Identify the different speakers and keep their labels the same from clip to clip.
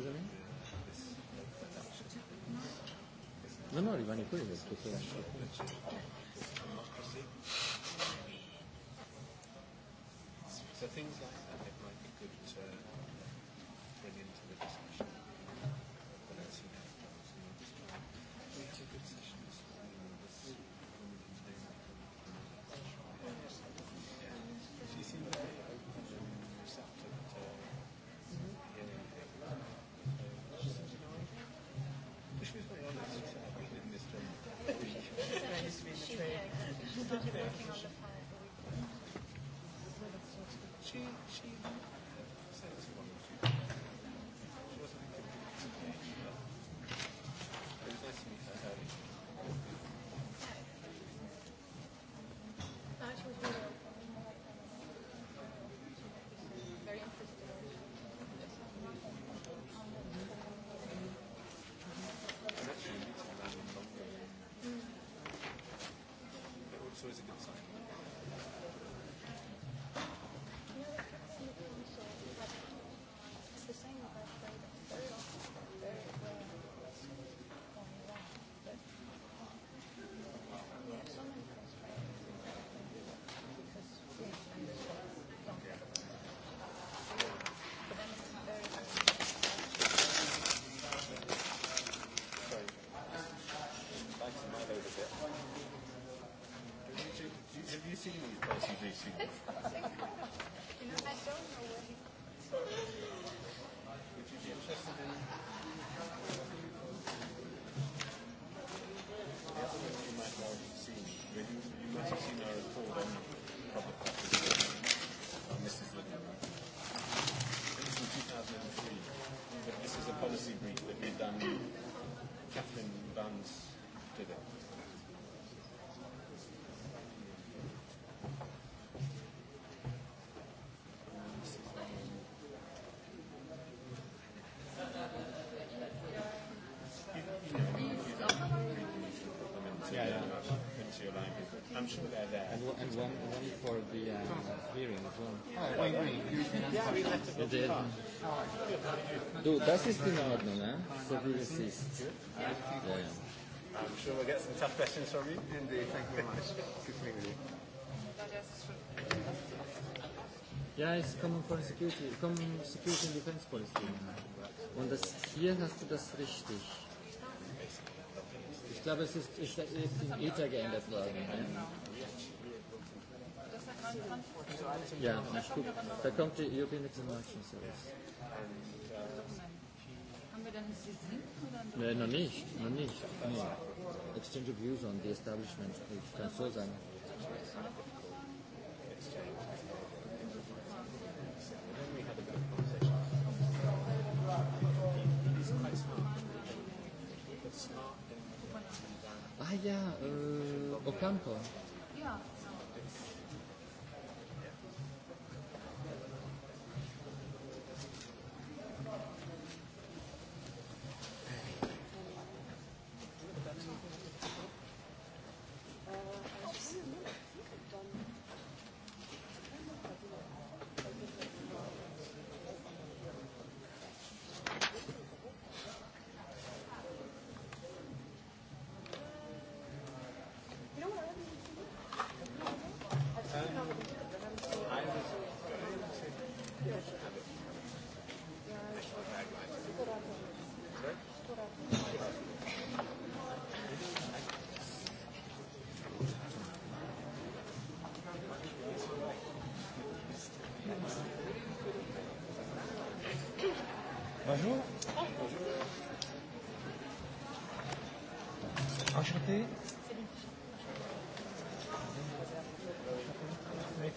Speaker 1: scusami?
Speaker 2: No, no, rimane quello. Perché...
Speaker 1: So things like Thank you. seen these dicey VC. Would you
Speaker 3: be
Speaker 1: interested in? The other one you you, you might
Speaker 2: in this is a policy brief that we've done. Catherine Vance did it.
Speaker 1: mentioned that. Uh, and, and one, one for the uh, hearing as well. Oh, Do wait. Yeah, we left it. Did. das ist in Ordnung, ne? So wie es ist. Yeah. ja. I'm sure we'll get some tough questions from you. Indeed, thank you very much. Good to meet with
Speaker 3: you. Yeah, it's Common for
Speaker 1: Security, Common Security and Defense Policy. Und das hier hast du das richtig. Ich glaube, es ist, ist, ist in Ether geändert worden. Ja, na gut. Da kommt die European Information Service.
Speaker 3: Nein, noch nicht, noch nicht. Nee.
Speaker 1: Exchange of views on the establishment, ich kann so sagen.
Speaker 3: Ah, ja, uh, eh, Ocampo. Ja.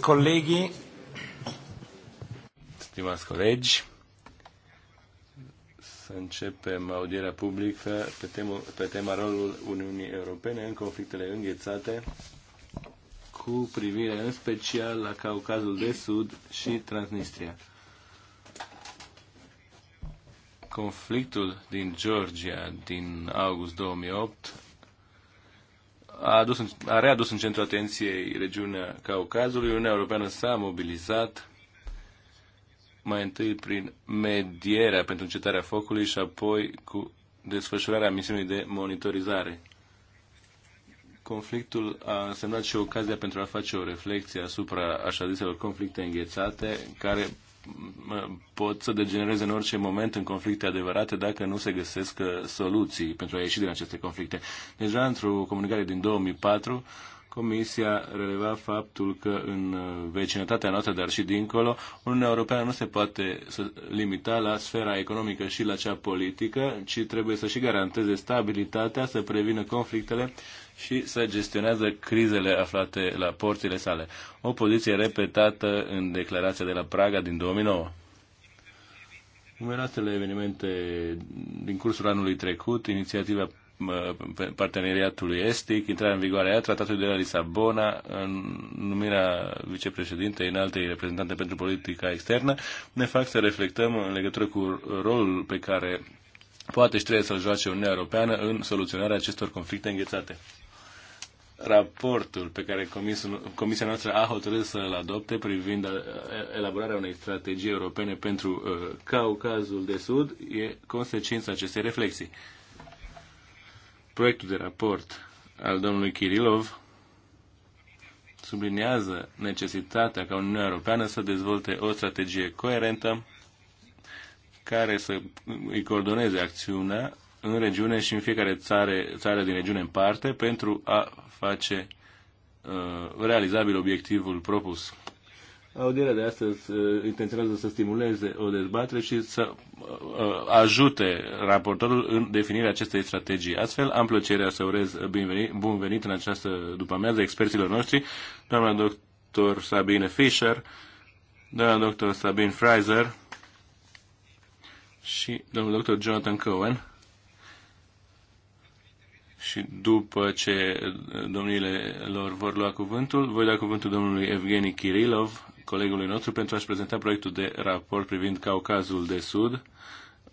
Speaker 2: Colegii. Stimați colegi, să începem audierea publică pe, temul, pe tema rolul Uniunii Europene în conflictele înghețate cu privire în special la Caucazul de Sud și Transnistria. Conflictul din Georgia din august 2008 a, în, a readus în centrul atenției regiunea Caucazului. Uniunea Europeană s-a mobilizat mai întâi prin medierea pentru încetarea focului și apoi cu desfășurarea misiunii de monitorizare. Conflictul a însemnat și ocazia pentru a face o reflexie asupra așa ziselor conflicte înghețate, care pot să degenereze în orice moment în conflicte adevărate dacă nu se găsesc uh, soluții pentru a ieși din aceste conflicte. Deja într-o comunicare din 2004 Comisia releva faptul că în uh, vecinătatea noastră, dar și dincolo, Uniunea Europeană nu se poate să limita la sfera economică și la cea politică, ci trebuie să și garanteze stabilitatea, să prevină conflictele și să gestionează crizele aflate la porțile sale. O poziție repetată în declarația de la Praga din 2009. Numeroasele evenimente din cursul anului trecut, inițiativa parteneriatului estic, intrarea în vigoare a tratatului de la Lisabona, în numirea vicepreședintei în alte reprezentante pentru politica externă, ne fac să reflectăm în legătură cu rolul pe care poate și trebuie să-l joace Uniunea Europeană în soluționarea acestor conflicte înghețate. Raportul pe care Comisia noastră a hotărât să-l adopte privind uh, elaborarea unei strategii europene pentru uh, Caucazul de Sud e consecința acestei reflexii. Proiectul de raport al domnului Kirilov subliniază necesitatea ca Uniunea Europeană să dezvolte o strategie coerentă care să îi coordoneze acțiunea în regiune și în fiecare țară, țară din regiune în parte pentru a face uh, realizabil obiectivul propus. Audierea de astăzi uh, intenționează să stimuleze o dezbatere și să uh, uh, ajute raportorul în definirea acestei strategii. Astfel, am plăcerea să urez bun venit în această după-amiază experților noștri, doamna doctor Sabine Fischer, doamna doctor Sabine Fraser și domnul doctor Jonathan Cohen și după ce domnile lor vor lua cuvântul, voi da cuvântul domnului Evgeni Kirilov, colegului nostru pentru a-și prezenta proiectul de raport privind Caucazul de Sud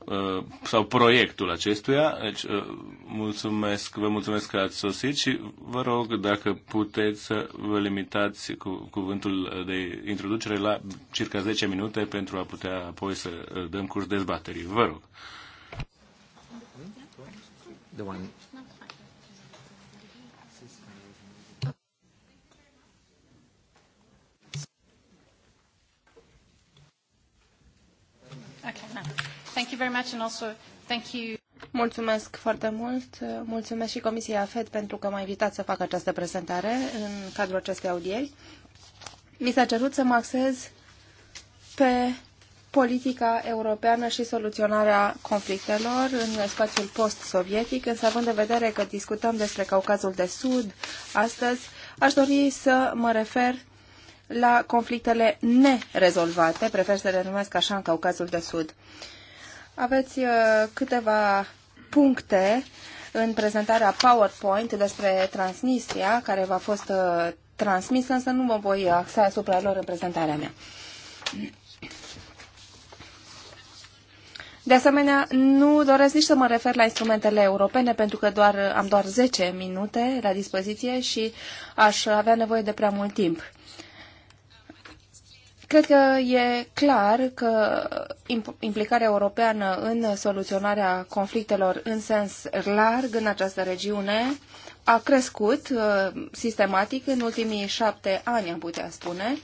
Speaker 2: uh, sau proiectul acestuia. Deci, uh, mulțumesc, vă mulțumesc că ați sosit și vă rog dacă puteți să vă limitați cu cuvântul de introducere la circa 10 minute pentru a putea apoi să uh, dăm curs dezbaterii. Vă rog. The one
Speaker 3: Thank you very much and also thank you. Mulțumesc foarte mult. Mulțumesc și Comisiei AFED pentru că m-a invitat să fac această prezentare în cadrul acestei audieri. Mi s-a cerut să mă axez pe politica europeană și soluționarea conflictelor în spațiul post-sovietic, însă având de vedere că discutăm despre Caucazul de Sud astăzi, aș dori să mă refer la conflictele nerezolvate, prefer să le numesc așa în Caucazul de Sud. Uh, aveți uh, câteva puncte în prezentarea PowerPoint despre Transnistria, care v-a fost uh, transmisă, însă nu mă voi axa asupra lor în prezentarea mea. De asemenea, nu doresc nici să mă refer la instrumentele europene, pentru că doar, am doar 10 minute la dispoziție și aș avea nevoie de prea mult timp. Cred că e clar că implicarea europeană în soluționarea conflictelor în sens larg în această regiune a crescut uh, sistematic în ultimii șapte ani, am putea spune,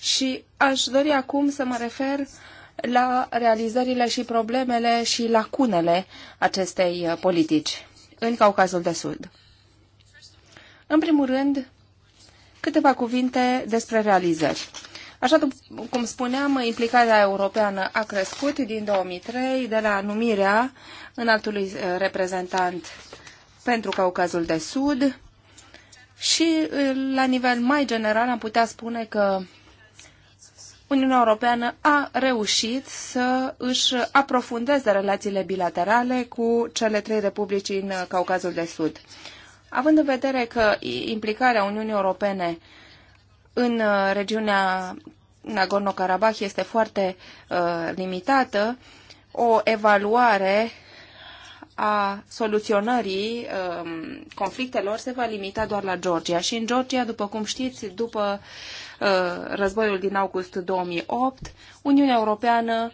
Speaker 3: și aș dori acum să mă refer la realizările și problemele și lacunele acestei uh, politici în Caucazul de Sud. În primul rând, câteva cuvinte despre realizări. Așa cum spuneam, implicarea europeană a crescut din 2003 de la numirea înaltului eh, reprezentant pentru Caucazul de Sud și eh, la nivel mai general am putea spune că Uniunea Europeană a reușit să își aprofundeze relațiile bilaterale cu cele trei republici în eh, Caucazul de Sud. Având în vedere că implicarea Uniunii Europene în regiunea Nagorno-Karabakh este foarte uh, limitată, o evaluare a soluționării um, conflictelor se va limita doar la Georgia. Și în Georgia, după cum știți, după uh, războiul din august 2008, Uniunea Europeană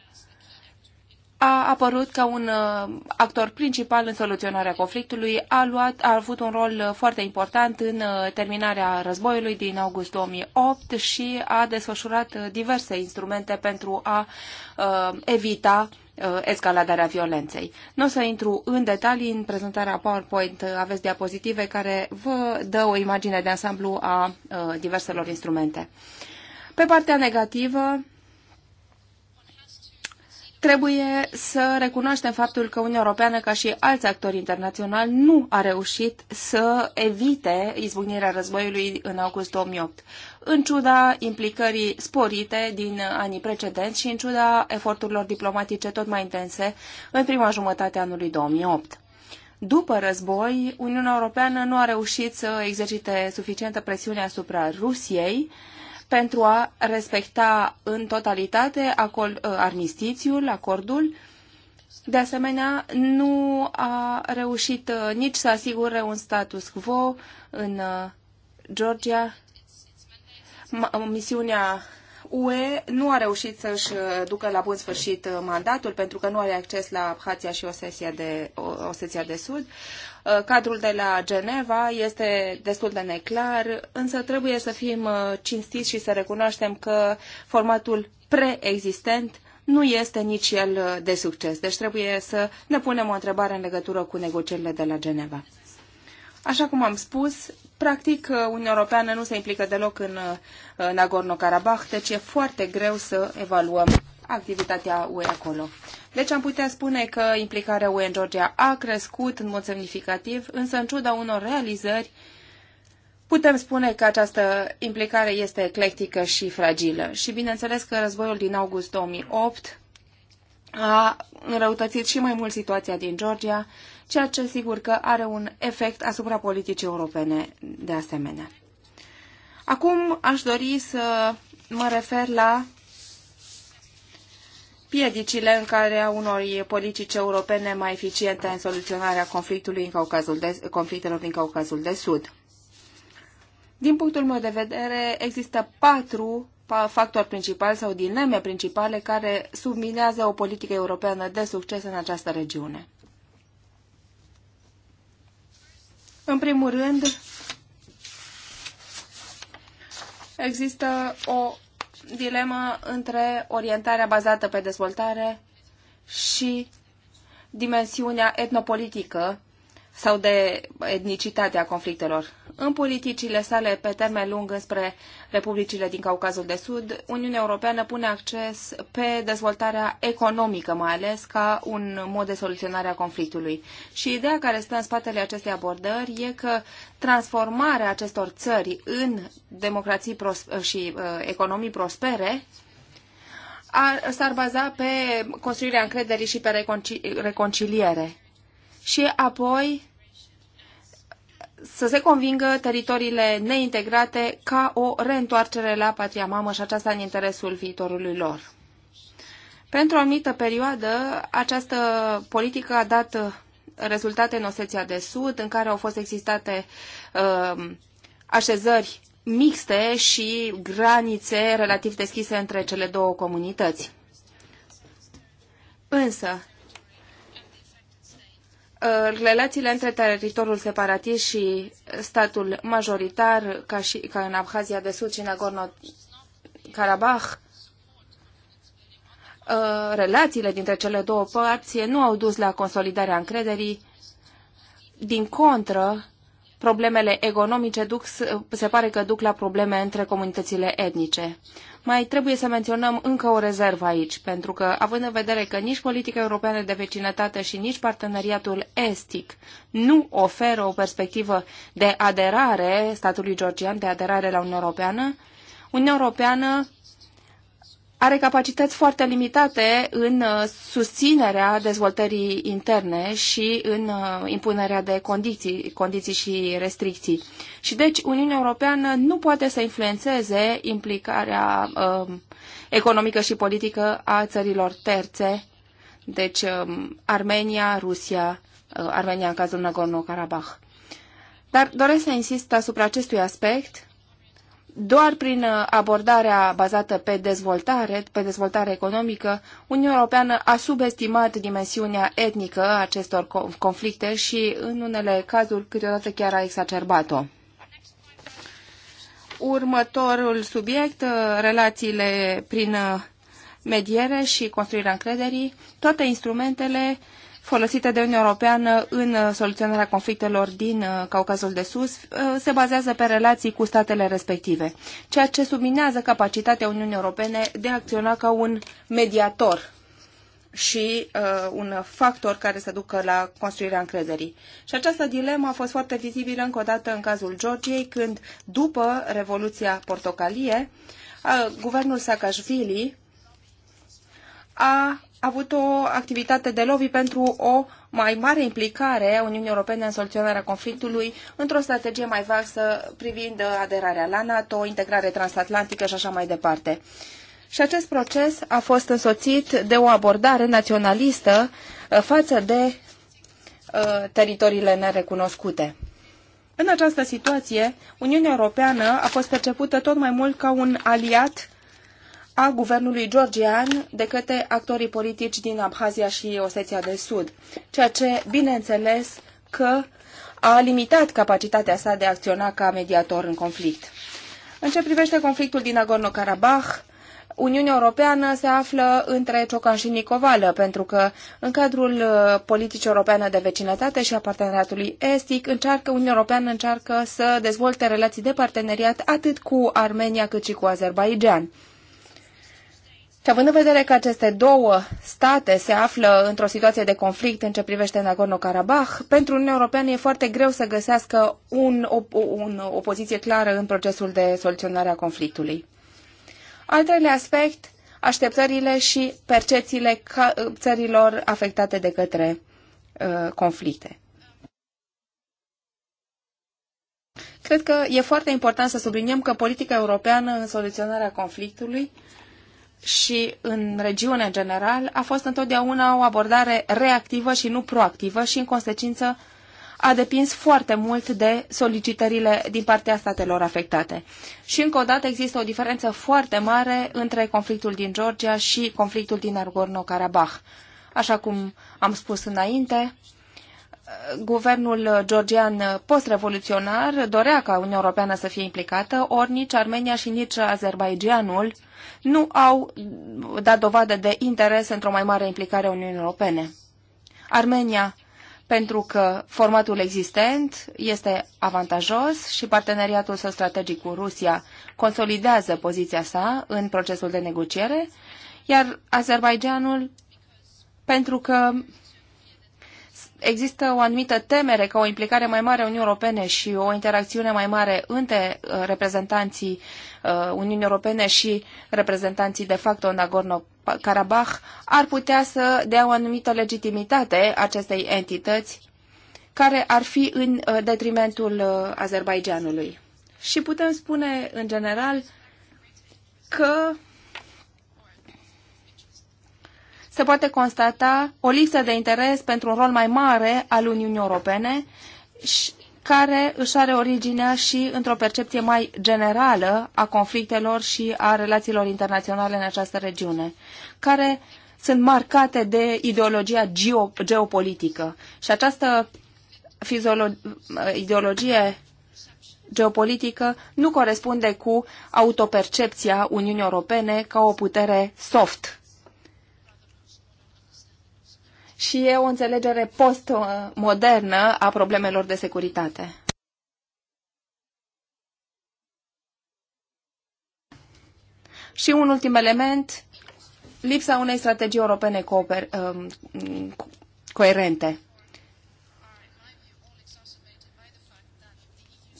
Speaker 3: a apărut ca un uh, actor principal în soluționarea conflictului, a, luat, a avut un rol uh, foarte important în uh, terminarea războiului din august 2008 și a desfășurat diverse instrumente pentru a evita escaladarea violenței. Nu o să intru în detalii în prezentarea PowerPoint, aveți diapozitive care vă dă o imagine de ansamblu a diverselor instrumente. Pe partea negativă, Trebuie să recunoaștem faptul că Uniunea Europeană, ca și alți actori internaționali, nu a reușit să evite izbucnirea războiului în august 2008, în ciuda implicării sporite din anii precedenți și în ciuda eforturilor diplomatice tot mai intense în prima jumătate a anului 2008. După război, Uniunea Europeană nu a reușit să exercite suficientă presiune asupra Rusiei, pentru a respecta în totalitate acord, ă, armistițiul, acordul. De asemenea, nu a reușit ă, nici să asigure un status quo în ă, Georgia. Misiunea UE nu a reușit să-și ducă la bun sfârșit mandatul pentru că nu are acces la Abhația și Osetia de, de Sud. Uh, cadrul de la Geneva este destul de neclar, însă trebuie să fim uh, cinstiți și să recunoaștem că formatul preexistent nu este nici el uh, de succes. Deci trebuie să ne punem o întrebare în legătură cu negocierile de la Geneva. Așa cum am spus, practic Uniunea Europeană nu se implică deloc în Nagorno-Karabakh, deci e foarte greu să evaluăm activitatea UE acolo. Deci am putea spune că implicarea UE în Georgia a crescut în mod semnificativ, însă în ciuda unor realizări, putem spune că această implicare este eclectică și fragilă. Și bineînțeles că războiul din august 2008 a înrăutățit și mai mult situația din Georgia, ceea ce sigur că are un efect asupra politicii europene de asemenea. Acum aș dori să mă refer la piedicile în calea unor politici europene mai eficiente în soluționarea conflictului în Caucazul de, conflictelor din Caucazul de Sud. Din punctul meu de vedere, există patru factori principali sau dileme principale care subminează o politică europeană de succes în această regiune. În primul rând, există o dilema între orientarea bazată pe dezvoltare și dimensiunea etnopolitică sau de etnicitatea conflictelor în politicile sale pe termen lung spre republicile din Caucazul de Sud, Uniunea Europeană pune acces pe dezvoltarea economică, mai ales ca un mod de soluționare a conflictului. Și ideea care stă în spatele acestei abordări e că transformarea acestor țări în democrații și uh, economii prospere s-ar baza pe construirea încrederii și pe reconciliere. Și apoi să se convingă teritoriile neintegrate ca o reîntoarcere la patria mamă și aceasta în interesul viitorului lor. Pentru o anumită perioadă, această politică a dat uh, rezultate în Oseția de Sud, în care au fost existate uh, așezări mixte și granițe relativ deschise între cele două comunități. Însă, Uh, relațiile între teritoriul separatist și statul majoritar, ca, și, ca în Abhazia de Sud și în Nagorno-Karabakh, uh, relațiile dintre cele două părți nu au dus la consolidarea încrederii. Din contră, problemele economice duc, se pare că duc la probleme între comunitățile etnice. Mai trebuie să menționăm încă o rezervă aici, pentru că, având în vedere că nici politica europeană de vecinătate și nici parteneriatul estic nu oferă o perspectivă de aderare statului georgian, de aderare la Uniunea Europeană, Uniunea Europeană are capacități foarte limitate în uh, susținerea dezvoltării interne și în uh, impunerea de condiții, condiții și restricții. Și deci Uniunea Europeană nu poate să influențeze implicarea um, economică și politică a țărilor terțe, deci um, Armenia, Rusia, uh, Armenia în cazul Nagorno-Karabakh. Dar doresc să insist asupra acestui aspect doar prin uh, abordarea bazată pe dezvoltare, pe dezvoltare economică, Uniunea Europeană a subestimat dimensiunea etnică a acestor conflicte și, în unele cazuri, câteodată chiar a exacerbat-o. Următorul subiect, uh, relațiile prin uh, mediere și construirea încrederii, toate instrumentele uh, folosite de Uniunea Europeană în uh, soluționarea conflictelor din uh, Caucazul de Sus uh, se bazează pe relații cu statele respective, ceea ce subminează capacitatea Uniunii Europene de a acționa ca un mediator și uh, un factor care să ducă la construirea încrederii. Și această dilemă a fost foarte vizibilă încă o dată în cazul Georgiei, când, după Revoluția Portocalie, uh, guvernul Saakashvili a avut o activitate de lobby pentru o mai mare implicare a Uniunii Europene în soluționarea conflictului într-o strategie mai vastă privind aderarea la NATO, integrare transatlantică și așa mai departe. Și acest proces a fost însoțit de o abordare naționalistă uh, față de uh, teritoriile nerecunoscute. În această situație, Uniunea Europeană a fost percepută tot mai mult ca un aliat a guvernului georgian de către actorii politici din Abhazia și Osetia de Sud, ceea ce, bineînțeles, că a limitat capacitatea sa de a acționa ca mediator în conflict. În ce privește conflictul din Nagorno-Karabakh, Uniunea Europeană se află între Ciocan și Nicovală, pentru că în cadrul uh, politicii europeană de vecinătate și a parteneriatului estic, încearcă, Uniunea Europeană încearcă să dezvolte relații de parteneriat atât cu Armenia cât și cu Azerbaijan. Și având în vedere că aceste două state se află într-o situație de conflict în ce privește Nagorno-Karabakh, pentru Uniunea Europeană e foarte greu să găsească un, o, un, o poziție clară în procesul de soluționare a conflictului. Al treilea aspect, așteptările și percepțiile ca, țărilor afectate de către uh, conflicte. Cred că e foarte important să subliniem că politica europeană în soluționarea conflictului uh, și în regiune în general a fost întotdeauna o abordare reactivă și nu proactivă și în consecință a depins foarte mult de solicitările din partea statelor afectate. Și încă o dată există o diferență foarte mare între conflictul din Georgia și conflictul din Nagorno-Karabakh. Așa cum am spus înainte, guvernul georgian post-revoluționar dorea ca Uniunea Europeană să fie implicată, ori nici Armenia și nici Azerbaijanul nu au dat dovadă de interes într-o mai mare implicare a Uniunii Europene. Armenia, pentru că formatul existent este avantajos și parteneriatul său strategic cu Rusia consolidează poziția sa în procesul de negociere, iar Azerbaijanul pentru că există o anumită temere că o implicare mai mare a Uniunii Europene și o interacțiune mai mare între uh, reprezentanții uh, Uniunii Europene și reprezentanții de facto în Nagorno-Karabakh ar putea să dea o anumită legitimitate acestei entități care ar fi în uh, detrimentul Azerbaidjanului. Și putem spune, în general, că se poate constata o lipsă de interes pentru un rol mai mare al Uniunii Europene și care își are originea și într-o percepție mai generală a conflictelor și a relațiilor internaționale în această regiune, care sunt marcate de ideologia geopolitică. Și această ideologie geopolitică nu corespunde cu autopercepția Uniunii Europene ca o putere soft și e o înțelegere postmodernă a problemelor de securitate. Și un ultim element, lipsa unei strategii europene cooper, um, co coerente.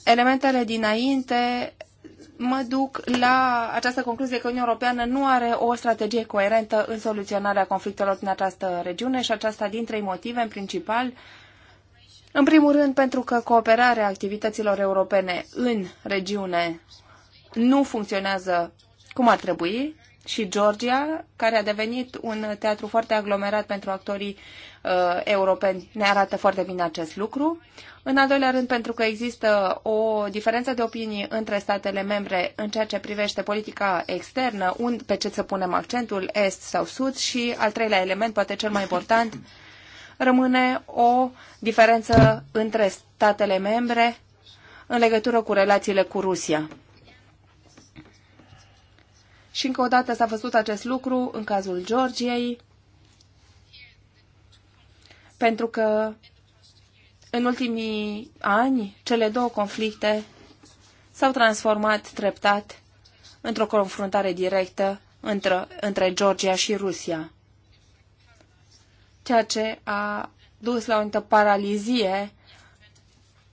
Speaker 3: Elementele dinainte mă duc la această concluzie că Uniunea Europeană nu are o strategie coerentă în soluționarea conflictelor din această regiune și aceasta din trei motive în principal. În primul rând, pentru că cooperarea activităților europene în regiune nu funcționează cum ar trebui și Georgia, care a devenit un teatru foarte aglomerat pentru actorii uh, europeni, ne arată foarte bine acest lucru. În al doilea rând, pentru că există o diferență de opinii între statele membre în ceea ce privește politica externă, un, pe ce să punem accentul, est sau sud, și al treilea element, poate cel mai important, rămâne o diferență între statele membre în legătură cu relațiile cu Rusia. Și încă o dată s-a văzut acest lucru în cazul Georgiei, pentru că în ultimii ani cele două conflicte s-au transformat treptat într-o confruntare directă între, între Georgia și Rusia, ceea ce a dus la o paralizie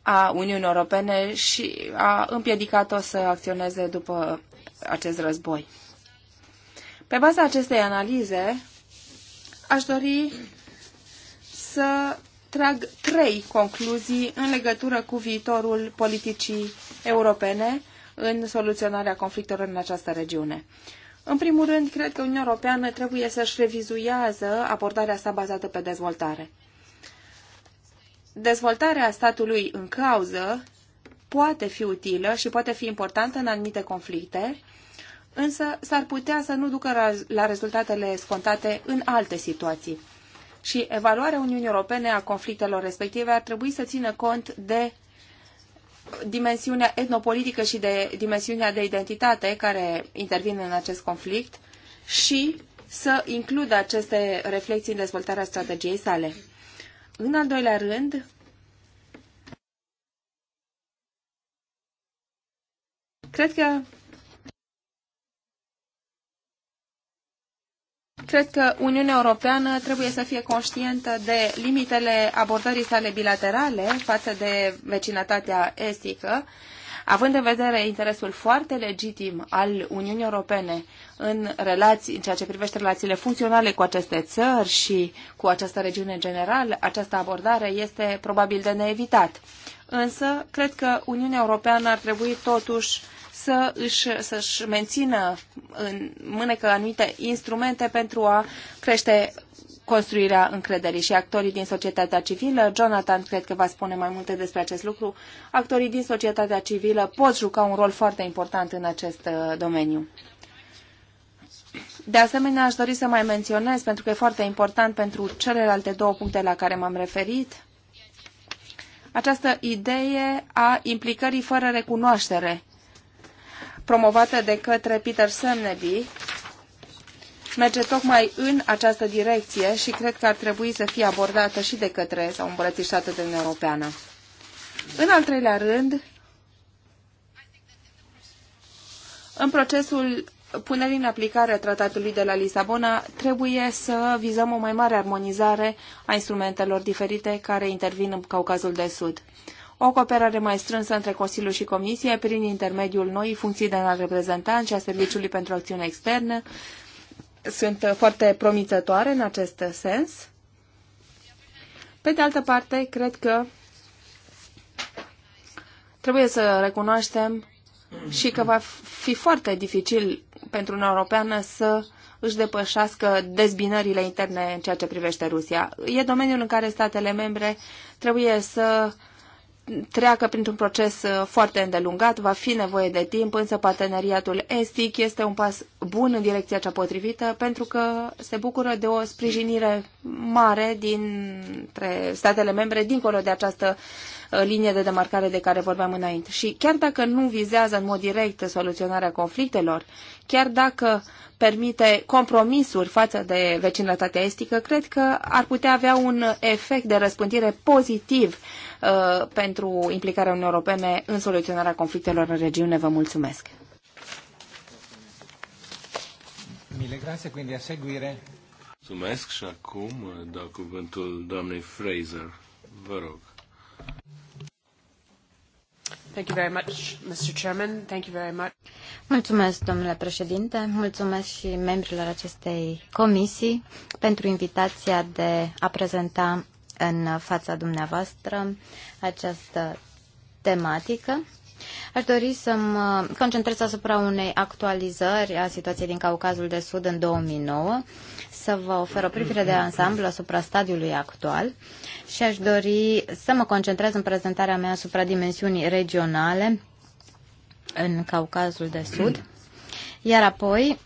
Speaker 3: a Uniunii Europene și a împiedicat-o să acționeze după acest război. Pe baza acestei analize, aș dori să trag trei concluzii în legătură cu viitorul politicii europene în soluționarea conflictelor în această regiune. În primul rând, cred că Uniunea Europeană trebuie să-și revizuiază abordarea sa bazată pe dezvoltare. Dezvoltarea statului în cauză poate fi utilă și poate fi importantă în anumite conflicte, însă s-ar putea să nu ducă la rezultatele scontate în alte situații. Și evaluarea Uniunii Europene a conflictelor respective ar trebui să țină cont de dimensiunea etnopolitică și de dimensiunea de identitate care intervin în acest conflict și să includă aceste reflexii în dezvoltarea strategiei sale. În al doilea rând, cred că Cred că Uniunea Europeană trebuie să fie conștientă de limitele abordării sale bilaterale față de vecinătatea estică, având în vedere interesul foarte legitim al Uniunii Europene în, relații, în ceea ce privește relațiile funcționale cu aceste țări și cu această regiune în general, această abordare este probabil de neevitat. Însă, cred că Uniunea Europeană ar trebui totuși să își, să-și mențină în mânecă anumite instrumente pentru a crește construirea încrederii și actorii din societatea civilă, Jonathan cred că va spune mai multe despre acest lucru, actorii din societatea civilă pot juca un rol foarte important în acest uh, domeniu. De asemenea, aș dori să mai menționez, pentru că e foarte important pentru celelalte două puncte la care m-am referit, această idee a implicării fără recunoaștere promovată de către Peter Semneby merge tocmai în această direcție și cred că ar trebui să fie abordată și de către sau îmbrățișată de Uniunea Europeană. În al treilea rând, în procesul punerii în aplicare a tratatului de la Lisabona, trebuie să vizăm o mai mare armonizare a instrumentelor diferite care intervin în Caucazul de Sud o cooperare mai strânsă între Consiliu și Comisie prin intermediul noii funcții de înalt reprezentant și a Serviciului pentru Acțiune Externă sunt foarte promițătoare în acest sens. Pe de altă parte, cred că trebuie să recunoaștem și că va fi foarte dificil pentru Uniunea Europeană să își depășească dezbinările interne în ceea ce privește Rusia. E domeniul în care statele membre trebuie să treacă printr-un proces uh, foarte îndelungat, va fi nevoie de timp, însă parteneriatul estic este un pas bun în direcția cea potrivită pentru că se bucură de o sprijinire mare dintre statele membre dincolo de această uh, linie de demarcare de care vorbeam înainte. Și chiar dacă nu vizează în mod direct soluționarea conflictelor, chiar dacă permite compromisuri față de vecinătatea estică, cred că ar putea avea un efect de răspândire pozitiv uh, pentru implicarea Uniunii Europene în soluționarea conflictelor în regiune. Vă mulțumesc!
Speaker 2: Mille grazie, quindi a seguire. Mulțumesc și acum uh, dau cuvântul doamnei Fraser. Vă rog.
Speaker 1: Mulțumesc, domnule președinte, mulțumesc și membrilor acestei comisii pentru invitația de a prezenta în fața dumneavoastră această tematică. Aș dori să mă concentrez asupra unei actualizări a situației din Caucazul de Sud în 2009, să vă ofer o privire de ansamblu asupra stadiului actual și aș dori să mă concentrez în prezentarea mea asupra dimensiunii regionale în Caucazul de Sud, iar apoi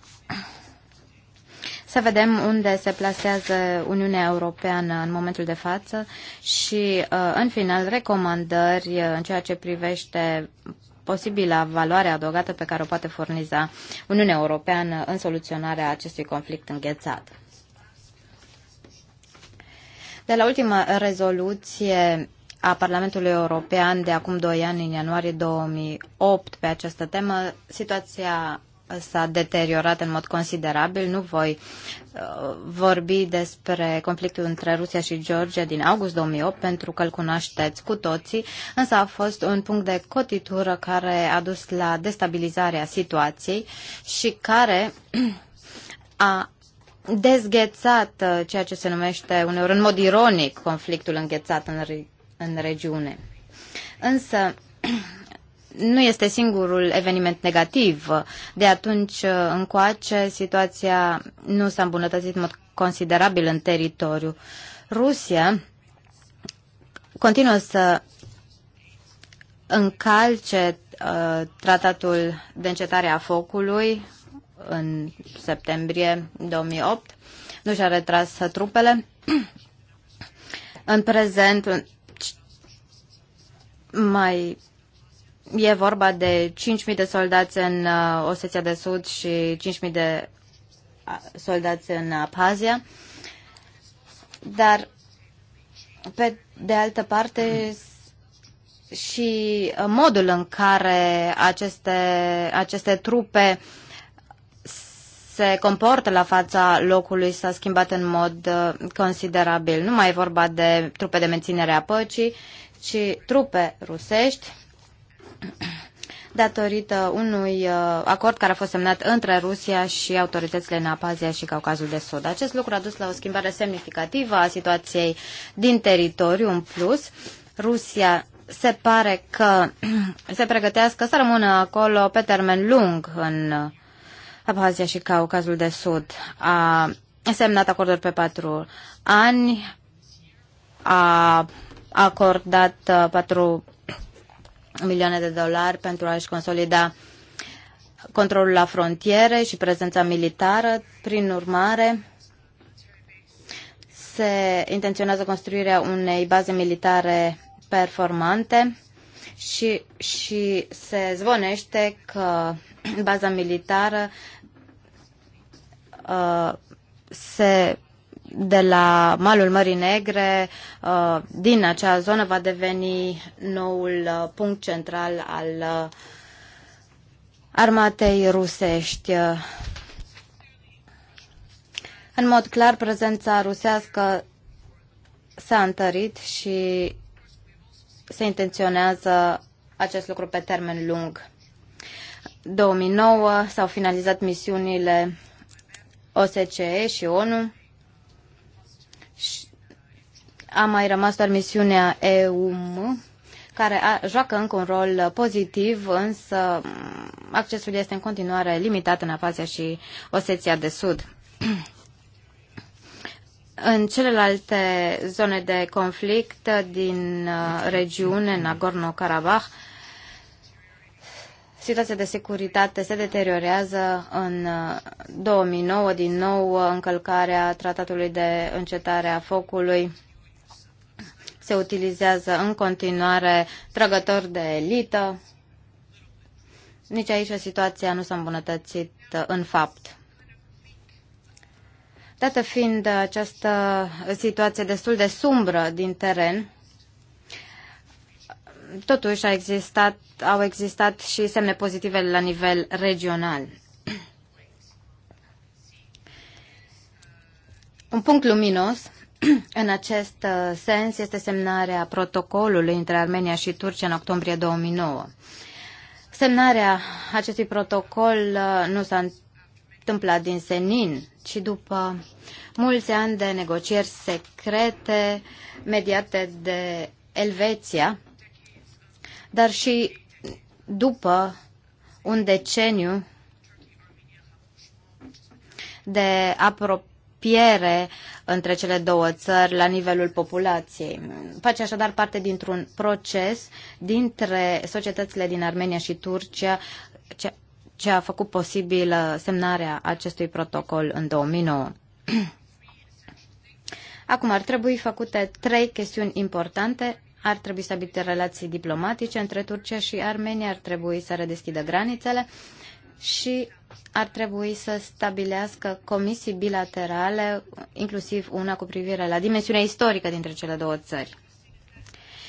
Speaker 1: să vedem unde se plasează Uniunea Europeană în momentul de față și, uh, în final, recomandări uh, în ceea ce privește posibila valoare adăugată pe care o poate furniza Uniunea Europeană în soluționarea acestui conflict înghețat. De la ultima rezoluție a Parlamentului European de acum 2 ani, în ianuarie 2008, pe această temă, situația s-a deteriorat în mod considerabil. Nu voi uh, vorbi despre conflictul între Rusia și Georgia din august 2008, pentru că îl cunoașteți cu toții, însă a fost un punct de cotitură care a dus la destabilizarea situației și care a dezghețat uh, ceea ce se numește uneori în mod ironic conflictul înghețat în, re- în regiune. Însă nu este singurul eveniment negativ. De atunci uh, încoace situația nu s-a îmbunătățit în mod considerabil în teritoriu. Rusia continuă să încalce uh, tratatul de încetare a focului în septembrie 2008. Nu și-a retras trupele. în prezent mai e vorba de 5.000 de soldați în uh, Osetia de Sud și 5.000 de uh, soldați în Apazia. Dar, pe de altă parte, și modul în care aceste, aceste trupe uh, se comportă la fața locului s-a schimbat în mod uh, considerabil. Nu mai e vorba de trupe de menținere a păcii, ci trupe rusești datorită unui uh, acord care a fost semnat între Rusia și autoritățile în Apazia și Caucazul de Sud. Acest lucru a dus la o schimbare semnificativă a situației din teritoriu în plus. Rusia se pare că se pregătească să rămână acolo pe termen lung în uh, Abhazia și Caucazul de Sud. A semnat acorduri pe patru ani, a acordat uh, patru milioane de dolari pentru a-și consolida controlul la frontiere și prezența militară. Prin urmare, se intenționează construirea unei baze militare performante și, și se zvonește că baza militară uh, se de la malul Mării Negre, uh, din acea zonă va deveni noul uh, punct central al armatei rusești. În mod clar, prezența rusească s-a întărit și se intenționează acest lucru pe termen lung. 2009 s-au finalizat misiunile OSCE și ONU. A mai rămas doar misiunea EUM, care a, joacă încă un rol pozitiv, însă accesul este în continuare limitat în Abhazia și Oseția de Sud. În celelalte zone de conflict din uh, regiune, Nagorno-Karabakh, Situația de securitate se deteriorează în 2009, uh, din nou uh, încălcarea tratatului de încetare a focului. Se utilizează în continuare trăgători de elită. Nici aici situația nu s-a îmbunătățit uh, în fapt. Dată fiind această situație destul de sumbră din teren, totuși a existat, au existat și semne pozitive la nivel regional. Un punct luminos în acest uh, sens este semnarea protocolului între Armenia și Turcia în octombrie 2009. Semnarea acestui protocol uh, nu s-a întâmplat din senin, ci după mulți ani de negocieri secrete mediate de Elveția dar și după un deceniu de apropiere între cele două țări la nivelul populației. Face așadar parte dintr-un proces dintre societățile din Armenia și Turcia, ce, ce a făcut posibil uh, semnarea acestui protocol în 2009. Acum ar trebui făcute trei chestiuni importante ar trebui stabilite relații diplomatice între Turcia și Armenia, ar trebui să redeschidă granițele și ar trebui să stabilească comisii bilaterale, inclusiv una cu privire la dimensiunea istorică dintre cele două țări.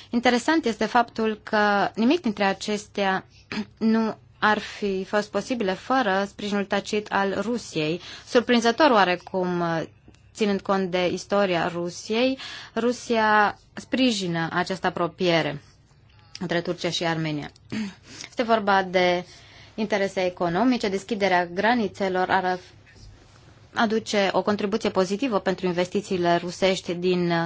Speaker 1: Interesant este faptul că nimic dintre acestea nu ar fi fost posibile fără sprijinul tacit al Rusiei. Surprinzător oarecum ținând cont de istoria Rusiei, Rusia sprijină această apropiere între Turcia și Armenia. Este vorba de interese economice, deschiderea granițelor ar aduce o contribuție pozitivă pentru investițiile rusești din uh,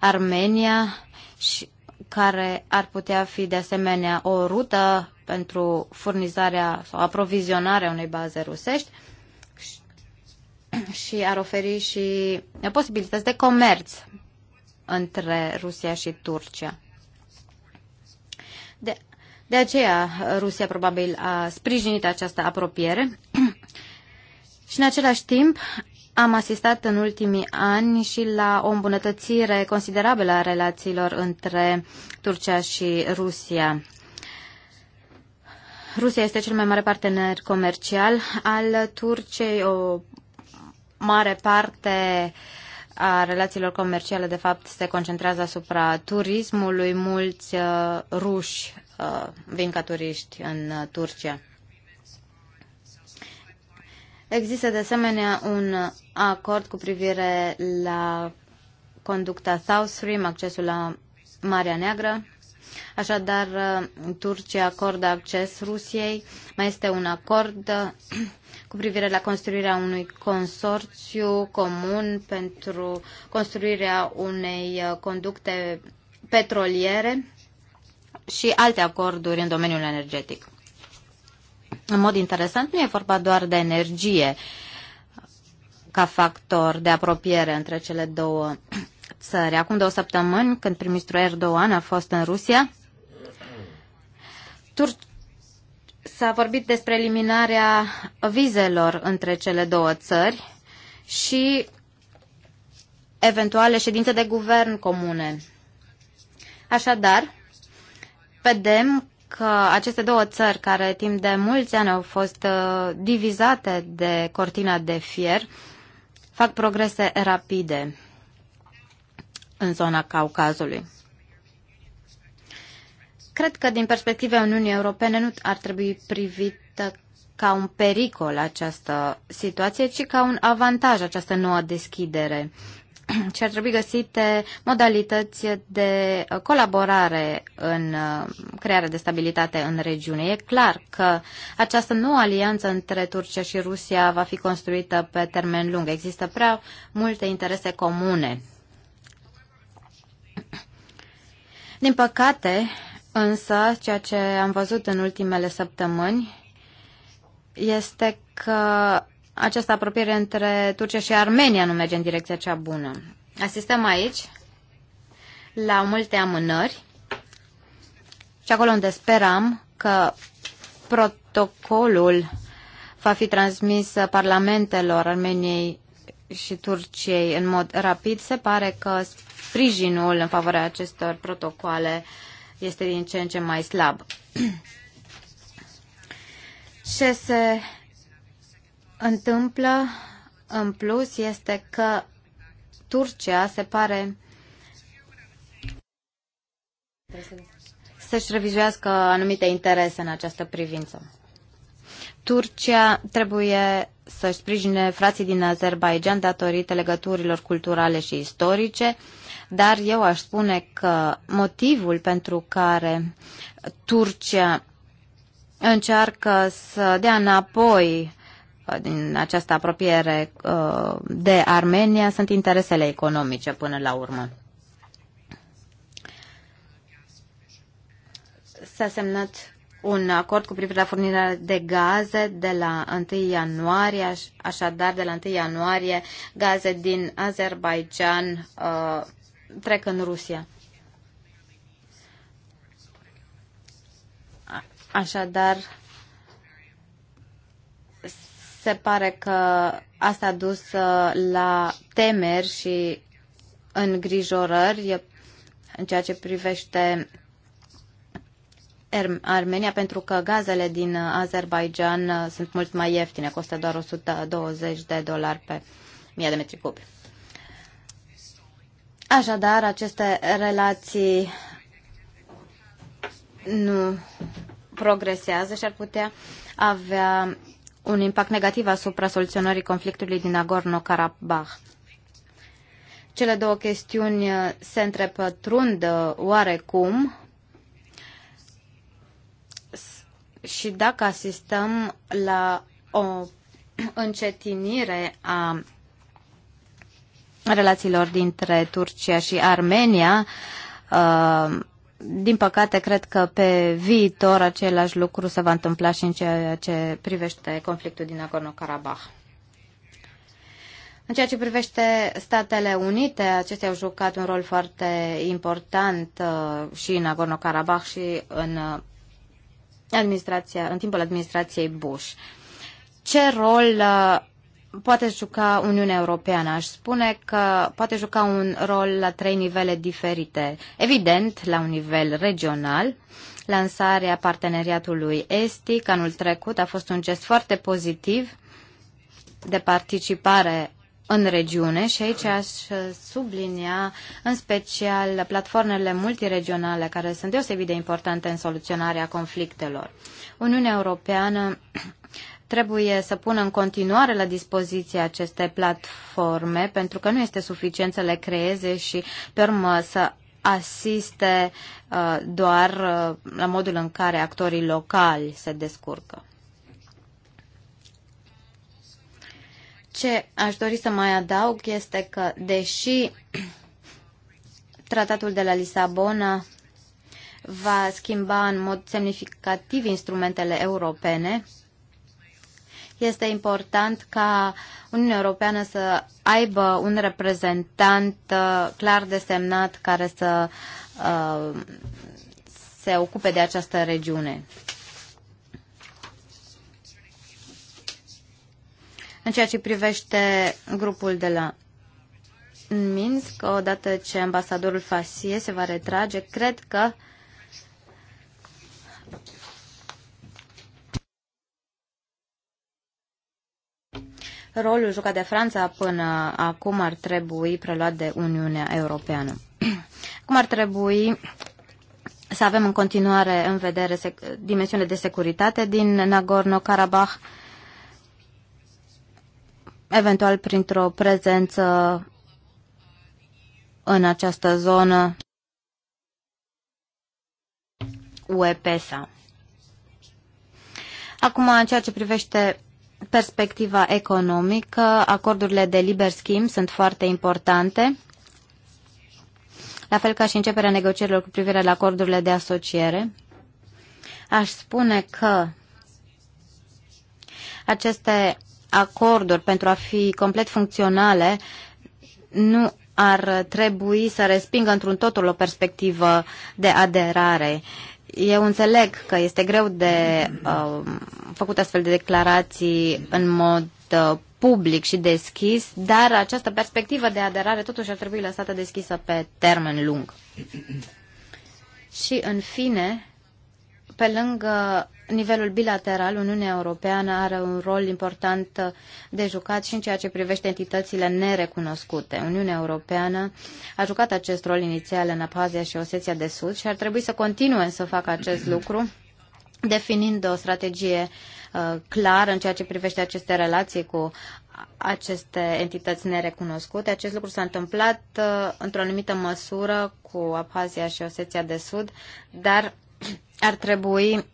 Speaker 1: Armenia și care ar putea fi de asemenea o rută pentru furnizarea sau aprovizionarea unei baze rusești. și ar oferi și posibilități de comerț între Rusia și Turcia. De, de aceea Rusia probabil a sprijinit această apropiere și în același timp am asistat în ultimii ani și la o îmbunătățire considerabilă a relațiilor între Turcia și Rusia. Rusia este cel mai mare partener comercial al Turciei, o mare parte a relațiilor comerciale, de fapt, se concentrează asupra turismului. Mulți uh, ruși uh, vin ca turiști în uh, Turcia. Există, de asemenea, un acord cu privire la conducta South Stream, accesul la Marea Neagră. Așadar, uh, Turcia acordă acces Rusiei. Mai este un acord uh, cu privire la construirea unui consorțiu comun pentru construirea unei uh, conducte petroliere și alte acorduri în domeniul energetic. În mod interesant, nu e vorba doar de energie ca factor de apropiere între cele două țări. Acum două săptămâni, când prim-ministru Erdogan a fost în Rusia, Tur- S-a vorbit despre eliminarea vizelor între cele două țări și eventuale ședințe de guvern comune. Așadar, vedem că aceste două țări, care timp de mulți ani au fost uh, divizate de cortina de fier, fac progrese rapide în zona Caucazului. Cred că din perspectiva Uniunii Europene nu ar trebui privită ca un pericol această situație, ci ca un avantaj această nouă deschidere. Și ar trebui găsite modalități de colaborare în uh, crearea de stabilitate în regiune. E clar că această nouă alianță între Turcia și Rusia va fi construită pe termen lung. Există prea multe interese comune. Din păcate, Însă, ceea ce am văzut în ultimele săptămâni este că această apropiere între Turcia și Armenia nu merge în direcția cea bună. Asistăm aici la multe amânări și acolo unde speram că protocolul va fi transmis parlamentelor Armeniei și Turciei în mod rapid, se pare că sprijinul în favoarea acestor protocoale uh, este din ce în ce mai slab. ce se întâmplă în plus este că Turcia se pare să-și revizuiască anumite interese în această privință. Turcia trebuie să-și sprijine frații din Azerbaijan datorită legăturilor culturale și istorice, dar eu aș spune că motivul pentru care Turcia încearcă să dea înapoi uh, din această apropiere uh, de Armenia sunt interesele economice până la urmă. S-a semnat un acord cu privire la furnirea de gaze de la 1 ianuarie, așadar de la 1 ianuarie gaze din Azerbaijan uh, trec în Rusia. Așadar, se pare că asta a dus uh, la temeri și îngrijorări în ceea ce privește erm-, Armenia, pentru că gazele din uh, Azerbaijan uh, sunt mult mai ieftine, costă doar 120 de dolari pe 1000 de metri cubi. Așadar, aceste relații nu progresează și ar putea avea un impact negativ asupra soluționării conflictului din Nagorno-Karabakh. Cele două chestiuni se întrepătrund oarecum și dacă asistăm la o încetinire a relațiilor dintre Turcia și Armenia. Uh, din păcate, cred că pe viitor același lucru se va întâmpla și în ceea ce privește conflictul din Nagorno-Karabakh. În ceea ce privește Statele Unite, acestea au jucat un rol foarte important uh, și în Nagorno-Karabakh și în, uh, administrația, în timpul administrației Bush. Ce rol poate juca Uniunea Europeană. Aș spune că poate juca un rol la trei nivele diferite. Evident, la un nivel regional, lansarea parteneriatului estic anul trecut a fost un gest foarte pozitiv de participare în regiune și aici aș sublinia în special platformele multiregionale care sunt deosebit de importante în soluționarea conflictelor. Uniunea Europeană trebuie să pună în continuare la dispoziție aceste platforme, pentru că nu este suficient să le creeze și, pe urmă, să asiste uh, doar uh, la modul în care actorii locali se descurcă. Ce aș dori să mai adaug este că, deși tratatul de la Lisabona va schimba în mod semnificativ instrumentele europene, este important ca Uniunea Europeană să aibă un reprezentant uh, clar desemnat care să uh, se ocupe de această regiune. În ceea ce privește grupul de la Minsk, odată ce ambasadorul Fasie se va retrage, cred că uh, rolul jucat de Franța până acum ar trebui preluat de Uniunea Europeană. Acum ar trebui să avem în continuare în vedere dimensiunea de securitate din Nagorno-Karabakh, eventual printr-o prezență în această zonă UEPSA. Acum, în ceea ce privește perspectiva economică, acordurile de liber schimb sunt foarte importante, la fel ca și începerea negocierilor cu privire la acordurile de asociere. Aș spune că aceste acorduri, pentru a fi complet funcționale, nu ar trebui să respingă într-un totul o perspectivă de aderare. Eu înțeleg că este greu de uh, făcut astfel de declarații în mod uh, public și deschis, dar această perspectivă de aderare totuși ar trebui lăsată deschisă pe termen lung. Și în fine, pe lângă nivelul bilateral, Uniunea Europeană are un rol important de jucat și în ceea ce privește entitățile nerecunoscute. Uniunea Europeană a jucat acest rol inițial în Abhazia și Oseția de Sud și ar trebui să continue să facă acest lucru, definind o strategie uh, clară în ceea ce privește aceste relații cu aceste entități nerecunoscute. Acest lucru s-a întâmplat uh, într-o anumită măsură cu Abhazia și Oseția de Sud, dar ar trebui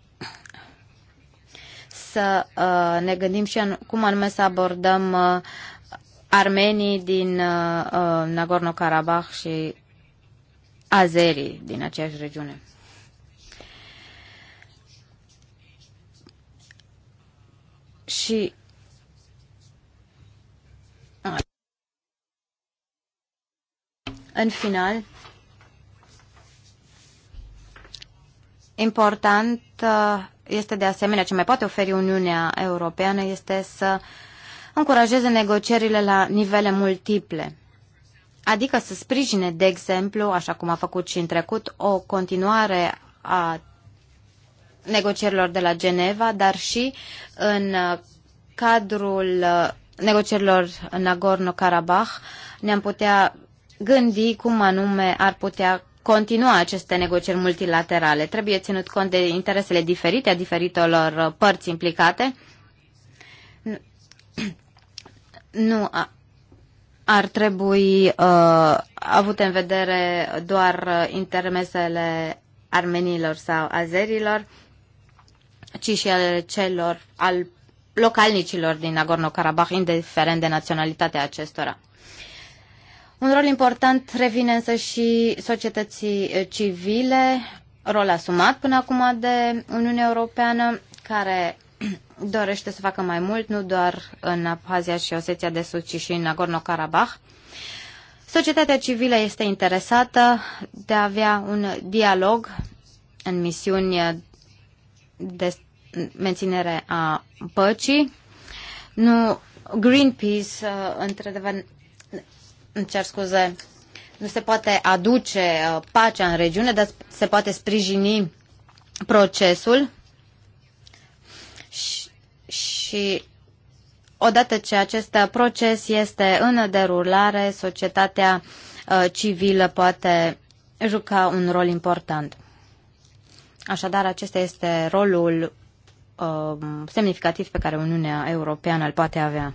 Speaker 1: să uh, ne gândim și cum anume să abordăm uh, armenii din uh, Nagorno-Karabakh și azerii din aceeași regiune. Și în final, Important uh, este de asemenea ce mai poate oferi Uniunea Europeană este să încurajeze negocierile la nivele multiple, adică să sprijine, de exemplu, așa cum a făcut și în trecut, o continuare a negocierilor de la Geneva, dar și în cadrul uh, negocierilor în Nagorno-Karabakh ne-am putea gândi cum anume ar putea continua aceste negocieri multilaterale. Trebuie ținut cont de interesele diferite a diferitelor uh, părți implicate. Nu ar trebui uh, avut în vedere doar uh, intermesele armenilor sau azerilor, ci și ale celor al localnicilor din Nagorno-Karabakh, indiferent de naționalitatea acestora. Un rol important revine însă și societății eh, civile, rol asumat până acum de Uniunea Europeană, care dorește să facă mai mult, nu doar în Abhazia și Osetia de Sud, ci și în Nagorno-Karabakh. Societatea civilă este interesată de a avea un dialog în misiuni eh, de menținere a păcii. Nu Greenpeace, eh, într-adevăr, îmi cer scuze, nu se poate aduce uh, pacea în regiune, dar se poate sprijini procesul și, și odată ce acest proces este în derulare, societatea uh, civilă poate juca un rol important. Așadar, acesta este rolul uh, semnificativ pe care Uniunea Europeană îl poate avea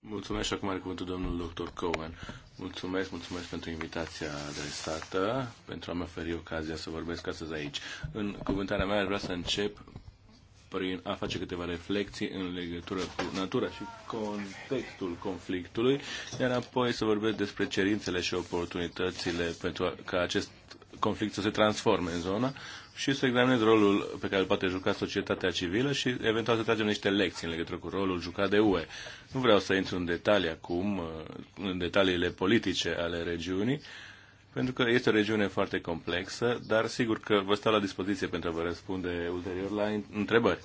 Speaker 2: mulțumesc și acum are cuvântul domnul doctor Cohen. Mulțumesc, mulțumesc pentru invitația adresată, pentru a-mi oferi ocazia să vorbesc astăzi aici. În cuvântarea mea vreau să încep prin a face câteva reflexii în legătură cu natura și contextul conflictului, iar apoi să vorbesc despre cerințele și oportunitățile pentru ca acest conflict să se transforme în zona și să examinez rolul pe care îl poate juca societatea civilă și eventual să tragem niște lecții în legătură cu rolul jucat de UE. Nu vreau să intru în detalii acum, uh, în detaliile politice ale regiunii, pentru că este o regiune foarte complexă, dar sigur că vă stau la dispoziție pentru a vă răspunde ulterior la întrebări.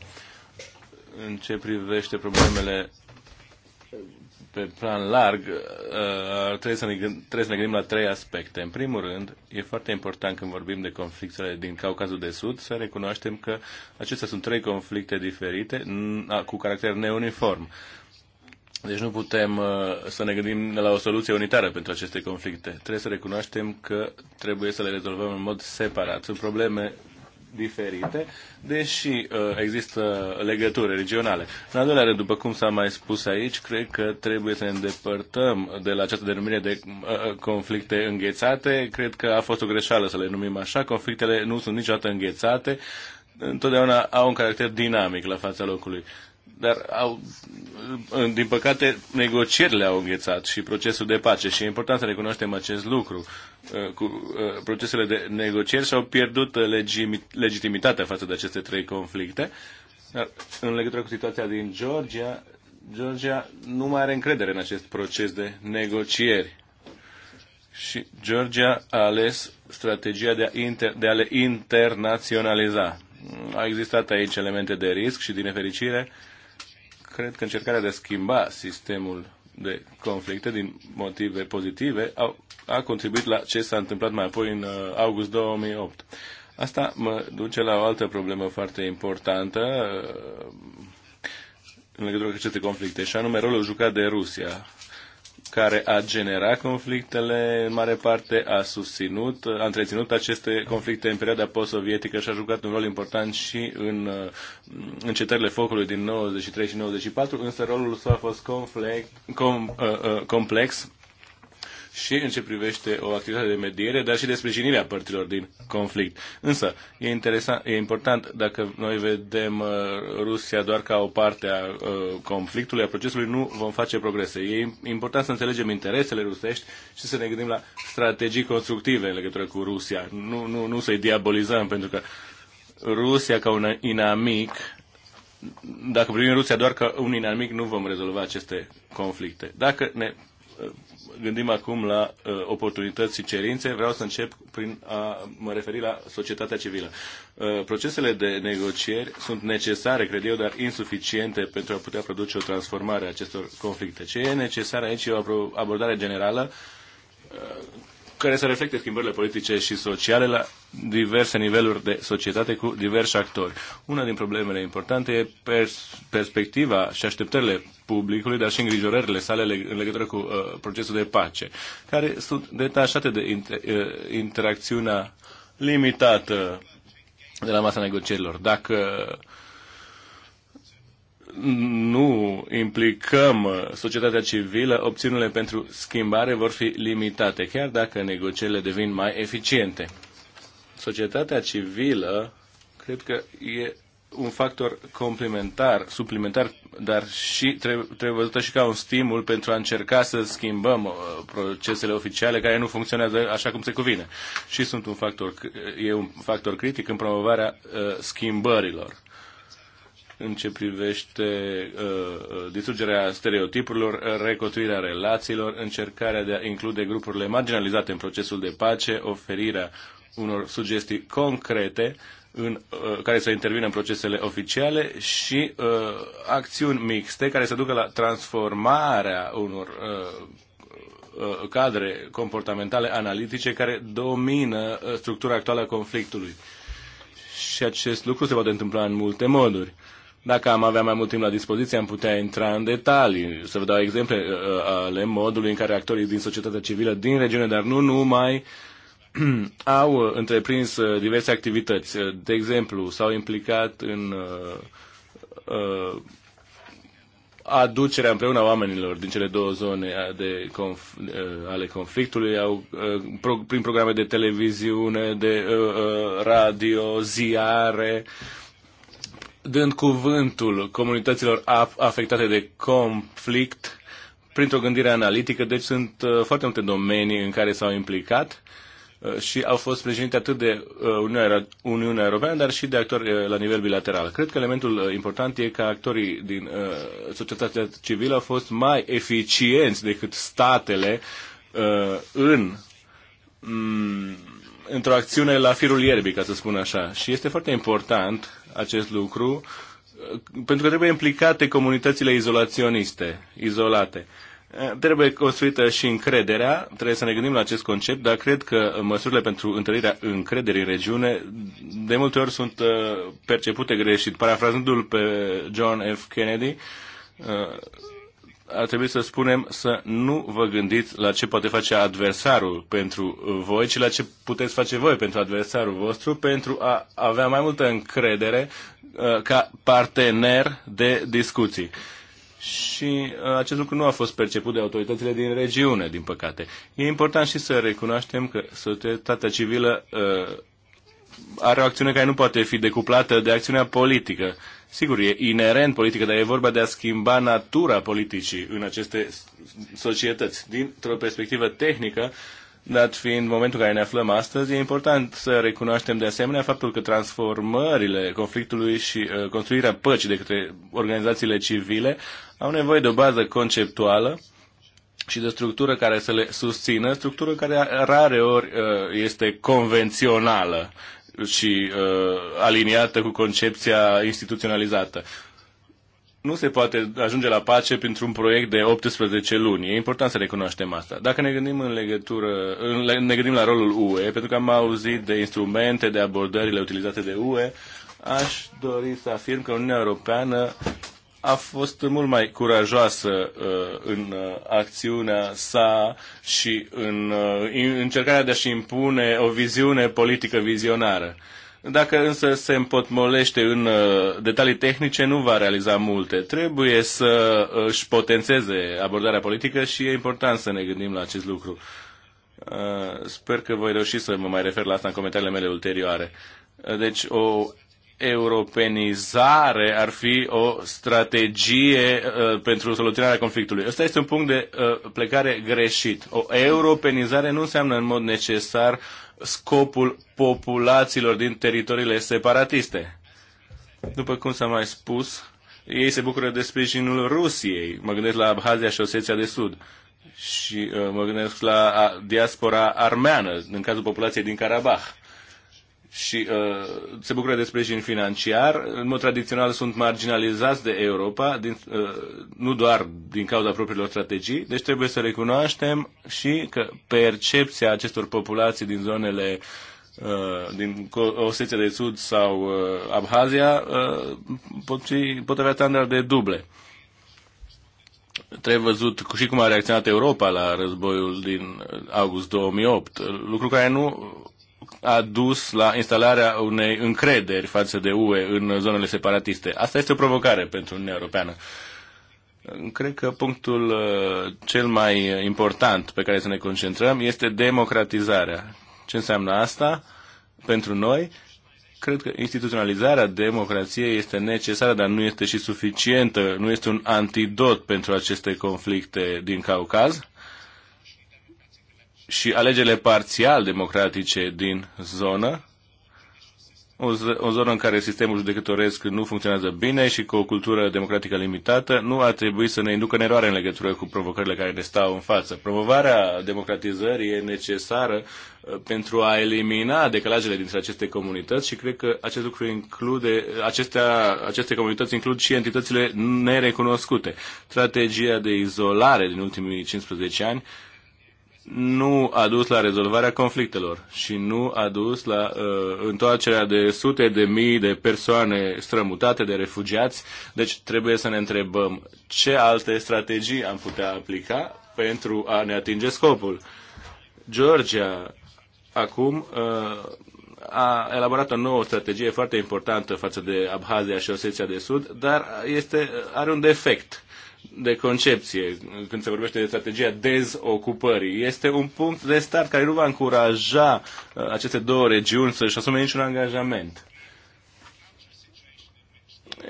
Speaker 2: În ce privește problemele pe plan larg, uh, trebuie să, ne, trebuie să ne gândim la trei aspecte. În primul rând, e foarte important când vorbim de conflictele din Caucazul de Sud să recunoaștem că acestea sunt trei conflicte diferite cu caracter neuniform. Deci nu putem uh, să ne gândim la o soluție unitară pentru aceste conflicte. Trebuie să recunoaștem că trebuie să le rezolvăm în mod separat. Sunt probleme diferite, deși uh, există legături regionale. În al doilea rând, după cum s-a mai spus aici, cred că trebuie să ne îndepărtăm de la această denumire de uh, uh, conflicte înghețate. Cred că a fost o greșeală să le numim așa. Conflictele nu sunt niciodată înghețate întotdeauna au un caracter dinamic la fața locului dar au, din păcate negocierile au înghețat și procesul de pace și e important să recunoaștem acest lucru. Uh, cu uh, procesele de negocieri și-au pierdut uh, legitimitatea față de aceste trei conflicte. Dar în legătură cu situația din Georgia, Georgia nu mai are încredere în acest proces de negocieri. Și Georgia a ales strategia de a, inter, de a le internaționaliza. Au existat aici elemente de risc și, din nefericire, uh, cred că încercarea de a schimba sistemul de conflicte din motive pozitive a, a contribuit la ce s-a întâmplat mai apoi în uh, august 2008. Asta mă duce la o altă problemă foarte importantă uh, în legătură cu aceste conflicte, și anume rolul jucat de Rusia care a generat conflictele, în mare parte a susținut, a întreținut aceste conflicte în perioada post-sovietică și a jucat un rol important și în uh, încetările focului din 93 și 94, însă rolul său a fost conflict, com, uh, uh, complex și în ce privește o activitate de mediere, dar și de sprijinirea părților din conflict. Însă, e, interesant, e important dacă noi vedem uh, Rusia doar ca o parte a uh, conflictului, a procesului, nu vom face progrese. E important să înțelegem interesele rusești și să ne gândim la strategii constructive în legătură cu Rusia. Nu, nu, nu să-i diabolizăm, pentru că Rusia ca un inamic dacă privim Rusia doar ca un inamic, nu vom rezolva aceste conflicte. Dacă ne uh, gândim acum la uh, oportunități și cerințe, vreau să încep prin a mă referi la societatea civilă. Uh, procesele de negocieri sunt necesare, cred eu, dar insuficiente pentru a putea produce o transformare a acestor conflicte. Ce e necesar aici e o abordare generală uh, care să reflecte schimbările politice și sociale la diverse niveluri de societate cu diversi actori. Una din problemele importante e pers- perspectiva și așteptările publicului, dar și îngrijorările sale leg- în legătură cu uh, procesul de pace, care sunt detașate de inter- uh, interacțiunea limitată de la masa negocierilor. Dacă uh, nu implicăm societatea civilă, opțiunile pentru schimbare vor fi limitate, chiar dacă negocierile devin mai eficiente. Societatea civilă, cred că e un factor complementar, suplimentar, dar și trebuie, trebuie văzută și ca un stimul pentru a încerca să schimbăm uh, procesele oficiale care nu funcționează așa cum se cuvine. Și sunt un factor, e un factor critic în promovarea uh, schimbărilor în ce privește uh, uh, distrugerea stereotipurilor, reconstruirea relațiilor, încercarea de a include grupurile marginalizate în procesul de pace, oferirea unor sugestii concrete în, uh, care să intervină în procesele oficiale și uh, acțiuni mixte care să ducă la transformarea unor uh, uh cadre comportamentale analitice care domină uh, structura actuală a conflictului. Și acest lucru se poate întâmpla în multe moduri. Dacă am avea mai mult timp la dispoziție, am putea intra în detalii, să vă dau exemple uh, uh, ale modului în care actorii din societatea civilă din regiune, dar nu numai, au uh, întreprins diverse activități. De exemplu, s-au implicat în aducerea împreună a oamenilor din cele două zone de conf- ale conflictului, au, prin programe de televiziune, de radio, ziare, dând cuvântul comunităților afectate de conflict printr-o gândire analitică, deci sunt uh, foarte multe domenii în care s-au implicat uh, și au fost sprijinite atât de uh, Uniunea Europeană, dar și de actori la nivel bilateral. Cred că elementul important e că actorii din societatea civilă au fost mai eficienți decât statele în mm, într-o acțiune la firul ierbii, ca să spun așa. Și este foarte important acest lucru, pentru că trebuie implicate comunitățile izolaționiste, izolate. Trebuie construită și încrederea, trebuie să ne gândim la acest concept, dar cred că măsurile pentru întărirea încrederii în regiune de multe ori sunt uh, percepute greșit. Parafrazându-l pe John F. Kennedy, uh, ar trebui să spunem să nu vă gândiți la ce poate face adversarul pentru voi, ci la ce puteți face voi pentru adversarul vostru, pentru a avea mai multă încredere uh, ca partener de discuții. Și uh, acest lucru nu a fost perceput de autoritățile din regiune, din păcate. E important și să recunoaștem că societatea civilă uh, are o acțiune care nu poate fi decuplată de acțiunea politică. Sigur, e inerent politică, dar e vorba de a schimba natura politicii în aceste societăți. Dintr-o perspectivă tehnică, dat fiind momentul în care ne aflăm astăzi, e important să recunoaștem de asemenea faptul că transformările conflictului și uh, construirea păcii de către organizațiile civile au nevoie de o bază conceptuală și de structură care să le susțină, structură care rare ori uh, este convențională și uh, aliniată cu concepția instituționalizată. Nu se poate ajunge la pace printr-un proiect de 18 luni. E important să recunoaștem asta. Dacă ne gândim în legătură, ne gândim la rolul UE, pentru că am auzit de instrumente, de abordările utilizate de UE, aș dori să afirm că Uniunea Europeană a fost mult mai curajoasă uh, în uh, acțiunea sa și în uh, încercarea de a-și impune o viziune politică vizionară. Dacă însă se împotmolește în uh, detalii tehnice, nu va realiza multe. Trebuie să uh, își potențeze abordarea politică și e important să ne gândim la acest lucru. Uh, sper că voi reuși să mă mai refer la asta în comentariile mele ulterioare. Deci o europenizare ar fi o strategie uh, pentru soluționarea conflictului. Ăsta este un punct de uh, plecare greșit. O europenizare nu înseamnă în mod necesar scopul populațiilor din teritoriile separatiste. După cum s-a mai spus, ei se bucură de sprijinul Rusiei. Mă gândesc la Abhazia și Oseția de Sud. Și uh, mă gândesc la a, uh, diaspora armeană, în cazul populației din Karabakh și uh, se bucură de sprijin financiar. În mod tradițional sunt marginalizați de Europa, din, uh, nu doar din cauza propriilor strategii, deci trebuie să recunoaștem și că percepția acestor populații din zonele uh, din Osetia de Sud sau uh, Abhazia uh, pot, fi, pot avea standarde duble. Trebuie văzut și cum a reacționat Europa la războiul din uh, august 2008, lucru care nu a dus la instalarea unei încrederi față de UE în zonele separatiste. Asta este o provocare pentru Uniunea Europeană. Cred că punctul uh, cel mai important pe care să ne concentrăm este democratizarea. Ce înseamnă asta pentru noi? Cred că instituționalizarea democrației este necesară, dar nu este și suficientă, nu este un antidot pentru aceste conflicte din Caucaz și alegerile parțial democratice din zonă, o zonă în care sistemul judecătoresc nu funcționează bine și cu o cultură democratică limitată, nu ar trebui să ne inducă în eroare în legătură cu provocările care ne stau în față. Promovarea democratizării e necesară uh, pentru a elimina decalajele dintre aceste comunități și cred că acest lucru include, acestea, aceste comunități includ și entitățile nerecunoscute. Strategia de izolare din ultimii 15 ani nu a dus la rezolvarea conflictelor și nu a dus la uh, întoarcerea de sute de mii de persoane strămutate, de refugiați. Deci trebuie să ne întrebăm ce alte strategii am putea aplica pentru a ne atinge scopul. Georgia acum uh, a elaborat o nouă strategie foarte importantă față de Abhazia și Osetia de Sud, dar este, are un defect de concepție când se vorbește de strategia dezocupării. Este un punct de start care nu va încuraja uh, aceste două regiuni să-și asume niciun angajament.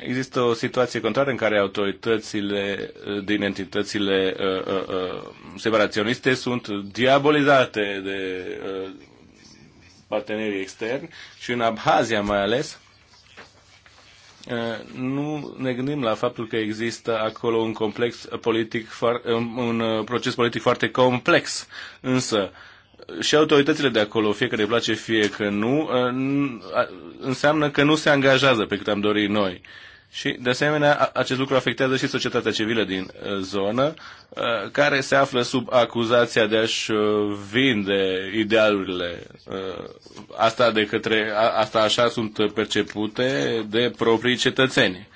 Speaker 2: Există o situație contrară în care autoritățile uh, din entitățile uh, uh, uh, separaționiste sunt diabolizate de uh, partenerii externi și în Abhazia mai ales Eh, nu ne gândim la faptul că există acolo un complex politic, un uh, proces politic foarte complex, însă și autoritățile de acolo, fie că le place, fie că nu, eh, înseamnă că nu se angajează pe cât am dorit noi. Și, de asemenea, acest lucru afectează și societatea civilă din uh, zonă, uh, care se află sub acuzația de a-și uh, vinde idealurile. Asta, de către, asta așa sunt percepute de proprii cetățeni.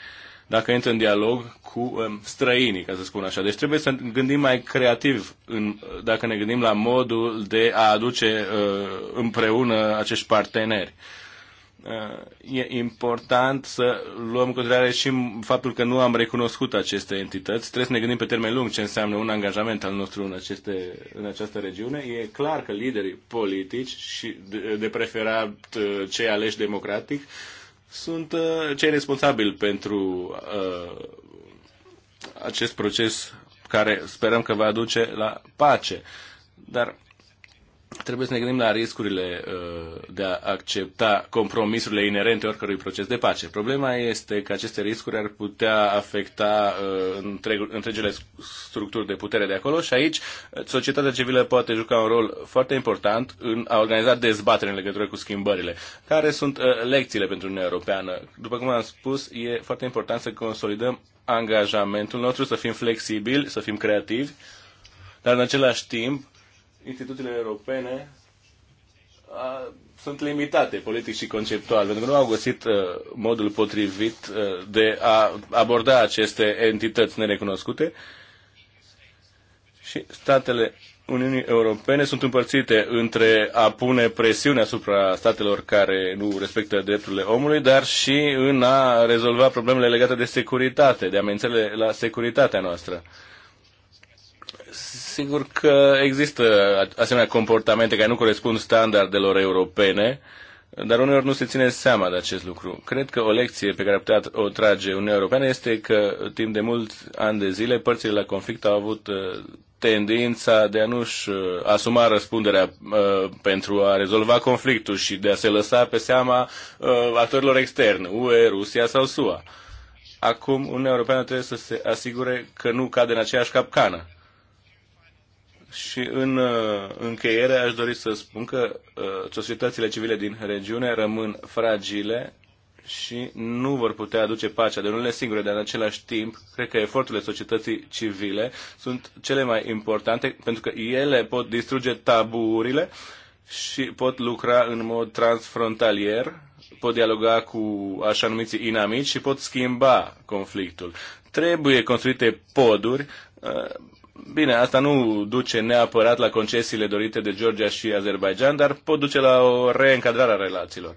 Speaker 2: Dacă intră în dialog cu um, străinii, ca să spun așa. Deci trebuie să gândim mai creativ în, dacă ne gândim la modul de a aduce împreună acești parteneri. Uh, e important să luăm în considerare și faptul că nu am recunoscut aceste entități. Trebuie să ne gândim pe termen lung ce înseamnă un angajament al nostru în, aceste, în această regiune. E clar că liderii politici și de, de preferat uh, cei aleși democratic sunt uh, cei responsabili pentru uh, acest proces care sperăm că va aduce la pace. Dar trebuie să ne gândim la riscurile uh, de a accepta compromisurile inerente oricărui proces de pace. Problema este că aceste riscuri ar putea afecta uh, întregile structuri de putere de acolo și aici uh, societatea civilă poate juca un rol foarte important în a organiza dezbatere în legătură cu schimbările. Care sunt lecțiile pentru Uniunea Europeană? După cum am spus, e foarte important să consolidăm angajamentul nostru, să fim flexibili, să fim creativi, dar în același timp instituțiile europene a, sunt limitate politic și conceptual, pentru că nu au găsit uh, modul potrivit uh, de a aborda aceste entități nerecunoscute și statele Uniunii Europene sunt împărțite între a pune presiune asupra statelor care nu respectă drepturile omului, dar și în a rezolva problemele legate de securitate, de amenințările la securitatea noastră. Uh, Sigur că există asemenea comportamente care nu corespund standardelor europene, dar uneori nu se ține seama de acest lucru. Cred că o lecție pe care putea o trage Uniunea Europeană este că timp de mulți ani de zile părțile la conflict au avut uh, tendința de a nu-și uh, asuma răspunderea uh, pentru a rezolva conflictul și de a se lăsa pe seama uh, actorilor externi, UE, Rusia sau SUA. Acum Uniunea Europeană trebuie să se asigure că nu cade în aceeași capcană. Și în uh, încheiere aș dori să spun că uh, societățile civile din regiune rămân fragile și nu vor putea aduce pacea de unele singure, dar în același timp, cred că eforturile societății civile sunt cele mai importante pentru că ele pot distruge taburile și pot lucra în mod transfrontalier, pot dialoga cu așa numiții inamici și pot schimba conflictul. Trebuie construite poduri uh, Bine, asta nu duce neapărat la concesiile dorite de Georgia și Azerbaijan, dar pot duce la o reîncadrare a relațiilor.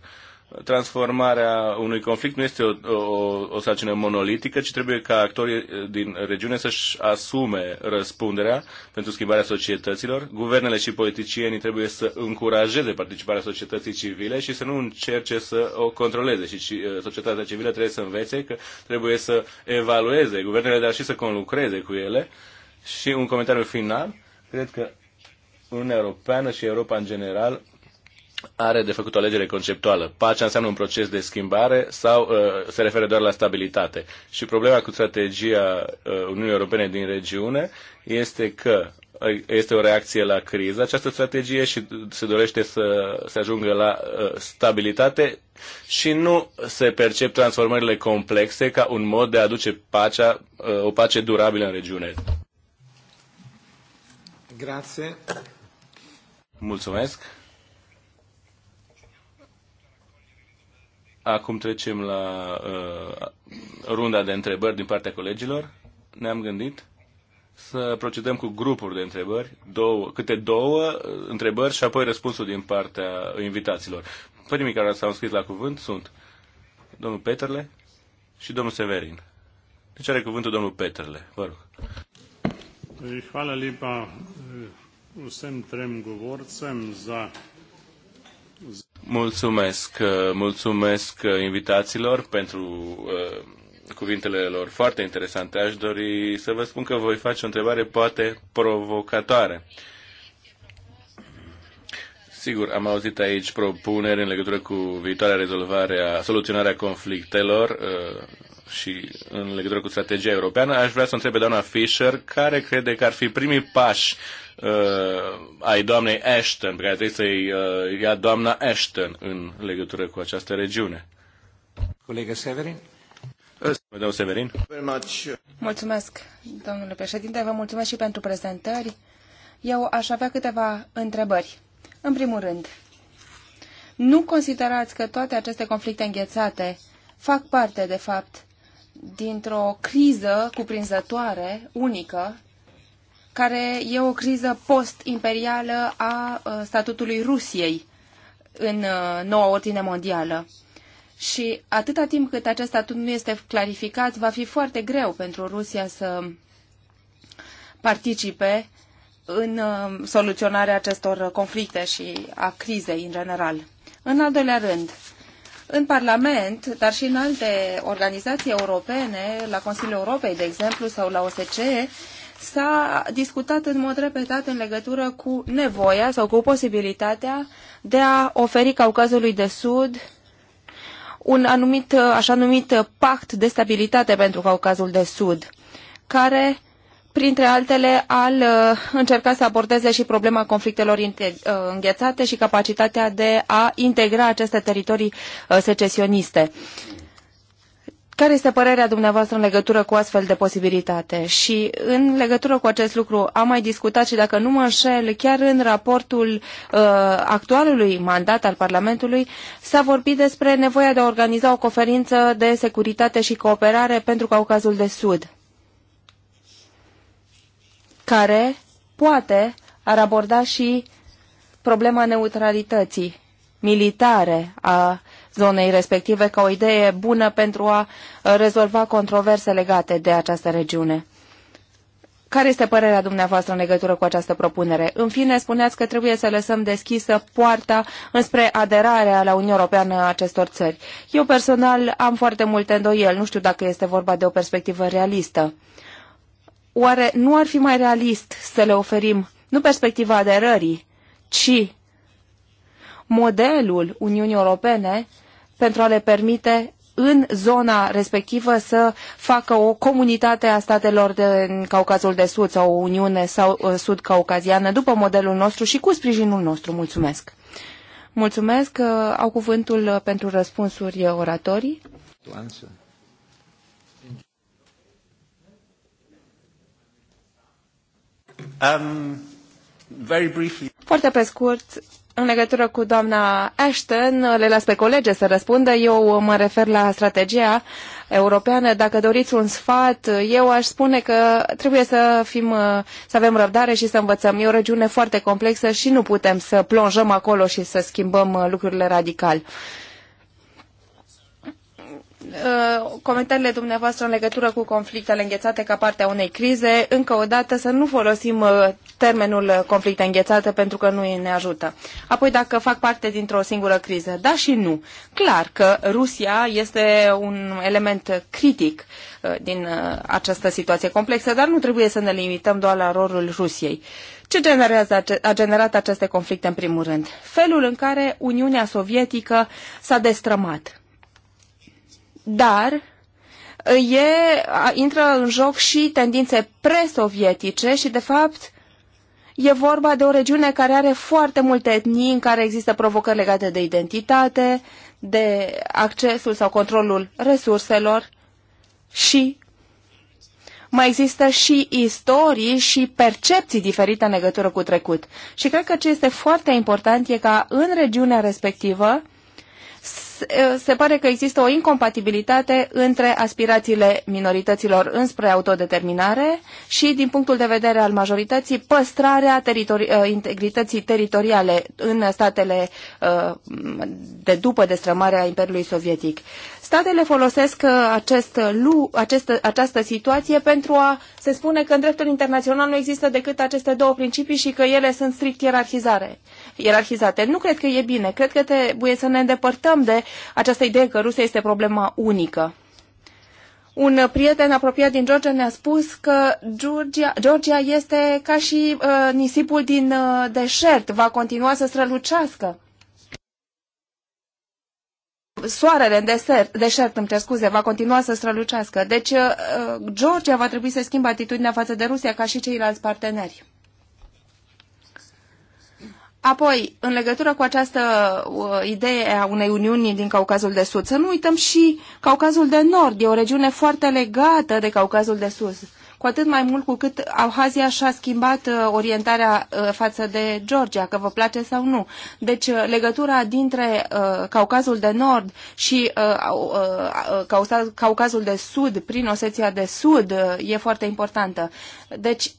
Speaker 2: Transformarea unui conflict nu este o, o, o sarcină monolitică, ci trebuie ca actorii din regiune să-și asume răspunderea pentru schimbarea societăților. Guvernele și politicienii trebuie să încurajeze participarea societății civile și să nu încerce să o controleze. Și uh, societatea civilă trebuie să învețe că trebuie să evalueze guvernele, dar și să conlucreze cu ele și un comentariu final. Cred că Uniunea Europeană și Europa în general are de făcut o alegere conceptuală. Pacea înseamnă un proces de schimbare sau uh, se referă doar la stabilitate. Și problema cu strategia uh, Uniunii Europene din regiune este că uh, este o reacție la criză această strategie și se dorește să se ajungă la uh, stabilitate și nu se percep transformările complexe ca un mod de a aduce pacea, uh, o pace durabilă în regiune. Grazie. Mulțumesc. Acum trecem la uh, runda de întrebări din partea colegilor. Ne-am gândit să procedăm cu grupuri de întrebări, două, câte două întrebări și apoi răspunsul din partea invitaților. Primii care s-au scris la cuvânt sunt domnul Peterle și domnul Severin. Deci are cuvântul domnul Peterle. Vă rog. Vsem trem govorcem za Mulțumesc, mulțumesc invitațiilor pentru uh, cuvintele lor foarte interesante. Aș dori să vă spun că voi face o întrebare poate provocatoare. Sigur, am auzit aici propuneri în legătură cu viitoarea rezolvare a, soluționarea conflictelor uh, și în legătură cu strategia europeană, aș vrea să întreb pe doamna Fisher care crede că ar fi primii pași uh, ai doamnei Ashton, pe care trebuie să-i uh, ia doamna Ashton în legătură cu această regiune. Colegă Severin. Severin.
Speaker 3: Mulțumesc, domnule președinte. Vă mulțumesc și pentru prezentări. Eu aș avea câteva întrebări. În primul rând, nu considerați că toate aceste conflicte înghețate fac parte, de fapt, dintr-o criză cuprinzătoare, unică, care e o criză post-imperială a uh, statutului Rusiei în uh, noua ordine mondială. Și atâta timp cât acest statut nu este clarificat, va fi foarte greu pentru Rusia să participe în uh, soluționarea acestor conflicte și a crizei în general. În al doilea rând, în Parlament, dar și în alte organizații europene, la Consiliul Europei, de exemplu, sau la OSCE, s-a discutat în mod repetat în legătură cu nevoia sau cu posibilitatea de a oferi Caucazului de Sud un anumit, așa numit pact de stabilitate pentru Caucazul de Sud, care printre altele, al uh, încerca să abordeze și problema conflictelor uh, înghețate și capacitatea de a integra aceste teritorii uh, secesioniste. Care este părerea dumneavoastră în legătură cu astfel de posibilitate? Și în legătură cu acest lucru am mai discutat și dacă nu mă înșel, chiar în raportul uh, actualului mandat al Parlamentului s-a vorbit despre nevoia de a organiza o conferință de securitate și cooperare pentru Caucazul de Sud care poate ar aborda și problema neutralității militare a zonei respective ca o idee bună pentru a rezolva controverse legate de această regiune. Care este părerea dumneavoastră în legătură cu această propunere? În fine, spuneați că trebuie să lăsăm deschisă poarta înspre aderarea la Uniunea Europeană a acestor țări. Eu personal am foarte multe îndoieli, nu știu dacă este vorba de o perspectivă realistă oare nu ar fi mai realist să le oferim nu perspectiva aderării, ci modelul Uniunii Europene pentru a le permite în zona respectivă să facă o comunitate a statelor din Caucazul de Sud sau o Uniune sau uh, Sud-Caucaziană după modelul nostru și cu sprijinul nostru. Mulțumesc! Mulțumesc! Uh, au cuvântul pentru răspunsuri oratorii. Um, foarte pe scurt, în legătură cu doamna Ashton, le las pe colege să răspundă. Eu mă refer la strategia europeană. Dacă doriți un sfat, eu aș spune că trebuie să, fim, să avem răbdare și să învățăm. E o regiune foarte complexă și nu putem să plonjăm acolo și să schimbăm lucrurile radical. Uh, comentariile dumneavoastră în legătură cu conflictele înghețate ca parte a unei crize. Încă o dată să nu folosim uh, termenul uh, conflicte înghețate pentru că nu ne ajută. Apoi dacă fac parte dintr-o singură criză, da și nu. Clar că Rusia este un element critic din această situație complexă, dar nu trebuie să ne limităm doar la rolul Rusiei. Ce generează, a generat aceste conflicte în primul rând? Felul în care Uniunea Sovietică s-a destrămat dar e, intră în joc și tendințe presovietice și, de fapt, e vorba de o regiune care are foarte multe etnii în care există provocări legate de identitate, de accesul sau controlul resurselor și mai există și istorii și percepții diferite în legătură cu trecut. Și cred că ce este foarte important e ca în regiunea respectivă Uh, se pare că există o incompatibilitate între aspirațiile minorităților înspre autodeterminare și, din punctul de vedere al majorității, păstrarea teritori uh, integrității teritoriale în statele uh, de după destrămarea Imperiului Sovietic. Statele folosesc acest, lu, acest, această situație pentru a se spune că în dreptul internațional nu există decât aceste două principii și că ele sunt strict ierarhizare ierarhizate. Nu cred că e bine. Cred că trebuie să ne îndepărtăm de această idee că Rusia este problema unică. Un prieten apropiat din Georgia ne-a spus că Georgia, Georgia este ca și uh, nisipul din uh, deșert, va continua să strălucească. Soarele în desert, deșert, îmi cer scuze, va continua să strălucească. Deci uh, uh Georgia va trebui să schimbe atitudinea față de Rusia ca și ceilalți parteneri. Apoi, în legătură cu această uh, idee a unei uniuni din Caucazul de Sud, să nu uităm și Caucazul de Nord. E o regiune foarte legată de Caucazul de Sud. Cu atât mai mult cu cât Abhazia și-a schimbat uh, orientarea uh, față de Georgia, că vă place sau nu. Deci, uh, legătura dintre uh, Caucazul de Nord și uh, uh, uh Caucazul de Sud, prin Oseția de Sud, uh, e foarte importantă. Deci,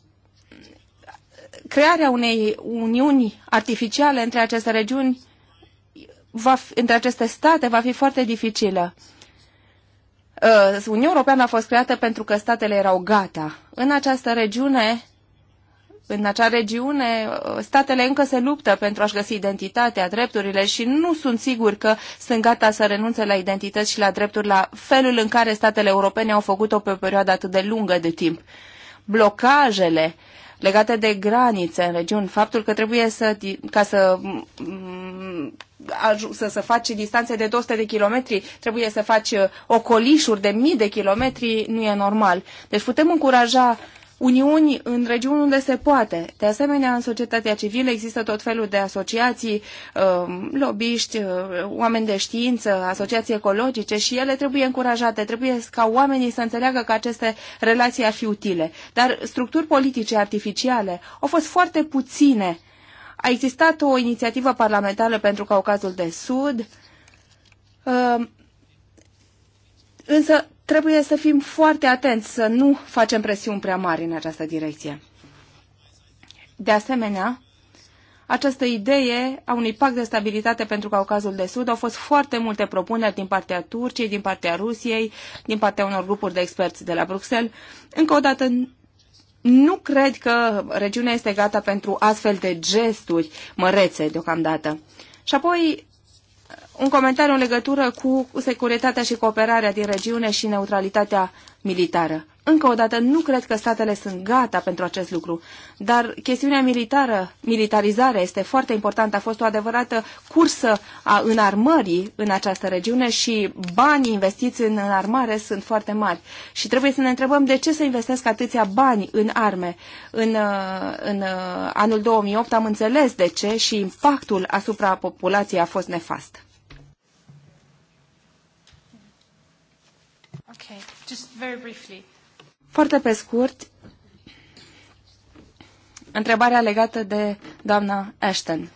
Speaker 3: crearea unei uniuni artificiale între aceste regiuni, va fi, între aceste state, va fi foarte dificilă. Uh, Uniunea Europeană a fost creată pentru că statele erau gata. În această regiune, în acea regiune, uh, statele încă se luptă pentru a-și găsi identitatea, drepturile și nu sunt sigur că sunt gata să renunțe la identități și la drepturi, la felul în care statele europene au făcut-o pe o perioadă atât de lungă de timp. Blocajele legate de granițe în regiuni, faptul că trebuie să, ca să, să, să faci distanțe de 200 de kilometri, trebuie să faci uh, ocolișuri de mii de kilometri, nu e normal. Deci putem încuraja uniuni în regiuni unde se poate. De asemenea, în societatea civilă există tot felul de asociații, um, lobiști, uh, oameni de știință, asociații ecologice și ele trebuie încurajate, trebuie ca oamenii să înțeleagă că aceste relații ar fi utile. Dar structuri politice artificiale au fost foarte puține. A existat o inițiativă parlamentară pentru Caucazul de Sud, um, însă trebuie să fim foarte atenți, să nu facem presiuni prea mari în această direcție. De asemenea, această idee a unui pact de stabilitate pentru Caucazul de Sud au fost foarte multe propuneri din partea Turciei, din partea Rusiei, din partea unor grupuri de experți de la Bruxelles. Încă o dată, nu cred că regiunea este gata pentru astfel de gesturi mărețe deocamdată. Și apoi, un comentariu în legătură cu securitatea și cooperarea din regiune și neutralitatea militară. Încă o dată, nu cred că statele sunt gata pentru acest lucru, dar chestiunea militară, militarizarea este foarte importantă. A fost o adevărată cursă a înarmării în această regiune și banii investiți în înarmare sunt foarte mari. Și trebuie să ne întrebăm de ce să investesc atâția bani în arme. În, uh, în uh, anul 2008 am înțeles de ce și impactul asupra populației a fost nefast. Okay, just very briefly. Foarte pe scurt, întrebarea legată de doamna Ashton.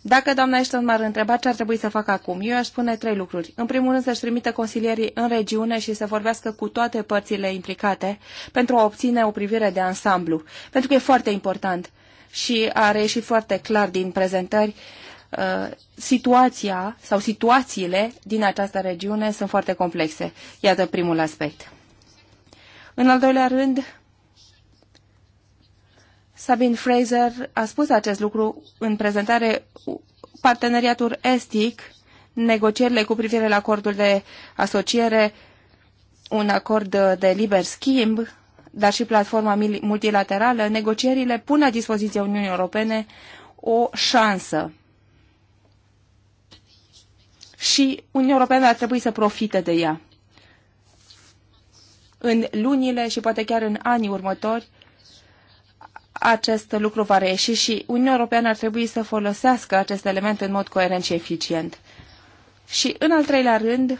Speaker 3: Dacă doamna Ashton m-ar întreba ce ar trebui să fac acum, eu aș spune trei lucruri. În primul rând să-și trimită consilierii în regiune și să vorbească cu toate părțile implicate pentru a obține o privire de ansamblu, pentru că e foarte important și a reieșit foarte clar din prezentări uh, Uh, situația sau situațiile din această regiune sunt foarte complexe. Iată primul aspect. În al doilea rând, Sabine Fraser a spus acest lucru în prezentare parteneriatul estic, negocierile cu privire la acordul de asociere, un acord de liber schimb, dar și platforma multilaterală, negocierile pun la dispoziția Uniunii Europene o șansă și Uniunea Europeană ar trebui să profite de ea. În lunile și poate chiar în anii următori, acest lucru va reieși și Uniunea Europeană ar trebui să folosească acest element în mod coerent și eficient. Și, în al treilea rând,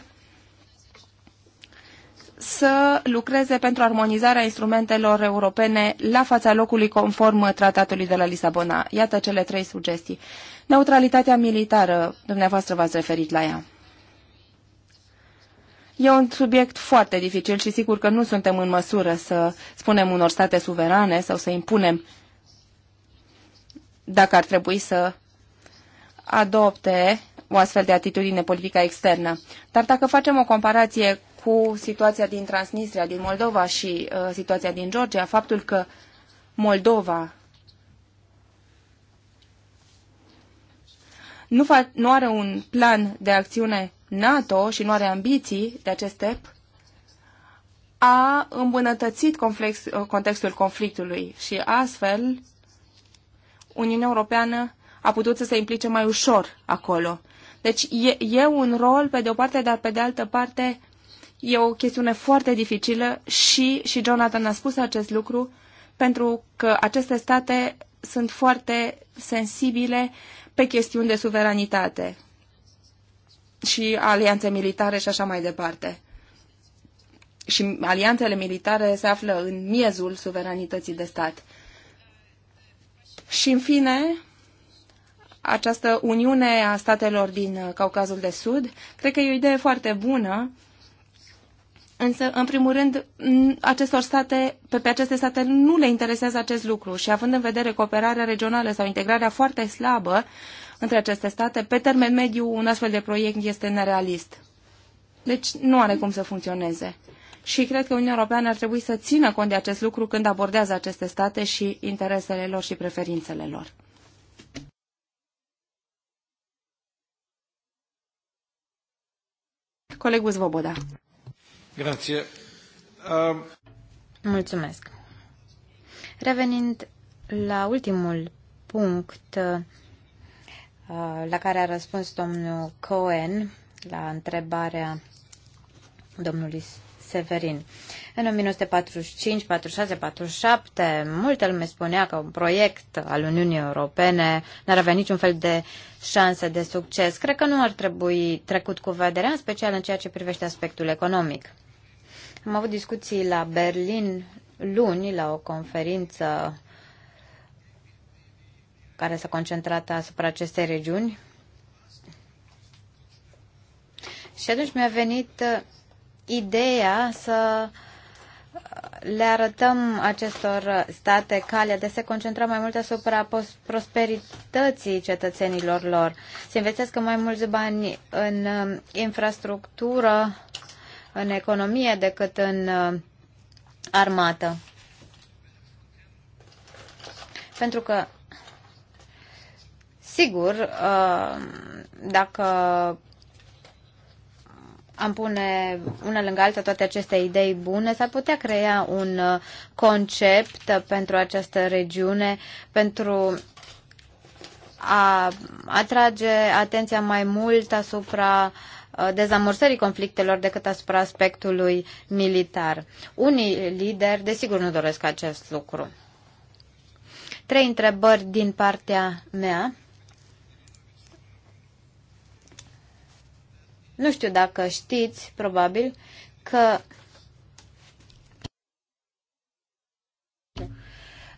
Speaker 3: să lucreze pentru armonizarea instrumentelor europene la fața locului conform tratatului de la Lisabona. Iată cele trei sugestii. Neutralitatea militară, dumneavoastră v-ați referit la ea. E un subiect foarte dificil și sigur că nu suntem în măsură să spunem unor state suverane sau să impunem dacă ar trebui să adopte o astfel de atitudine politică externă. Dar dacă facem o comparație cu situația din Transnistria, din Moldova și uh, situația din Georgia, faptul că Moldova nu, fa- nu are un plan de acțiune NATO și nu are ambiții de acest tip, a îmbunătățit conflex, contextul conflictului și astfel Uniunea Europeană a putut să se implice mai ușor acolo. Deci e, e un rol pe de o parte, dar pe de altă parte e o chestiune foarte dificilă și, și Jonathan a spus acest lucru pentru că aceste state sunt foarte sensibile pe chestiuni de suveranitate și alianțe militare și așa mai departe. Și alianțele militare se află în miezul suveranității de stat. Și în fine, această uniune a statelor din Caucazul de Sud, cred că e o idee foarte bună Însă, în primul rând, acestor state, pe, pe aceste state nu le interesează acest lucru și având în vedere cooperarea regională sau integrarea foarte slabă între aceste state, pe termen mediu un astfel de proiect este nerealist. Deci nu are cum să funcționeze. Și cred că Uniunea Europeană ar trebui să țină cont de acest lucru când abordează aceste state și interesele lor și preferințele lor. Colegul Zvoboda. Grație. Um, Mulțumesc.
Speaker 1: Revenind la ultimul punct uh, la care a răspuns domnul Cohen la întrebarea domnului Severin. În 1945, 46, 47, Multe lume spunea că un proiect al Uniunii Europene n-ar avea niciun fel de șanse de succes. Cred că nu ar trebui trecut cu vederea, în special în ceea ce privește aspectul economic. Am avut discuții la Berlin luni la o conferință care s-a concentrat asupra acestei regiuni. Și atunci mi-a venit uh, ideea să uh, le arătăm acestor state calea de se concentra mai mult asupra prosperității cetățenilor lor, să investească mai mulți bani în uh, infrastructură în economie decât în uh, armată. Pentru că, sigur, uh, dacă am pune una lângă alta toate aceste idei bune, s-ar putea crea un uh, concept pentru această regiune, pentru a atrage atenția mai mult asupra uh, Uh, dezamorsării conflictelor decât asupra aspectului militar. Unii lideri, desigur, nu doresc acest lucru. Trei întrebări din partea mea. Nu știu dacă știți, probabil, că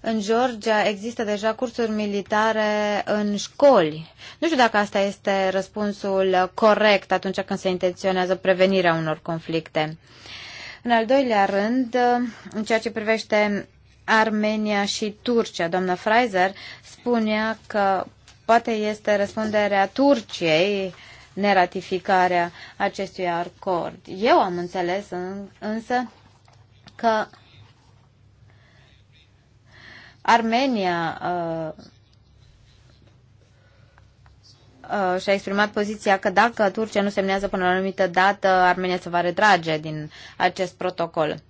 Speaker 1: În Georgia există deja cursuri militare în școli. Nu știu dacă asta este răspunsul corect atunci când se intenționează prevenirea unor conflicte. În al doilea rând, în ceea ce privește Armenia și Turcia, doamna Fraser spunea că poate este răspunderea Turciei neratificarea acestui acord. Eu am înțeles însă că Armenia uh, uh, și-a exprimat poziția că dacă Turcia nu semnează până la o anumită dată, Armenia se va retrage din acest protocol.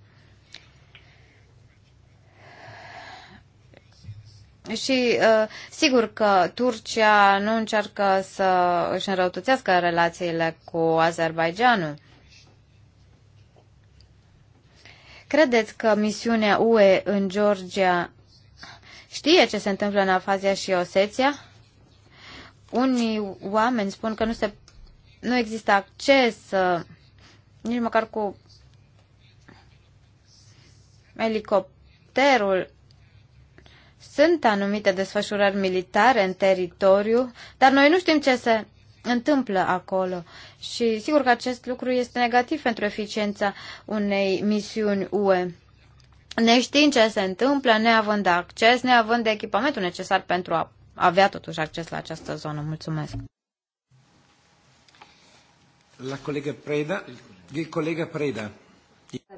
Speaker 1: Și uh, sigur că Turcia nu încearcă să își înrăutățească relațiile cu Azerbaijanul. Credeți că misiunea UE în Georgia știe ce se întâmplă în Afazia și osetia? Unii oameni spun că nu, se, nu există acces uh, nici măcar cu elicopterul. Sunt anumite desfășurări militare în teritoriu, dar noi nu știm ce se întâmplă acolo. Și sigur că acest lucru este negativ pentru eficiența unei misiuni UE neștiind ce se întâmplă, neavând acces, neavând echipamentul necesar pentru a avea totuși acces la această zonă. Mulțumesc. La colegă Preda. De colegă Preda.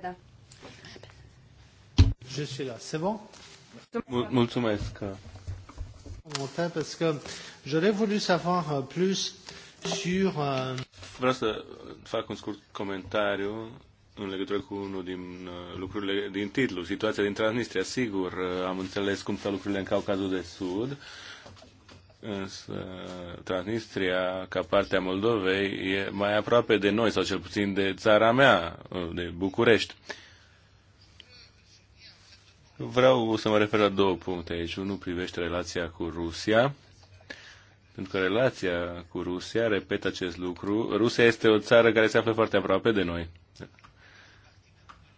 Speaker 3: Da. Je suis
Speaker 1: là. C'est
Speaker 2: bon? Mulțumesc. Parce que j'aurais voulu savoir euh, plus sur... Euh, Vreau să fac un scurt comentariu în legătură cu unul din uh, lucrurile din titlu, situația din Transnistria. Sigur, uh, am înțeles cum stau lucrurile în Caucazul de Sud, însă Transnistria, ca parte a Moldovei, e mai aproape de noi, sau cel puțin de țara mea, uh, de București. Vreau să mă refer la două puncte aici. Unul privește relația cu Rusia, pentru că relația cu Rusia, repet acest lucru, Rusia este o țară care se află foarte aproape de noi.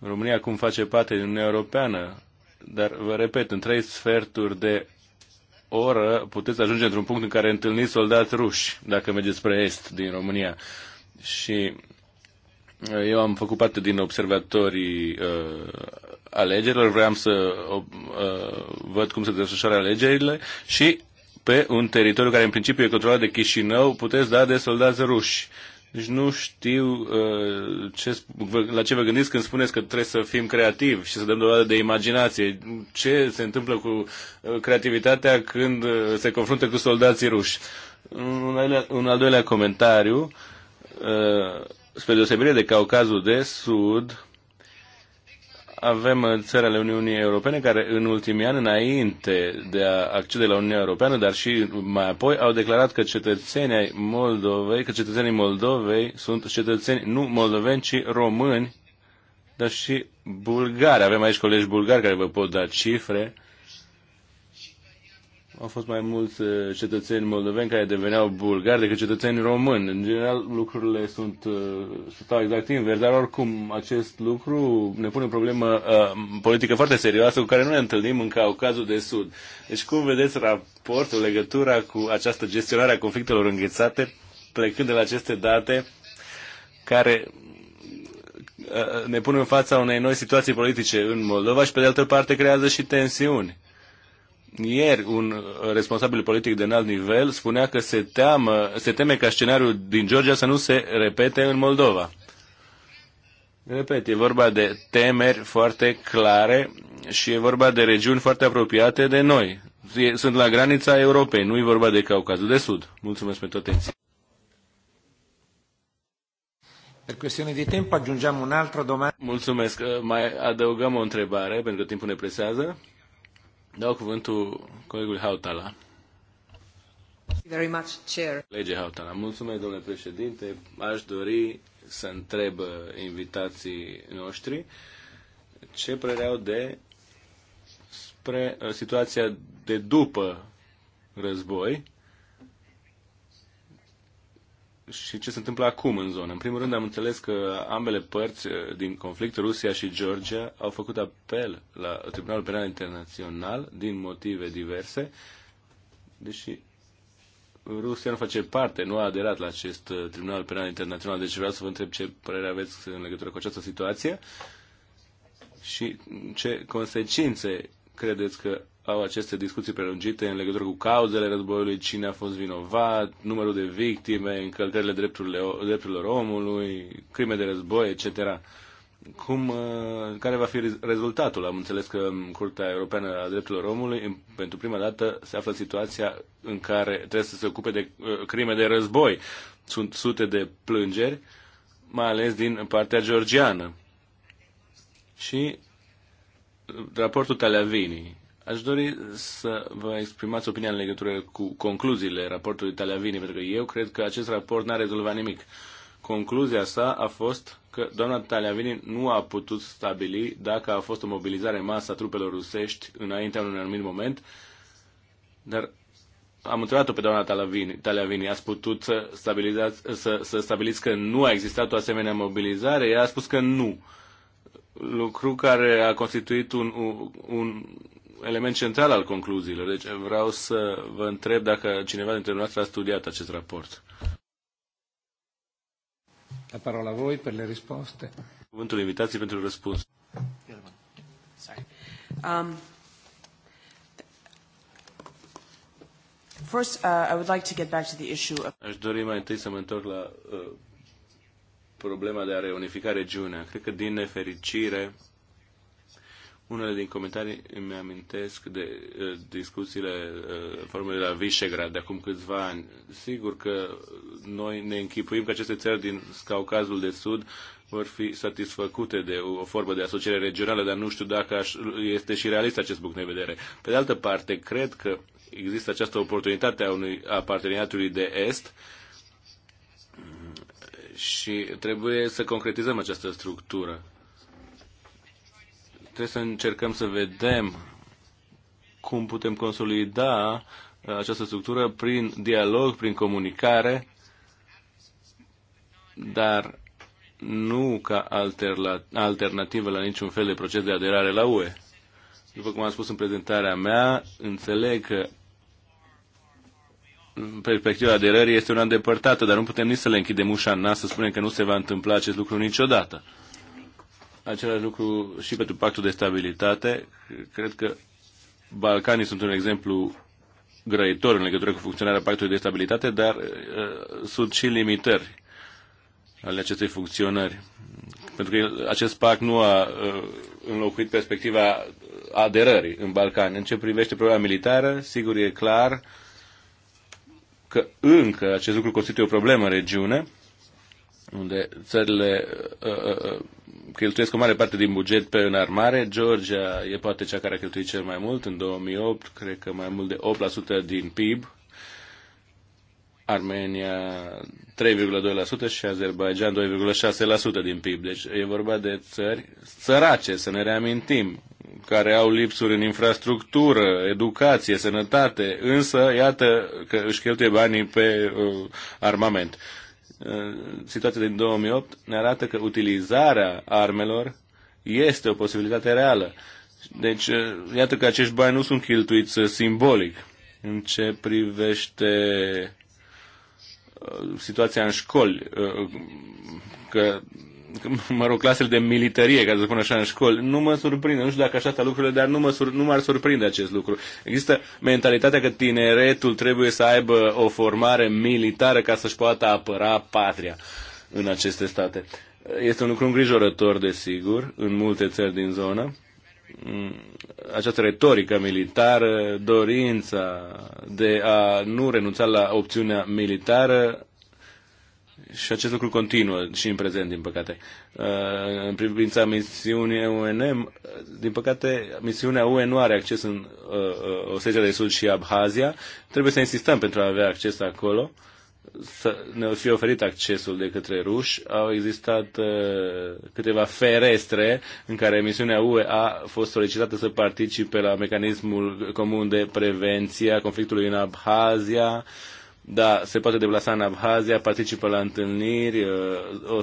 Speaker 2: România acum face parte din Uniunea Europeană, dar vă repet, în trei sferturi de oră puteți ajunge într-un punct în care întâlniți soldați ruși, dacă mergeți spre est din România. Și uh, eu am făcut parte din observatorii uh, alegerilor, vreau să uh, văd cum se desfășoară alegerile și pe un teritoriu care în principiu e controlat de Chișinău, puteți da de soldați ruși. Uh, deci nu știu uh, ce, la ce vă gândiți când spuneți că trebuie să fim creativi și să dăm dovadă de imaginație. Ce se întâmplă cu uh, creativitatea când uh, se confruntă cu soldații ruși? Un, un al doilea comentariu, uh, spre deosebire de Caucazul de Sud, avem uh, țările Uniunii Europene care în ultimii ani, înainte de a accede la Uniunea Europeană, dar și mai apoi, au declarat că cetățenii Moldovei, că cetățenii Moldovei sunt cetățeni nu moldoveni, ci români, dar și bulgari. Avem aici colegi bulgari care vă pot da cifre au fost mai mulți uh, cetățeni moldoveni care deveneau bulgari decât cetățeni români. În general, lucrurile sunt, uh, stau exact invers, dar oricum acest lucru ne pune o problemă uh, politică foarte serioasă cu care nu ne întâlnim în cazul de Sud. Deci cum vedeți raportul, legătura cu această gestionare a conflictelor înghețate, plecând de la aceste date care uh, ne pune în fața unei noi situații politice în Moldova și pe de altă parte creează și tensiuni ieri un responsabil politic de înalt nivel spunea că se, teamă, se teme ca scenariul din Georgia să nu se repete în Moldova. Repet, e vorba de temeri foarte clare și e vorba de regiuni foarte apropiate de noi. Sunt la granița Europei, nu e vorba de Caucazul de Sud. Mulțumesc pentru atenție. Per questione di tempo aggiungiamo un'altra domanda. Mulțumesc. Mai adăugăm o întrebare, pentru că timpul ne presează. Dau cuvântul colegului Hautala. Very much, Chair. Lege Hautala. Mulțumesc, domnule președinte. Aș dori să întreb uh, invitații noștri ce părere au de spre uh, situația de după război și ce se întâmplă acum în zonă. În primul rând am înțeles că ambele părți eh, din conflict, Rusia și Georgia, au făcut apel la Tribunalul Penal Internațional din motive diverse, deși Rusia nu face parte, nu a aderat la acest eh, Tribunal Penal Internațional, deci vreau să vă întreb ce părere aveți în legătură cu această situație și ce consecințe credeți că au aceste discuții prelungite în legătură cu cauzele războiului, cine a fost vinovat, numărul de victime, încălcările drepturilor omului, crime de război, etc. Cum, uh, care va fi rezultatul? Am înțeles că um, Curtea Europeană a Drepturilor Omului, pentru prima dată, se află situația în care trebuie să se ocupe de uh, crime de război. Sunt sute de plângeri, mai ales din partea georgiană. Și uh, raportul talavini. Aș dori să vă exprimați opinia în legătură cu concluziile raportului Italiavini, pentru că eu cred că acest raport n-a rezolvat nimic. Concluzia sa a fost că doamna Taliavini nu a putut stabili dacă a fost o mobilizare masă a trupelor rusești înaintea unui anumit moment, dar am întrebat-o pe doamna Taliavini, Taliavini ați putut să, stabilizați, să, să stabiliți că nu a existat o asemenea mobilizare? Ea a spus că nu lucru care a constituit un, un element central al concluziilor. Deci vreau să vă întreb dacă cineva dintre noastre a studiat acest raport. La parola a voi per le risposte. Cuvântul invitații pentru răspuns. Um,
Speaker 3: first, uh, I would like to get back to the issue
Speaker 2: of... Aș dori mai întâi să mă întorc la uh, problema de a reunifica regiunea. Cred că, din nefericire, unele din comentarii îmi amintesc de uh, discuțiile uh, formele la Visegrad de acum câțiva ani. Sigur că noi ne închipuim că aceste țări din Caucazul de Sud vor fi satisfăcute de o formă de asociere regională, dar nu știu dacă aș, este și realist acest punct de vedere. Pe de altă parte, cred că există această oportunitate a, unui, a parteneriatului de Est și trebuie să concretizăm această structură. Trebuie să încercăm să vedem cum putem consolida uh, această structură prin dialog, prin comunicare, dar nu ca alternativă la niciun fel de proces de aderare la UE. După cum am spus în prezentarea mea, înțeleg că perspectiva aderării este una îndepărtată, dar nu putem nici să le închidem ușa în nas să spunem că nu se va întâmpla acest lucru niciodată. Același lucru și pentru pactul de stabilitate. Cred că Balcanii sunt un exemplu grăitor în legătură cu funcționarea pactului de stabilitate, dar uh, sunt și limitări ale acestei funcționări. Pentru că acest pact nu a uh, înlocuit perspectiva aderării în Balcani. În ce privește problema militară, sigur e clar că încă acest lucru constituie o problemă în regiune, unde țările uh, uh, uh cheltuiesc o mare parte din buget pe înarmare. Georgia e poate cea care a cheltuit cel mai mult în 2008, cred că mai mult de 8% din PIB. Armenia 3,2% și Azerbaijan 2,6% din PIB. Deci e vorba de țări sărace, să ne reamintim, care au lipsuri în infrastructură, educație, sănătate, însă iată că își cheltuie banii pe uh, armament. Uh, situația din 2008 ne arată că utilizarea armelor este o posibilitate reală. Deci, uh, iată că acești bani nu sunt cheltuiți uh, simbolic. În ce privește situația în școli, că mă rog, clasele de militarie, ca să spun așa, în școli. Nu mă surprinde, nu știu dacă așa stau lucrurile, dar nu, mă sur, nu m-ar surprinde acest lucru. Există mentalitatea că tineretul trebuie să aibă o formare militară ca să-și poată apăra patria în aceste state. Este un lucru îngrijorător, desigur, în multe țări din zonă. Mm, această retorică militară, dorința de a nu renunța la opțiunea militară, și acest lucru continuă și în prezent, din păcate. Uh, în privința misiunii UNM, uh, din păcate, misiunea U.N. nu are acces în uh, Osetia de Sud și Abhazia. Trebuie să insistăm pentru a avea acces acolo, să ne fi oferit accesul de către ruși. Au existat câteva ferestre în care misiunea UE a fost solicitată să participe la mecanismul comun de prevenție a conflictului în Abhazia, da, se poate deplasa în Abhazia, participă la întâlniri, uh, o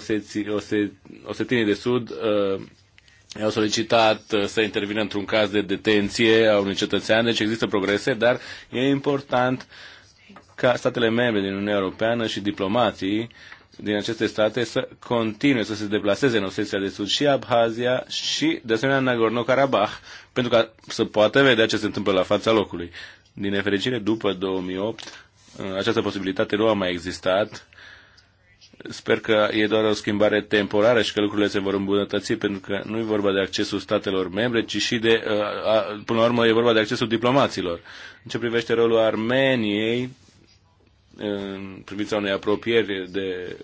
Speaker 2: ose, osetinii de sud uh, au solicitat uh, să intervină într-un caz de detenție a unui cetățean, deci există progrese, dar e important ca statele membre din Uniunea Europeană și diplomații din aceste state să continue să se deplaseze în Osetia de Sud și Abhazia și, de asemenea, Nagorno-Karabakh, pentru ca să poată vedea ce se întâmplă la fața locului. Din nefericire, după 2008, această posibilitate nu a mai existat. Sper că e doar o schimbare temporară și că lucrurile se vor îmbunătăți, pentru că nu e vorba de accesul statelor membre, ci și de, uh, până la urmă, e vorba de accesul diplomaților. În ce privește rolul Armeniei, în privința unei apropieri de,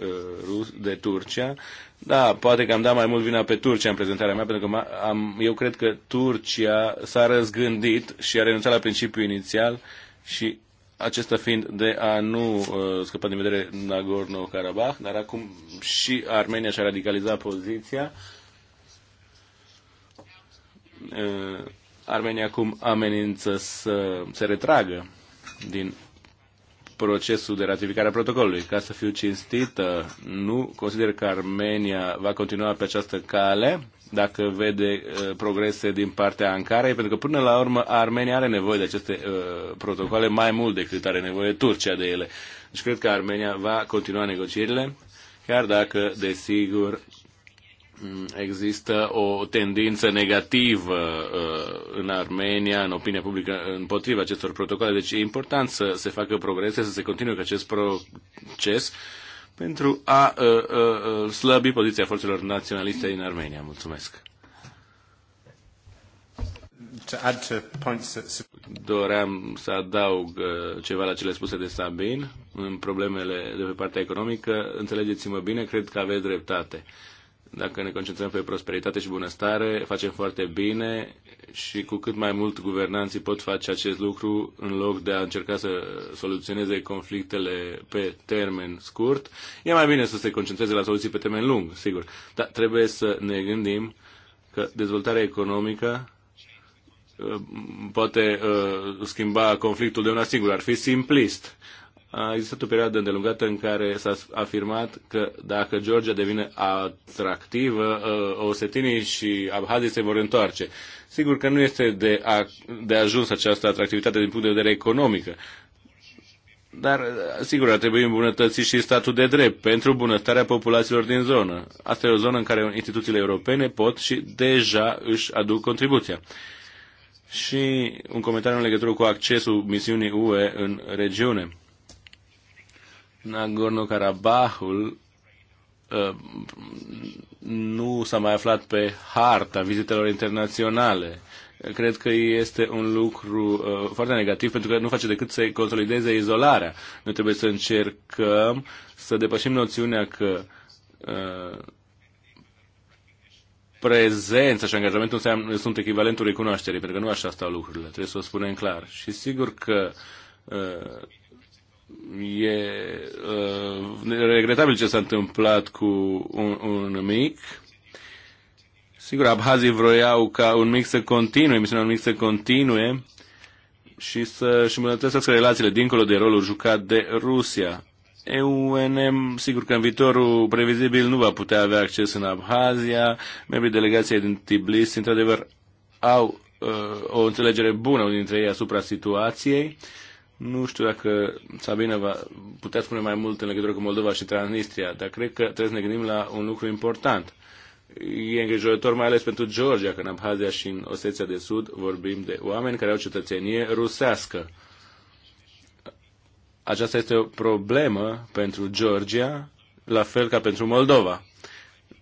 Speaker 2: uh, de Turcia. Da, poate că am dat mai mult vina pe Turcia în prezentarea mea, pentru că am, eu cred că Turcia s-a răzgândit și a renunțat la principiul inițial și acesta fiind de a nu uh, scăpa din vedere Nagorno-Karabakh, dar acum și Armenia și-a radicalizat poziția. Uh, Armenia acum amenință să se retragă din procesul de ratificare a protocolului. Ca să fiu cinstită, nu consider că Armenia va continua pe această cale dacă vede uh, progrese din partea Ankarei, pentru că până la urmă Armenia are nevoie de aceste uh, protocoale mai mult decât are nevoie Turcia de ele. Deci cred că Armenia va continua negocierile, chiar dacă, desigur, există o tendință negativă uh, în Armenia, în opinia publică, împotriva acestor protocole. Deci e important să se facă progrese, să se continue cu acest proces pentru a uh, uh, slăbi poziția forțelor naționaliste din Armenia. Mulțumesc! Doream să adaug ceva la cele spuse de Sabin în problemele de pe partea economică. Înțelegeți-mă bine, cred că aveți dreptate dacă ne concentrăm pe prosperitate și bunăstare, facem foarte bine și cu cât mai mult guvernanții pot face acest lucru în loc de a încerca să soluționeze conflictele pe termen scurt, e mai bine să se concentreze la soluții pe termen lung, sigur. Dar trebuie să ne gândim că dezvoltarea economică uh, poate uh, schimba conflictul de una singură. Ar fi simplist a existat o perioadă îndelungată în care s-a afirmat că dacă Georgia devine atractivă, uh, osetinii și abhazii se vor întoarce. Sigur că nu este de, a, de ajuns această atractivitate din punct de vedere economică. Dar, uh, sigur, ar trebui îmbunătățit și statul de drept pentru bunăstarea populațiilor din zonă. Asta e o zonă în care instituțiile europene pot și deja își aduc contribuția. Și un comentariu în legătură cu accesul misiunii UE în regiune Nagorno-Karabahul ă, nu s-a mai aflat pe harta vizitelor internaționale. Cred că este un lucru uh, foarte negativ pentru că nu face decât să consolideze izolarea. Noi trebuie să încercăm să depășim noțiunea că uh, prezența și angajamentul sunt echivalentul recunoașterii, pentru că nu așa stau lucrurile, trebuie să o spunem clar. Și sigur că uh, E uh, regretabil ce s-a întâmplat cu un, un mic. Sigur, abhazii vroiau ca un mic să continue, misiunea un mic să continue și să-și îmbunătățească relațiile dincolo de rolul jucat de Rusia. EUNM, sigur că în viitorul previzibil nu va putea avea acces în Abhazia. Membrii delegației din Tbilisi, într-adevăr, au uh, o înțelegere bună dintre ei asupra situației nu știu dacă Sabina va putea spune mai mult în legătură cu Moldova și Transnistria, dar cred că trebuie să ne gândim la un lucru important. E îngrijorător mai ales pentru Georgia, că în Abhazia și în Osetia de Sud vorbim de oameni care au cetățenie rusească. Aceasta este o problemă pentru Georgia, la fel ca pentru Moldova.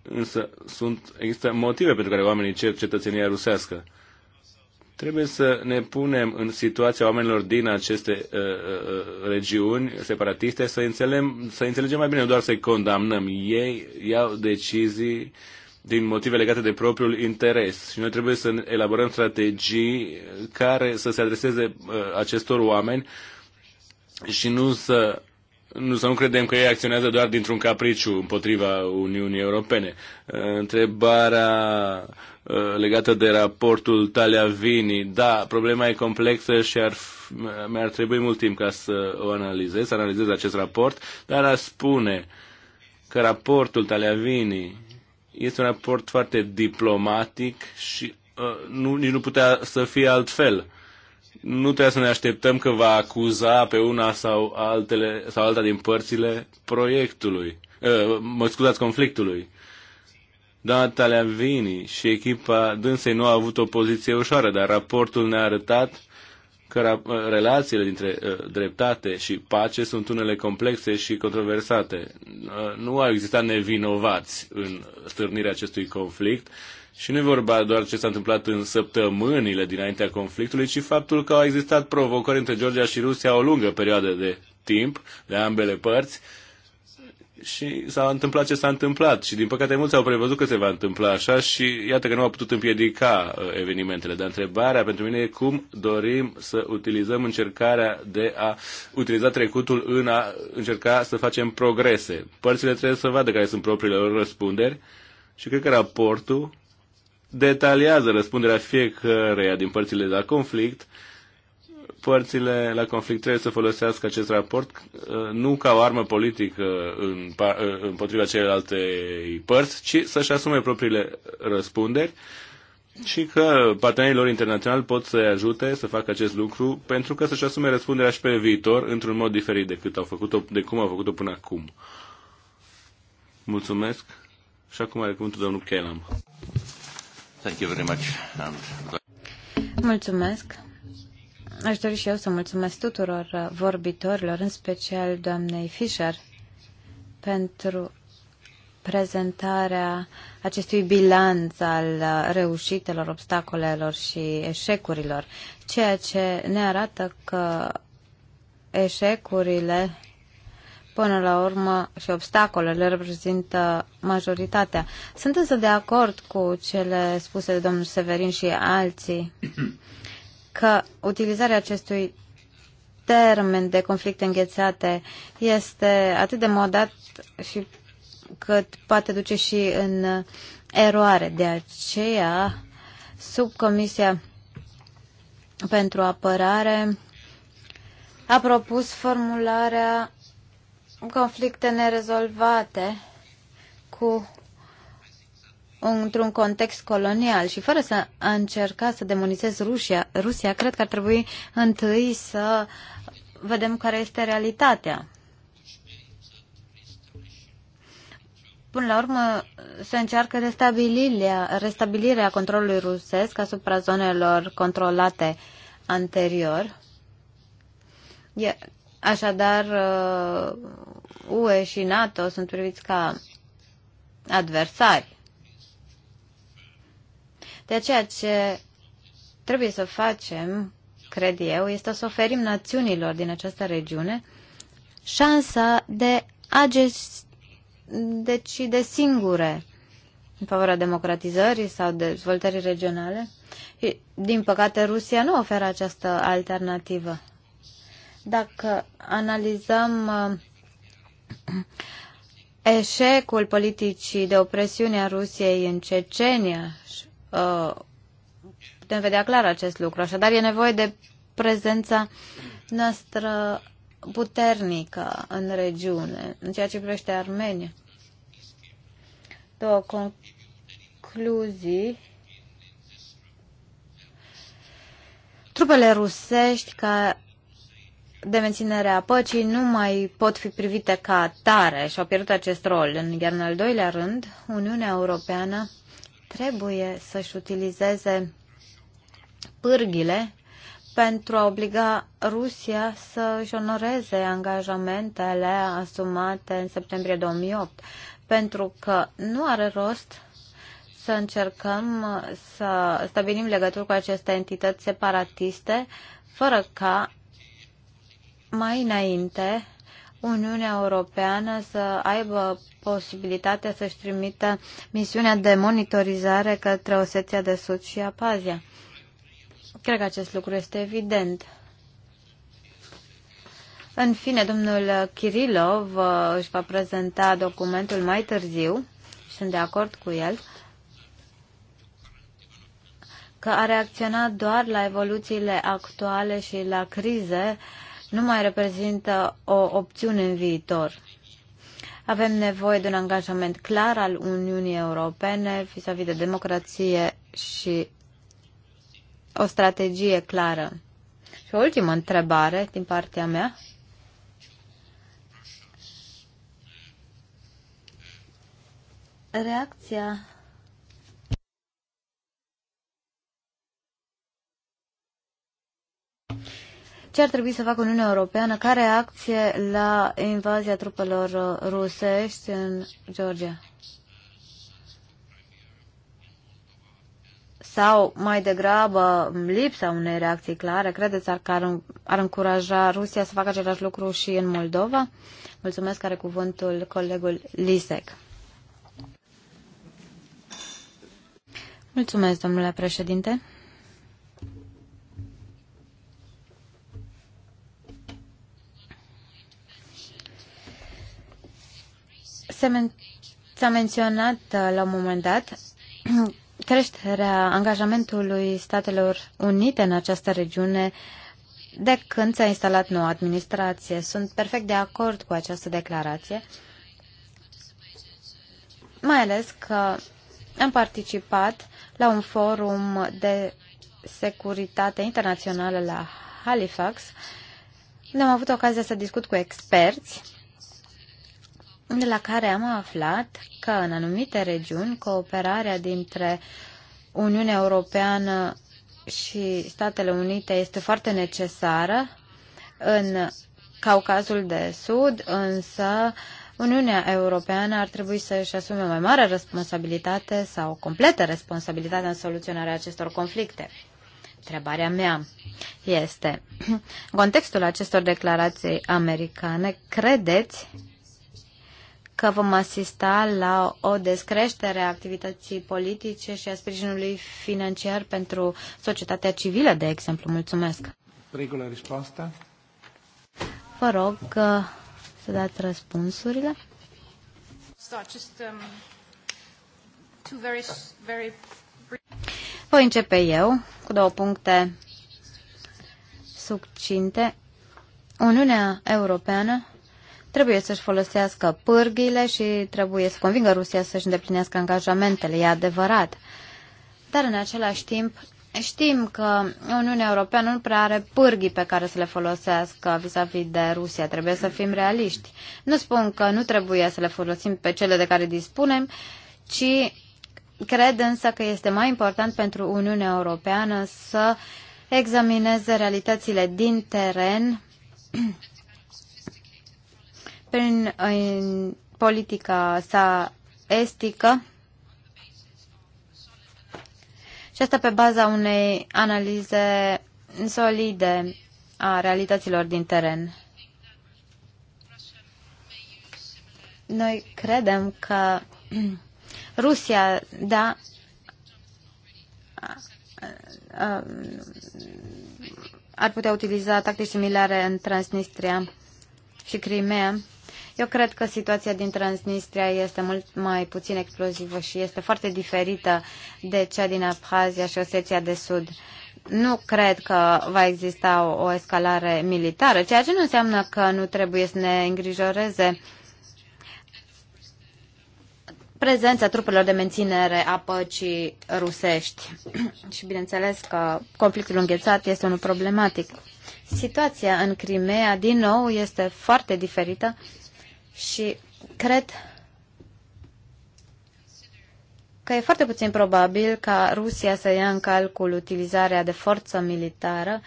Speaker 2: Însă sunt, există motive pentru care oamenii cer cetățenia rusească Trebuie să ne punem în situația oamenilor din aceste uh, uh, uh, regiuni separatiste, să, înțelegem, să înțelegem mai bine, nu doar să-i condamnăm. Ei iau decizii din motive legate de propriul interes și noi trebuie să elaborăm strategii care să se adreseze uh, acestor oameni și nu să nu, să nu credem că ei acționează doar dintr-un capriciu împotriva Uniunii Europene. Uh, întrebarea Uh, legată de raportul Talia-Vini. Da, problema e complexă și ar, mi-ar trebui mult timp ca să o analizez, să analizez acest raport, dar a spune că raportul Talia-Vini este un raport foarte diplomatic și uh, nu, nici nu putea să fie altfel. Nu trebuie să ne așteptăm că va acuza pe una sau, altele, sau alta din părțile proiectului, uh, mă scuzați, conflictului Doamna Vini și echipa dânsei nu au avut o poziție ușoară, dar raportul ne-a arătat că relațiile dintre uh, dreptate și pace sunt unele complexe și controversate. Uh, nu au existat nevinovați în stârnirea acestui conflict și nu e vorba doar ce s-a întâmplat în săptămânile dinaintea conflictului, ci faptul că au existat provocări între Georgia și Rusia o lungă perioadă de timp de ambele părți și s-a întâmplat ce s-a întâmplat și din păcate mulți au prevăzut că se va întâmpla așa și iată că nu au putut împiedica uh, evenimentele. Dar întrebarea pentru mine e cum dorim să utilizăm încercarea de a utiliza trecutul în a încerca să facem progrese. Părțile trebuie să vadă care sunt propriile lor răspunderi și cred că raportul detaliază răspunderea fiecăreia din părțile la conflict părțile la conflict trebuie să folosească acest raport uh, nu ca o armă politică în, uh, împotriva celelalte părți, ci să-și asume propriile răspunderi și că partenerii lor internaționali pot să ajute să facă acest lucru pentru că să-și asume răspunderea și pe viitor într-un mod diferit decât au făcut-o, de cum au făcut-o până acum. Mulțumesc și acum are cuvântul domnul Kelam. Thank you very much. Um,
Speaker 1: Mulțumesc. Aș dori și eu să mulțumesc tuturor uh, vorbitorilor, în special doamnei Fischer, pentru prezentarea acestui bilanț al uh, reușitelor, obstacolelor și eșecurilor, ceea ce ne arată că eșecurile până la urmă și obstacolele reprezintă majoritatea. Sunt însă de acord cu cele spuse de domnul Severin și alții că utilizarea acestui termen de conflicte înghețate este atât de modat și cât poate duce și în eroare. De aceea, Comisia pentru apărare a propus formularea conflicte nerezolvate cu într-un context colonial și fără să încerca să demonizez Rusia, Rusia, cred că ar trebui întâi să vedem care este realitatea. Până la urmă, se încearcă restabilirea, restabilirea controlului rusesc asupra zonelor controlate anterior. așadar, UE uh, și NATO sunt priviți ca adversari. De aceea ce trebuie să facem, cred eu, este să oferim națiunilor din această regiune șansa de a decide singure în favoarea democratizării sau dezvoltării regionale. Din păcate, Rusia nu oferă această alternativă. Dacă analizăm uh, eșecul politicii de opresiune a Rusiei în Cecenia și Uh, putem vedea clar acest lucru. Așadar, e nevoie de prezența noastră puternică în regiune, în ceea ce privește Armenia. Două concluzii. Trupele rusești ca de menținere a păcii nu mai pot fi privite ca tare și au pierdut acest rol. În, iar în al doilea rând, Uniunea Europeană trebuie să-și utilizeze pârghile pentru a obliga Rusia să își onoreze angajamentele asumate în septembrie 2008, pentru că nu are rost să încercăm să stabilim legături cu aceste entități separatiste, fără ca mai înainte Uniunea Europeană să aibă posibilitatea să-și trimită misiunea de monitorizare către Oseția de Sud și Apazia. Cred că acest lucru este evident. În fine, domnul Kirilov uh, își va prezenta documentul mai târziu și sunt de acord cu el că a reacționat doar la evoluțiile actuale și la crize uh, nu mai reprezintă o opțiune în viitor. Avem nevoie de un angajament clar al Uniunii Europene vis-a-vis -vis de democrație și o strategie clară. Și o ultimă întrebare din partea mea. Reacția Ce ar trebui să facă Uniunea Europeană ca reacție la invazia trupelor rusești în Georgia? Sau, mai degrabă, lipsa unei reacții clare, credeți ar, că ar, ar încuraja Rusia să facă același lucru și în Moldova? Mulțumesc, are cuvântul colegul Lisek. Mulțumesc, domnule președinte. men- s-a menționat uh, la un moment dat creșterea angajamentului Statelor Unite în această regiune de când s-a instalat noua administrație. Sunt perfect de acord cu această declarație, mai ales că am participat la un forum de securitate internațională la Halifax. Am avut ocazia să discut cu experți de la care am aflat că în anumite regiuni cooperarea dintre Uniunea Europeană și Statele Unite este foarte necesară. În Caucazul de Sud, însă, Uniunea Europeană ar trebui să-și asume mai mare responsabilitate sau completă responsabilitate în soluționarea acestor conflicte. Întrebarea mea este, în contextul acestor declarații americane, credeți că vom asista la o descreștere a activității politice și a sprijinului financiar pentru societatea civilă, de exemplu. Mulțumesc.
Speaker 2: Regulă răspunsă.
Speaker 1: Vă rog uh, să dați răspunsurile. Um, Voi începe eu cu două puncte succinte. Uniunea Europeană trebuie să-și folosească pârghile și trebuie să convingă Rusia să-și îndeplinească angajamentele, e adevărat. Dar în același timp știm că Uniunea Europeană nu prea are pârghii pe care să le folosească vis-a-vis -vis de Rusia. Trebuie să fim realiști. Nu spun că nu trebuie să le folosim pe cele de care dispunem, ci cred însă că este mai important pentru Uniunea Europeană să examineze realitățile din teren prin în politica sa estică și asta pe baza unei analize solide a realităților din teren. Noi credem că Rusia, da, ar putea utiliza tactici similare în Transnistria și Crimea eu cred că situația din Transnistria este mult mai puțin explozivă și este foarte diferită de cea din Abhazia și Oseția de Sud. Nu cred că va exista o, o escalare militară, ceea ce nu înseamnă că nu trebuie să ne îngrijoreze prezența trupelor de menținere a păcii rusești. și bineînțeles că conflictul înghețat este unul problematic. Situația în Crimea, din nou, este foarte diferită și cred că e foarte puțin probabil ca Rusia să ia în calcul utilizarea de forță militară,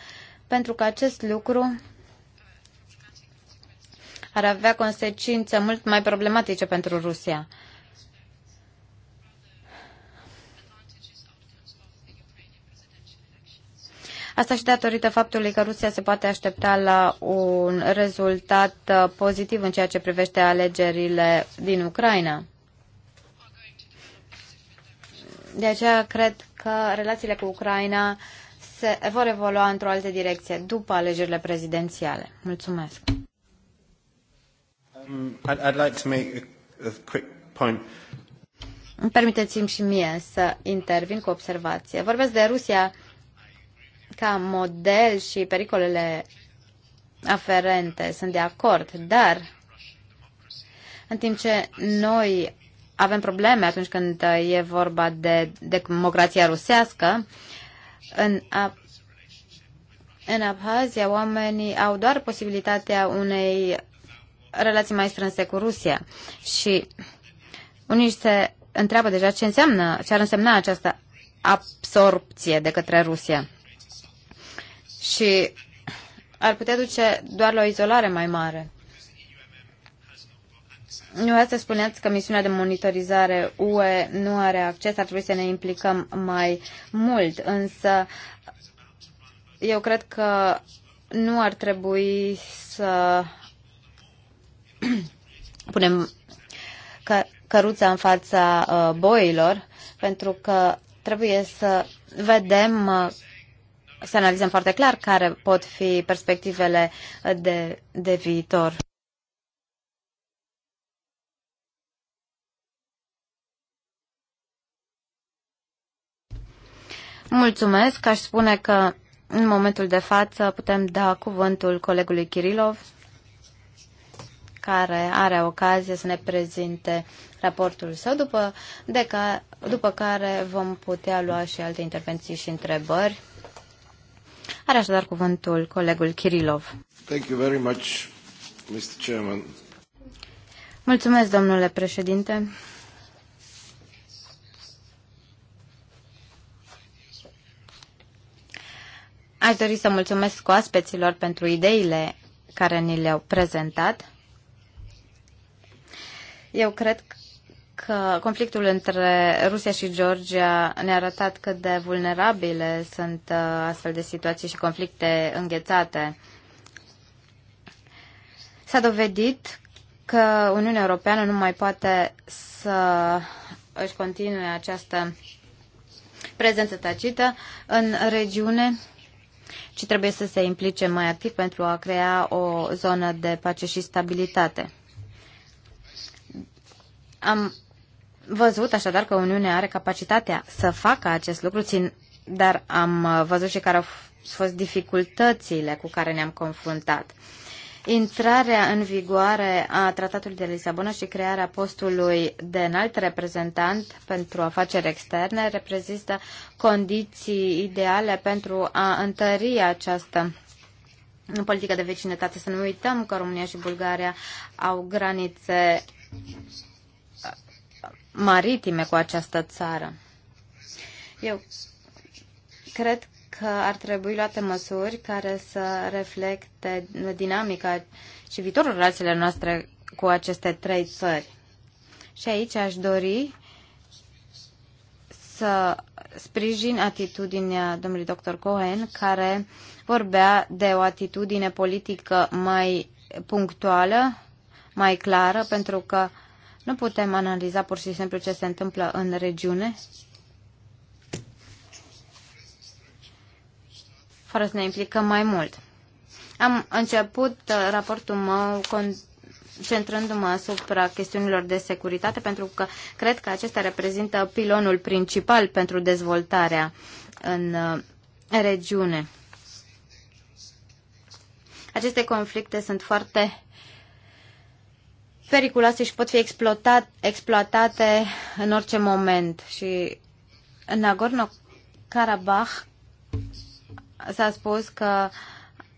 Speaker 1: pentru că acest lucru ar avea consecințe mult mai problematice pentru Rusia. Asta și datorită faptului că Rusia se poate aștepta la un rezultat uh, pozitiv în ceea ce privește alegerile din Ucraina. De aceea cred că relațiile cu Ucraina se vor evolua într-o altă direcție după alegerile prezidențiale. Mulțumesc. Um, I'd, I'd
Speaker 3: like to make a, a quick point.
Speaker 1: Permiteți-mi și mie să intervin cu observație. Vorbesc de Rusia ca model și pericolele aferente, sunt de acord, dar în timp ce noi avem probleme atunci când e vorba de, democrația rusească, în, în Abhazia oamenii au doar posibilitatea unei relații mai strânse cu Rusia și unii se întreabă deja ce înseamnă, ce ar însemna această absorpție de către Rusia și ar putea duce doar la o izolare mai mare. Nu să spuneați că misiunea de monitorizare UE nu are acces, ar trebui să ne implicăm mai mult, însă eu cred că nu ar trebui să punem că, căruța în fața uh, boilor, pentru că trebuie să vedem uh, să analizăm foarte clar care pot fi perspectivele de, de viitor. Mulțumesc, aș spune că în momentul de față putem da cuvântul colegului Kirilov, care are ocazie să ne prezinte raportul său, după, de ca, după care vom putea lua și alte intervenții și întrebări. Are așadar cuvântul colegul Kirilov. Thank you very much, Mr. Chairman. Mulțumesc, domnule președinte. Aș dori să mulțumesc oaspeților pentru ideile care ni le-au prezentat. Eu cred că conflictul între Rusia și Georgia ne-a arătat cât de vulnerabile sunt uh, astfel de situații și conflicte înghețate. S-a dovedit că Uniunea Europeană nu mai poate să își continue această prezență tacită în regiune, ci trebuie să se implice mai activ pentru a crea o zonă de pace și stabilitate. Am văzut așadar că Uniunea are capacitatea să facă acest lucru, țin, dar am uh, văzut și care au fost dificultățile cu care ne-am confruntat. Intrarea în vigoare a Tratatului de Lisabona și crearea postului de înalt reprezentant pentru afaceri externe reprezintă condiții ideale pentru a întări această politică de vecinătate. Să nu uităm că România și Bulgaria au granițe maritime cu această țară. Eu cred că ar trebui luate măsuri care să reflecte dinamica și viitorul relațiilor noastre cu aceste trei țări. Și aici aș dori să sprijin atitudinea domnului dr. Cohen, care vorbea de o atitudine politică mai punctuală, mai clară, pentru că nu putem analiza pur și simplu ce se întâmplă în regiune fără să ne implicăm mai mult. Am început uh, raportul meu centrându-mă asupra chestiunilor de securitate, pentru că cred că acesta reprezintă pilonul principal pentru dezvoltarea în uh, regiune. Aceste conflicte sunt foarte periculoase și pot fi exploatat, exploatate în orice moment. Și în Nagorno-Karabakh s-a spus că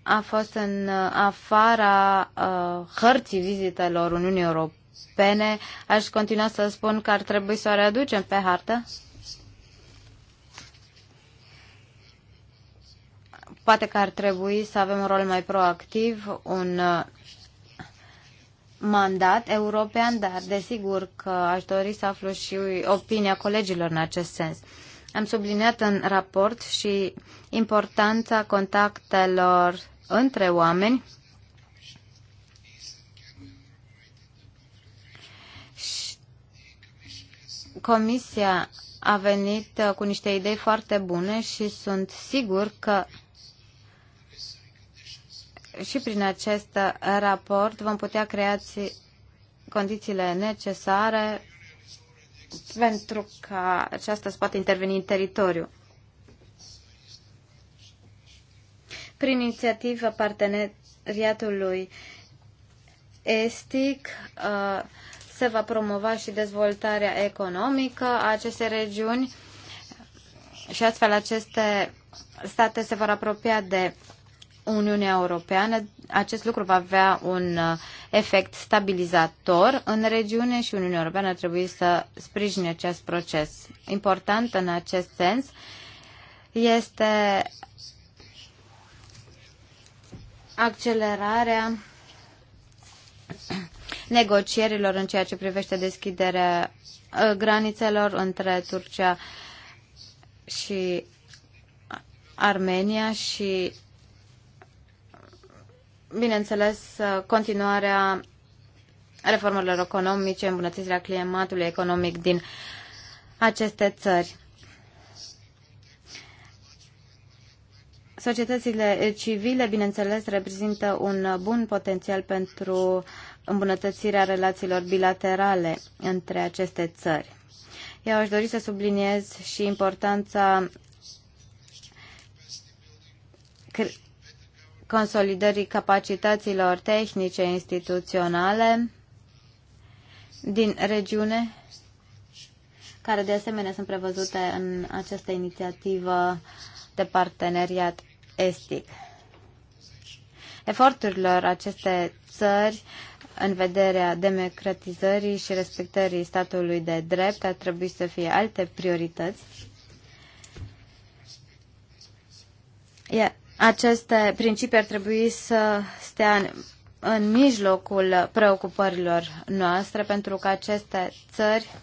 Speaker 1: a fost în afara uh, hărții vizitelor Uniunii Europene. Aș continua să spun că ar trebui să o readucem pe hartă. Poate că ar trebui să avem un rol mai proactiv, un uh, mandat european, dar desigur că aș dori să aflu și opinia colegilor în acest sens. Am subliniat în raport și importanța contactelor între oameni Comisia a venit cu niște idei foarte bune și sunt sigur că și prin acest raport vom putea crea condițiile necesare pentru ca aceasta să poată interveni în teritoriu. Prin inițiativă parteneriatului estic uh, se va promova și dezvoltarea economică a acestei regiuni și astfel aceste state se vor apropia de Uniunea Europeană, acest lucru va avea un uh, efect stabilizator în regiune și Uniunea Europeană ar trebui să sprijine acest proces. Important în acest sens este accelerarea negocierilor în ceea ce privește deschiderea uh, granițelor între Turcia și Armenia și bineînțeles, continuarea reformelor economice, îmbunătățirea climatului economic din aceste țări. Societățile civile, bineînțeles, reprezintă un bun potențial pentru îmbunătățirea relațiilor bilaterale între aceste țări. Eu aș dori să subliniez și importanța consolidării capacităților tehnice instituționale din regiune, care de asemenea sunt prevăzute în această inițiativă de parteneriat estic. Eforturilor aceste țări în vederea democratizării și respectării statului de drept ar trebui să fie alte priorități. Yeah. Aceste principii ar trebui să stea în, în mijlocul preocupărilor noastre, pentru că aceste țări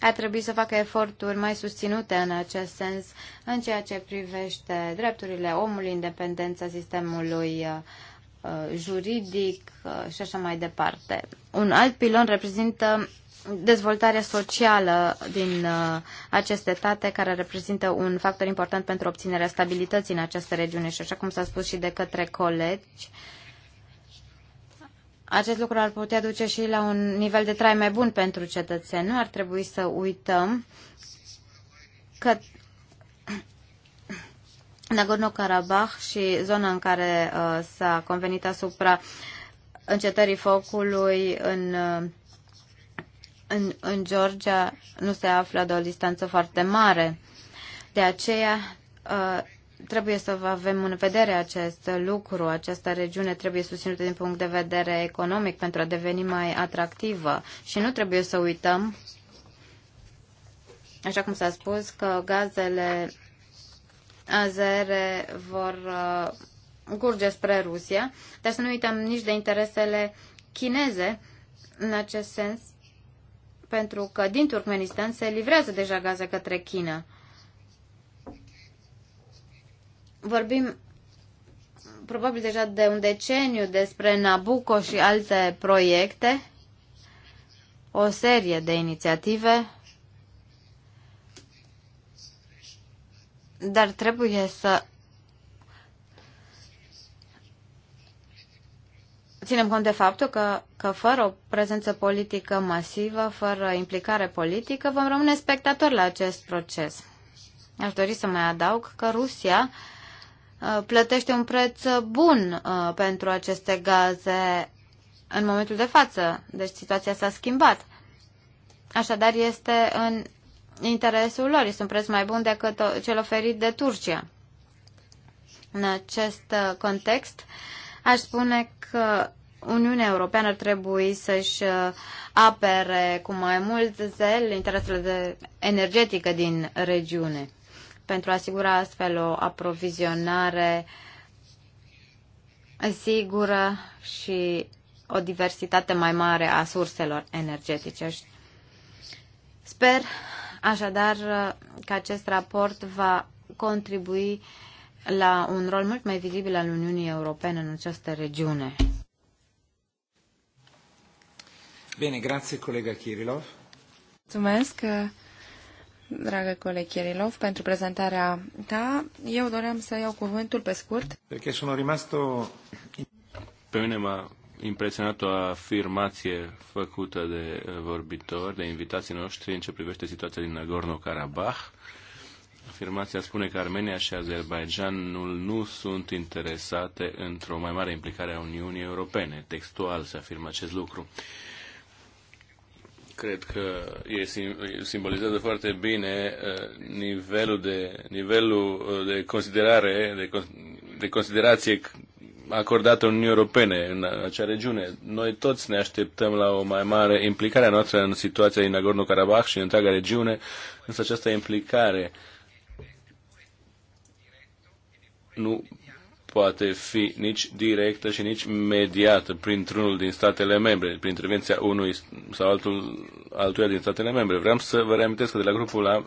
Speaker 1: ar trebui să facă eforturi mai susținute în acest sens, în ceea ce privește drepturile omului, independența sistemului uh, uh, juridic uh, și așa mai departe. Un alt pilon reprezintă dezvoltarea socială din uh, aceste state, care reprezintă un factor important pentru obținerea stabilității în această regiune și așa cum s-a spus și de către colegi, acest lucru ar putea duce și la un nivel de trai mai bun pentru cetățeni. Nu ar trebui să uităm că Nagorno-Karabakh și zona în care uh, s-a convenit asupra încetării focului în uh, în, în Georgia nu se află de o distanță foarte mare. De aceea ă, trebuie să avem în vedere acest lucru. Această regiune trebuie susținută din punct de vedere economic pentru a deveni mai atractivă și nu trebuie să uităm, așa cum s-a spus, că gazele azere vor ă, curge spre Rusia, dar să nu uităm nici de interesele chineze în acest sens pentru că din Turkmenistan se livrează deja gaze către China. Vorbim probabil deja de un deceniu despre Nabucco și alte proiecte, o serie de inițiative, dar trebuie să ținem cont de faptul că, că fără o prezență politică masivă, fără implicare politică, vom rămâne spectatori la acest proces. Aș dori să mai adaug că Rusia uh, plătește un preț bun uh, pentru aceste gaze în momentul de față. Deci situația s-a schimbat. Așadar, este în interesul lor. Este un preț mai bun decât cel oferit de Turcia. În acest uh, context, uh, Aș spune că Uniunea Europeană ar trebui să-și uh, apere cu mai mult zel interesele de energetică din regiune pentru a asigura astfel o aprovizionare sigură și o diversitate mai mare a surselor energetice. Sper așadar uh, că acest raport va contribui la un rol mult mai vizibil al Uniunii Europene
Speaker 3: în această regiune.
Speaker 1: Bine, grație,
Speaker 2: colega Kirilov.
Speaker 3: Mulțumesc, dragă coleg Kirilov, pentru prezentarea ta. Eu doream să iau cuvântul pe scurt.
Speaker 2: Pe mine m-a impresionat o afirmație făcută de vorbitori, de invitații noștri în ce privește situația din Nagorno-Karabakh afirmația spune că Armenia și Azerbaijanul nu sunt interesate într-o mai mare implicare a Uniunii Europene. Textual se afirmă acest lucru. Cred că e, simbolizează foarte bine uh, nivelul de, nivelul uh, de considerare, de, de considerație acordată Uniunii Europene în acea regiune. Noi toți ne așteptăm la o mai mare implicare a noastră în situația din Nagorno-Karabakh și în întreaga regiune, însă această implicare uh, nu poate fi nici directă și nici mediată printr-unul din statele membre, prin intervenția unui sau altul, altuia din statele membre. Vreau să vă reamintesc că de la grupul, la,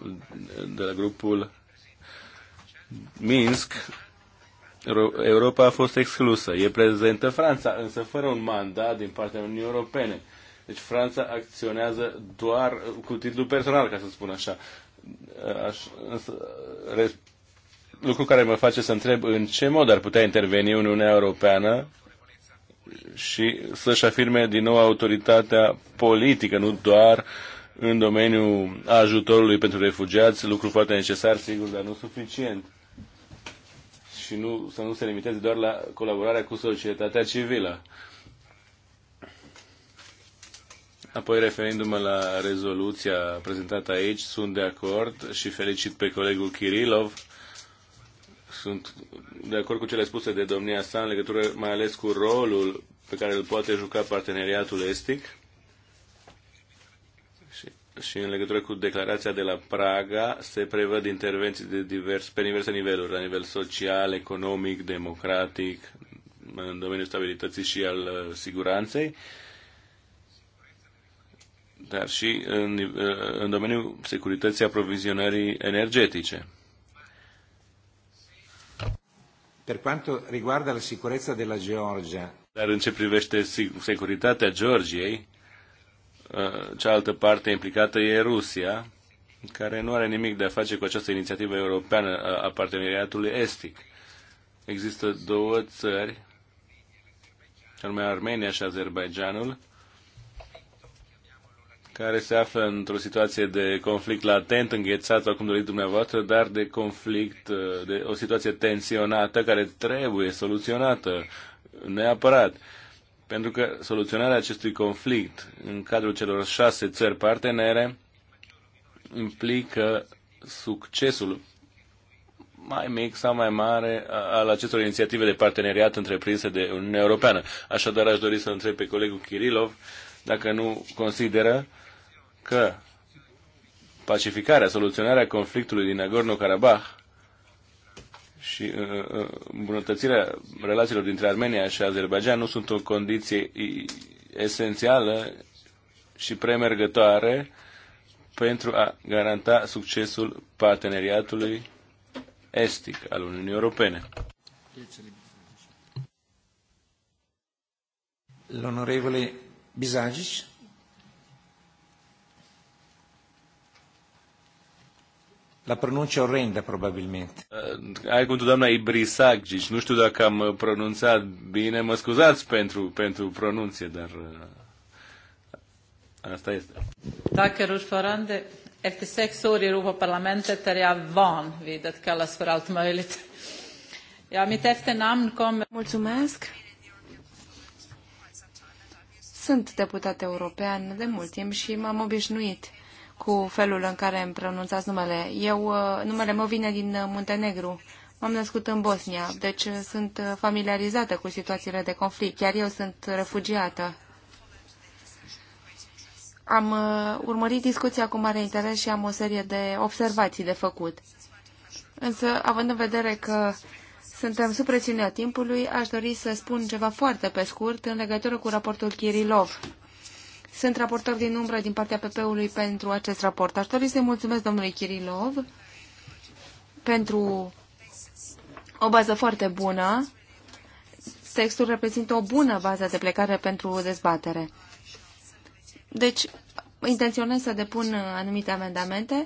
Speaker 2: de la grupul Minsk Europa a fost exclusă. E prezentă Franța, însă fără un mandat din partea Uniunii Europene. Deci Franța acționează doar cu titlu personal, ca să spun așa. Aș, însă, lucru care mă face să întreb în ce mod ar putea interveni Uniunea Europeană și să-și afirme din nou autoritatea politică, nu doar în domeniul ajutorului pentru refugiați, lucru foarte necesar, sigur, dar nu suficient. Și nu, să nu se limiteze doar la colaborarea cu societatea civilă. Apoi, referindu-mă la rezoluția prezentată aici, sunt de acord și felicit pe colegul Kirilov sunt de acord cu cele spuse de domnia sa în legătură mai ales cu rolul pe care îl poate juca parteneriatul estic și, și în legătură cu declarația de la Praga se prevăd intervenții de divers, pe diverse niveluri, la nivel social, economic, democratic, în domeniul stabilității și al uh, siguranței dar și în, uh, în domeniul securității aprovizionării energetice. Per quanto riguarda la sicurezza della Georgia. Dar în ce privește securitatea Georgiei, ă, cealaltă parte implicată e Rusia, care nu are nimic de a face cu această inițiativă europeană a parteneriatului estic. Există două țări, anume Armenia și Azerbaijanul, care se află într-o situație de conflict latent, înghețat, acum doriți dumneavoastră, dar de conflict, uh, de o situație tensionată care trebuie soluționată neapărat. Pentru că soluționarea acestui conflict în cadrul celor șase țări partenere implică succesul mai mic sau mai mare al acestor inițiative de parteneriat întreprinse de Uniunea Europeană. Așadar, aș dori să întreb pe colegul Kirilov dacă nu consideră uh, că pacificarea, soluționarea conflictului din Nagorno-Karabakh și uh, uh, îmbunătățirea relațiilor dintre Armenia și Azerbaijan nu sunt o condiție esențială și premergătoare pentru a garanta succesul parteneriatului estic al Uniunii Europene. L'onorevole Bisagic. La pronunție orrendă, probabilmente. Eh, ai cuvântul doamna Ibrisagic? Nu știu dacă am pronunțat bine. Mă scuzați pentru, pentru pronunție, dar eh, asta este.
Speaker 3: Dacă ordförande, efter sex år i Europaparlamentet är van vid că kallas för allt möjligt. Ja, mitt namn kommer... Mulțumesc. Sunt deputat european de mult timp și m-am obișnuit cu felul în care îmi pronunțați numele. Eu, uh, numele meu vine din uh, Muntenegru. M-am născut în Bosnia, deci uh, sunt familiarizată cu situațiile de conflict. Chiar eu sunt refugiată. Am urmărit discuția cu mare interes și am o serie de observații de făcut. Însă, având în vedere că suntem sub presiunea timpului, aș dori să spun ceva foarte pe scurt în legătură cu raportul Kirilov sunt raportor din umbră din partea PP-ului pentru acest raport. Aș dori să-i mulțumesc domnului Kirilov pentru o bază foarte bună. Textul reprezintă o bună bază de plecare pentru dezbatere. Deci, intenționez să depun anumite amendamente.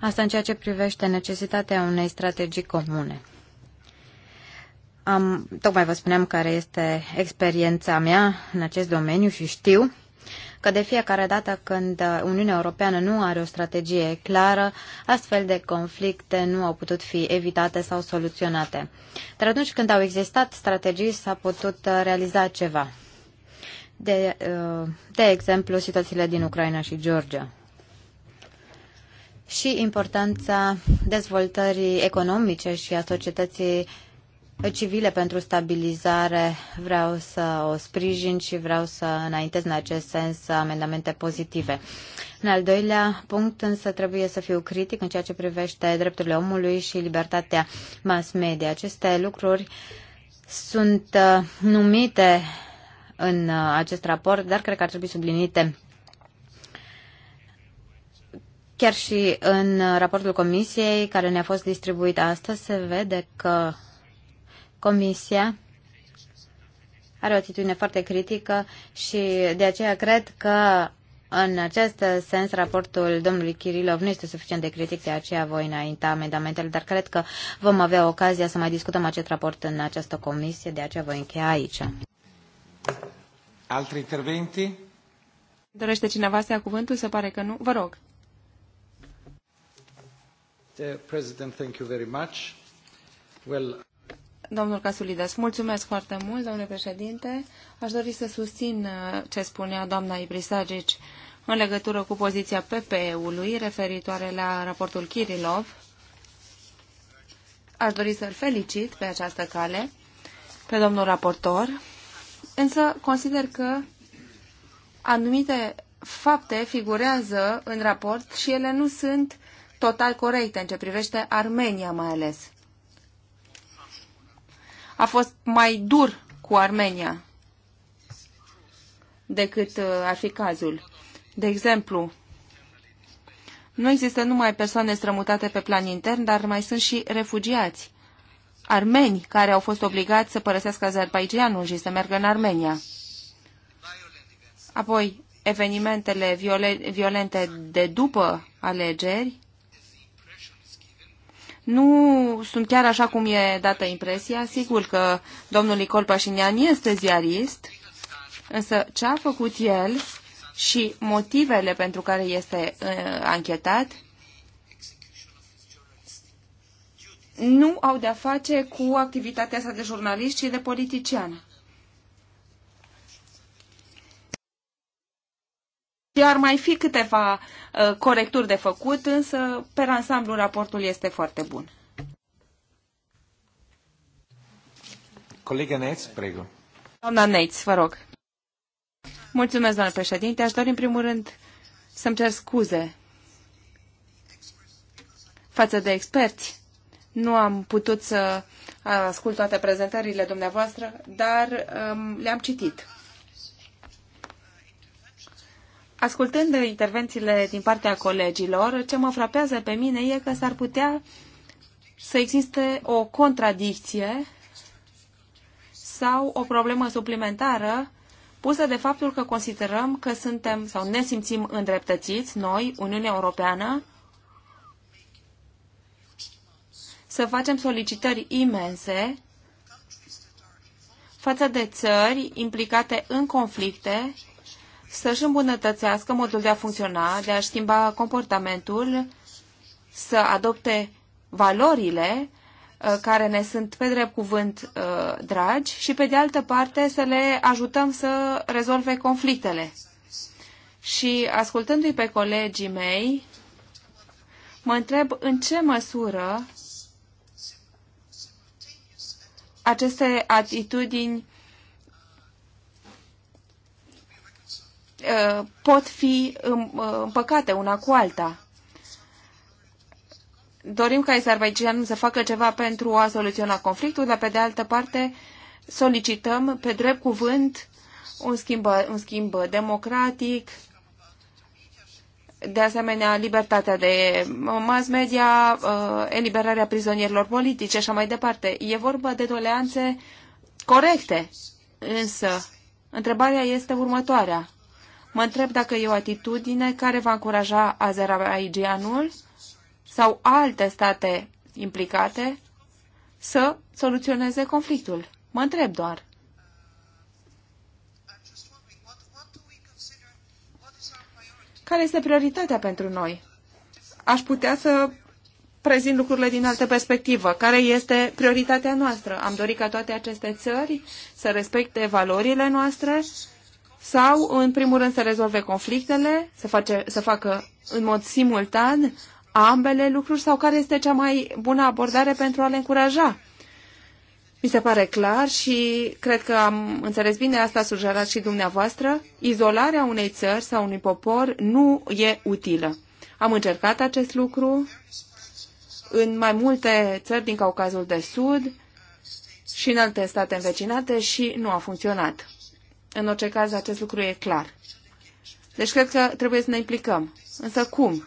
Speaker 1: Asta în ceea ce privește necesitatea unei strategii comune. Am, tocmai vă spuneam care este experiența mea în acest domeniu și știu că de fiecare dată când Uniunea Europeană nu are o strategie clară, astfel de conflicte nu au putut fi evitate sau soluționate. Dar atunci când au existat strategii, s-a putut uh, realiza ceva. De, uh, de exemplu, situațiile din Ucraina și Georgia și importanța dezvoltării economice și a societății civile pentru stabilizare vreau să o sprijin și vreau să înaintez în acest sens amendamente pozitive. În al doilea punct însă trebuie să fiu critic în ceea ce privește drepturile omului și libertatea mass media. Aceste lucruri sunt uh, numite în uh, acest raport, dar cred că ar trebui sublinite Chiar și în uh, raportul comisiei care ne-a fost distribuit astăzi se vede că Comisia are o atitudine foarte critică și de aceea cred că în acest sens, raportul domnului Kirilov nu este suficient de critic, de aceea voi înainta amendamentele, dar cred că vom avea ocazia să mai discutăm acest raport în această comisie, de aceea voi încheia aici. Alte interventi?
Speaker 3: Dorește cineva să ia cuvântul? Se pare că nu. Vă rog.
Speaker 1: President, thank you very much. Well...
Speaker 3: Domnul Casulides, mulțumesc foarte mult, domnule președinte. Aș dori să susțin uh, ce spunea doamna Ibrisagici în legătură cu poziția PPE-ului referitoare la raportul Kirilov. Aș dori să-l felicit pe această cale, pe domnul raportor, însă consider că anumite fapte figurează în raport și ele nu sunt total corecte în ce privește Armenia mai ales a fost mai dur cu Armenia decât uh, ar fi cazul. De exemplu, nu există numai persoane strămutate pe plan intern, dar mai sunt și refugiați. Armeni care au fost obligați să părăsească Azerbaijanul și să meargă în Armenia. Apoi, evenimentele violente de după alegeri nu sunt chiar așa cum e dată impresia. Sigur că domnul Nicol Pașinian este ziarist, însă ce a făcut el și motivele pentru care este uh, anchetat nu au de-a face cu activitatea sa de jurnalist, ci de politician. Și ar mai fi câteva uh, corecturi de făcut, însă, pe ansamblu, raportul este foarte bun.
Speaker 1: Colega Neitz, prego.
Speaker 3: Doamna Neitz, vă rog. Mulțumesc, doamnă președinte. Aș dori, în primul rând, să-mi cer scuze față de experți. Nu am putut să uh, ascult toate prezentările dumneavoastră, dar um, le-am citit. Ascultând intervențiile din partea colegilor, ce mă frapează pe mine e că s-ar putea să existe o contradicție sau o problemă suplimentară pusă de faptul că considerăm că suntem sau ne simțim îndreptățiți, noi, Uniunea Europeană, să facem solicitări imense față de țări implicate în conflicte să-și îmbunătățească modul de a funcționa, de a schimba comportamentul, să adopte valorile uh, care ne sunt pe drept cuvânt uh, dragi și, pe de altă parte, să le ajutăm să rezolve conflictele. Și, ascultându-i pe colegii mei, mă întreb în ce măsură aceste atitudini Uh, pot fi um, uh, împăcate una cu alta. Dorim ca Azerbaijan să facă ceva pentru a soluționa conflictul, dar pe de altă parte solicităm pe drept cuvânt un schimb, un schimb democratic, de asemenea libertatea de mass media, uh, eliberarea prizonierilor politici și așa mai departe. E vorba de doleanțe corecte, însă întrebarea este următoarea. Mă întreb dacă e o atitudine care va încuraja Azerbaijanul sau alte state implicate să soluționeze conflictul. Mă întreb doar. Care este prioritatea pentru noi? Aș putea să prezint lucrurile din altă perspectivă. Care este prioritatea noastră? Am dorit ca toate aceste țări să respecte valorile noastre, sau, în primul rând, să rezolve conflictele, să, face, să facă în mod simultan ambele lucruri sau care este cea mai bună abordare pentru a le încuraja? Mi se pare clar și cred că am înțeles bine asta sugerat și dumneavoastră. Izolarea unei țări sau unui popor nu e utilă. Am încercat acest lucru în mai multe țări din Caucazul de Sud și în alte state învecinate și nu a funcționat. În orice caz, acest lucru e clar. Deci cred că trebuie să ne implicăm. Însă cum?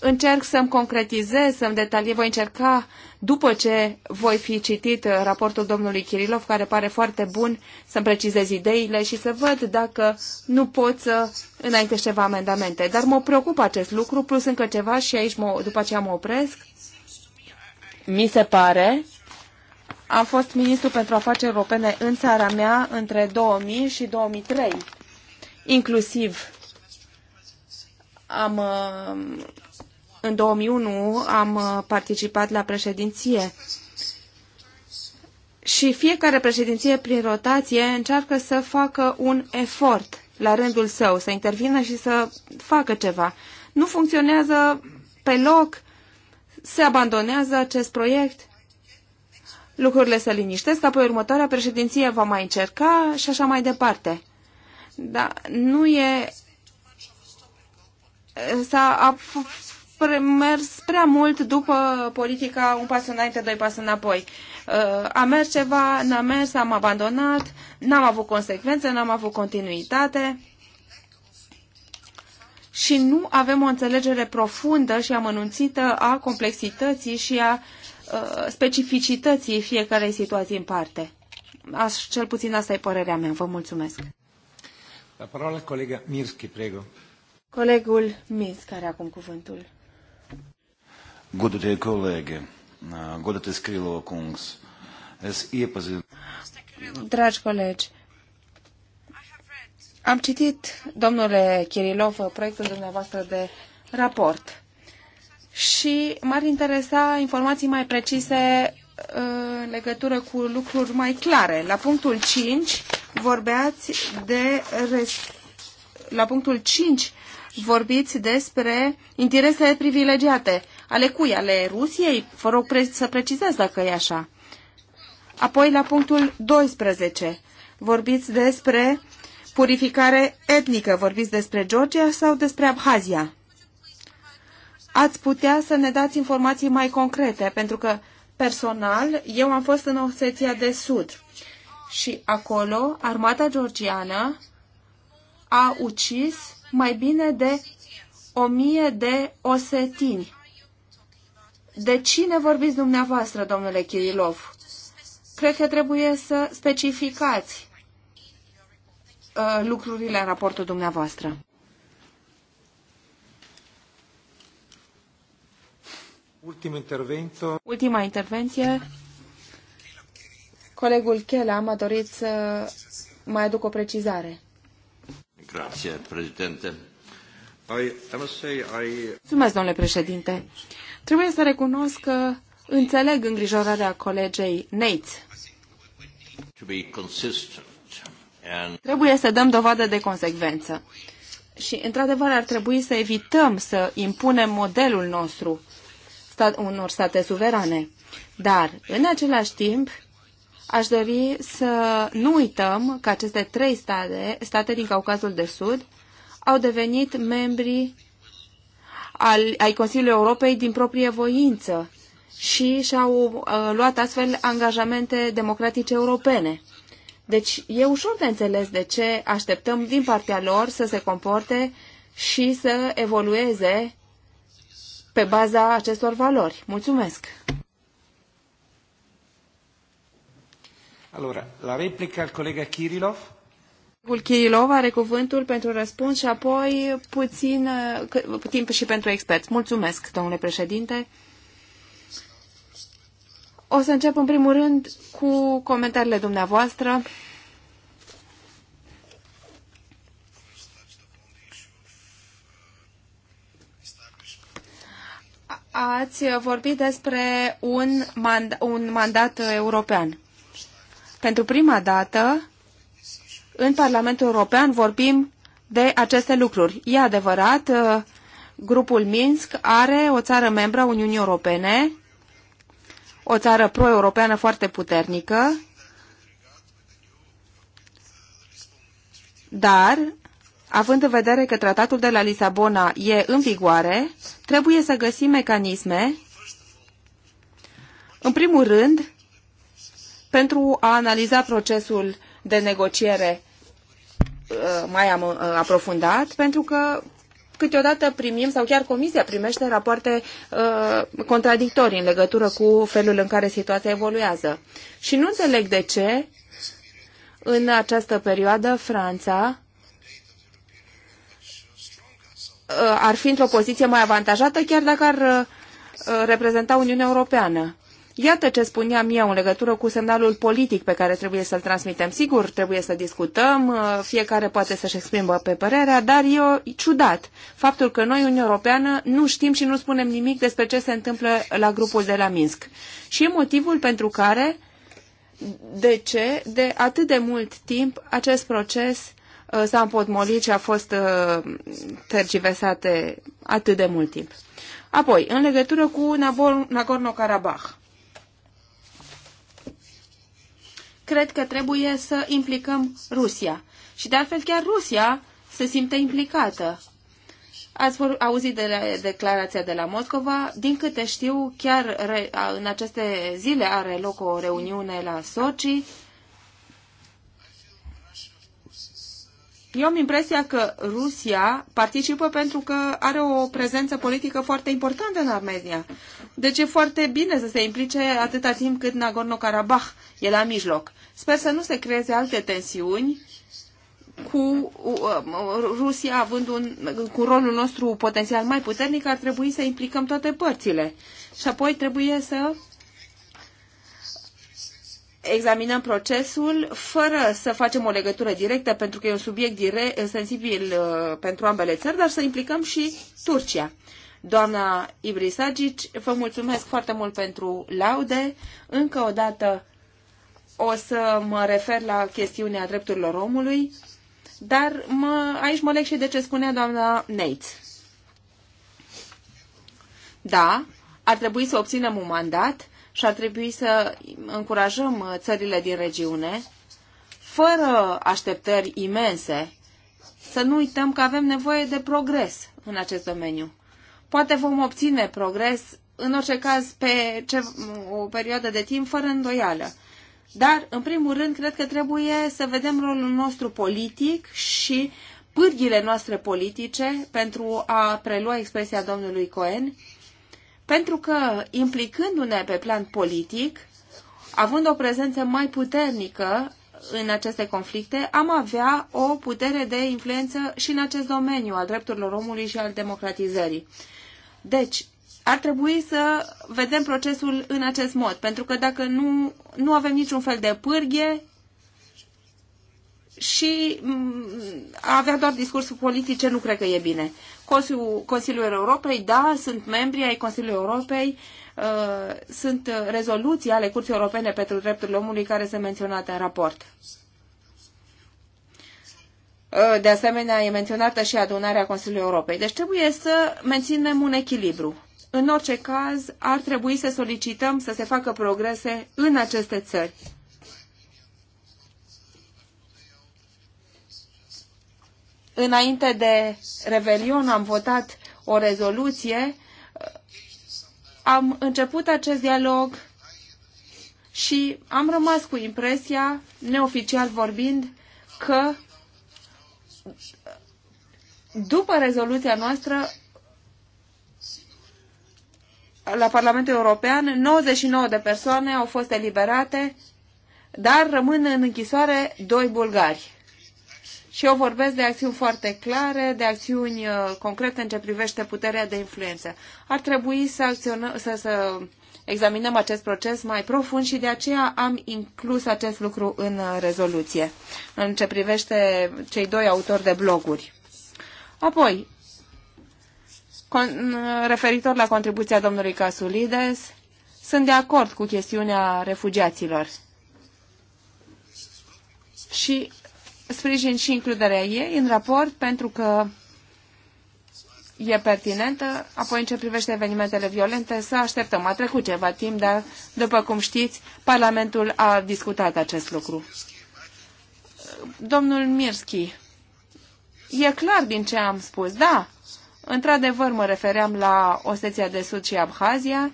Speaker 3: Încerc să-mi concretizez, să-mi detaliez, voi încerca după ce voi fi citit raportul domnului Kirilov, care pare foarte bun, să-mi precizez ideile și să văd dacă nu pot să înainte ceva amendamente. Dar mă preocupă acest lucru, plus încă ceva și aici mă, după aceea mă opresc. Mi se pare am fost ministru pentru afaceri europene în țara mea între 2000 și 2003. Inclusiv am, în 2001 am participat la președinție. Și fiecare președinție prin rotație încearcă să facă un efort la rândul său, să intervină și să facă ceva. Nu funcționează pe loc, se abandonează acest proiect lucrurile se liniștesc, apoi următoarea președinție va mai încerca și așa mai departe. Dar nu e... S-a mers prea mult după politica un pas înainte, doi pas înapoi. Uh, a mers ceva, n-a mers, am abandonat, n-am avut consecvențe, n-am avut continuitate și nu avem o înțelegere profundă și amănunțită a complexității și a Uh, specificității fiecarei situații în parte. Aș, cel puțin asta e părerea mea. Vă mulțumesc.
Speaker 2: La parola colega Mirski, prego.
Speaker 3: Colegul Mins, care are acum cuvântul.
Speaker 2: Godate colegi, godate scrilo kungs, es iepazin...
Speaker 3: Dragi colegi, am citit, domnule Kirilov, proiectul dumneavoastră de raport și m-ar interesa informații mai precise uh, în legătură cu lucruri mai clare. La punctul 5 vorbeați de la punctul 5 vorbiți despre interese privilegiate. Ale cui? Ale Rusiei? Vă rog pre să precizez dacă e așa. Apoi la punctul 12 vorbiți despre purificare etnică. Vorbiți despre Georgia sau despre Abhazia? ați putea să ne dați informații mai concrete, pentru că personal eu am fost în Osetia de Sud și acolo armata georgiană a ucis mai bine de o mie de osetini. De cine vorbiți dumneavoastră, domnule Kirilov? Cred că trebuie să specificați uh, lucrurile în raportul dumneavoastră.
Speaker 1: Ultim intervento. Ultima
Speaker 3: intervenție. Colegul Chela m-a dorit să mai aduc o precizare.
Speaker 1: Grazie, președinte. I, I...
Speaker 3: Mulțumesc, domnule președinte. Trebuie să recunosc că înțeleg îngrijorarea colegei Neitz. And... Trebuie să dăm dovadă de consecvență. Și, într-adevăr, ar trebui să evităm să impunem modelul nostru stat, unor state suverane. Dar, în același timp, aș dori să nu uităm că aceste trei state, state din Caucazul de Sud, au devenit membri al, ai Consiliului Europei din proprie voință și și-au uh, luat astfel angajamente democratice europene. Deci e ușor de înțeles de ce așteptăm din partea lor să se comporte și să evolueze pe baza acestor valori. Mulțumesc!
Speaker 2: Allora, la replica al colega Kirilov.
Speaker 3: Kirilov are cuvântul pentru răspuns și apoi puțin uh, timp și pentru experți. Mulțumesc, domnule președinte. O să încep în primul rând cu comentariile dumneavoastră. ați vorbit despre un, mand un mandat european. Pentru prima dată, în Parlamentul European vorbim de aceste lucruri. E adevărat, uh, grupul Minsk are o țară membră a Uniunii Europene, o țară pro-europeană foarte puternică, dar având în vedere că tratatul de la Lisabona e în vigoare, trebuie să găsim mecanisme, în primul rând, pentru a analiza procesul de negociere uh, mai am uh, aprofundat, pentru că câteodată primim sau chiar comisia primește rapoarte uh, contradictorii în legătură cu felul în care situația evoluează. Și nu înțeleg de ce în această perioadă Franța Uh, ar fi într-o poziție mai avantajată chiar dacă ar uh, uh, reprezenta Uniunea Europeană. Iată ce spuneam eu în legătură cu semnalul politic pe care trebuie să-l transmitem. Sigur, trebuie să discutăm, fiecare poate să-și exprimă pe părerea, dar e ciudat faptul că noi, Uniunea Europeană, nu știm și nu spunem nimic despre ce se întâmplă la grupul de la Minsk. Și e motivul pentru care, de ce, de atât de mult timp, acest proces Uh, s-a împotmolit și a fost uh, tergiversate atât de mult timp. Apoi, în legătură cu Nagorno-Karabakh. Cred că trebuie să implicăm Rusia. Și de altfel chiar Rusia se simte implicată. Ați auzit de la declarația de la Moscova. Din câte știu, chiar re, în aceste zile are loc o reuniune la Sochi Eu am impresia că Rusia participă pentru că are o prezență politică foarte importantă în Armenia. Deci e foarte bine să se implice atâta timp cât Nagorno-Karabakh e la mijloc. Sper să nu se creeze alte tensiuni cu uh, uh, Rusia având un, cu rolul nostru potențial mai puternic, ar trebui să implicăm toate părțile. Și apoi trebuie să examinăm procesul fără să facem o legătură directă, pentru că e un subiect direct, sensibil uh, pentru ambele țări, dar să implicăm și Turcia. Doamna Ibrisagic, vă mulțumesc foarte mult pentru laude. Încă o dată o să mă refer la chestiunea drepturilor omului, dar mă, aici mă leg și de ce spunea doamna Neitz. Da, ar trebui să obținem un mandat și ar trebui să încurajăm uh, țările din regiune, fără așteptări imense, să nu uităm că avem nevoie de progres în acest domeniu. Poate vom obține progres, în orice caz, pe ce, mm, o perioadă de timp fără îndoială. Dar, în primul rând, cred că trebuie să vedem rolul nostru politic și pârghile noastre politice pentru a prelua expresia domnului Cohen pentru că implicându-ne pe plan politic, având o prezență mai puternică în aceste conflicte, am avea o putere de influență și în acest domeniu al drepturilor omului și al democratizării. Deci, ar trebui să vedem procesul în acest mod, pentru că dacă nu, nu avem niciun fel de pârghie și avea doar discursuri politice nu cred că e bine. Consiliul, Consiliul Europei, da, sunt membri ai Consiliului Europei, uh, sunt rezoluții ale Curții Europene pentru Drepturile Omului care sunt menționate în raport. Uh, de asemenea, e menționată și adunarea Consiliului Europei. Deci trebuie să menținem un echilibru. În orice caz, ar trebui să solicităm să se facă progrese în aceste țări. Înainte de Revelion am votat o rezoluție, am început acest dialog și am rămas cu impresia, neoficial vorbind, că după rezoluția noastră la Parlamentul European, 99 de persoane au fost eliberate, dar rămân în închisoare doi bulgari. Și eu vorbesc de acțiuni foarte clare, de acțiuni uh, concrete în ce privește puterea de influență. Ar trebui să, acționăm, să, să examinăm acest proces mai profund și de aceea am inclus acest lucru în uh, rezoluție, în ce privește cei doi autori de bloguri. Apoi, referitor la contribuția domnului Casulides, sunt de acord cu chestiunea refugiaților. Și sprijin și includerea ei în raport pentru că e pertinentă. Apoi, în ce privește evenimentele violente, să așteptăm. A trecut ceva timp, dar, după cum știți, Parlamentul a discutat acest lucru. Domnul Mirski, e clar din ce am spus, da. Într-adevăr, mă refeream la Osteția de Sud și Abhazia,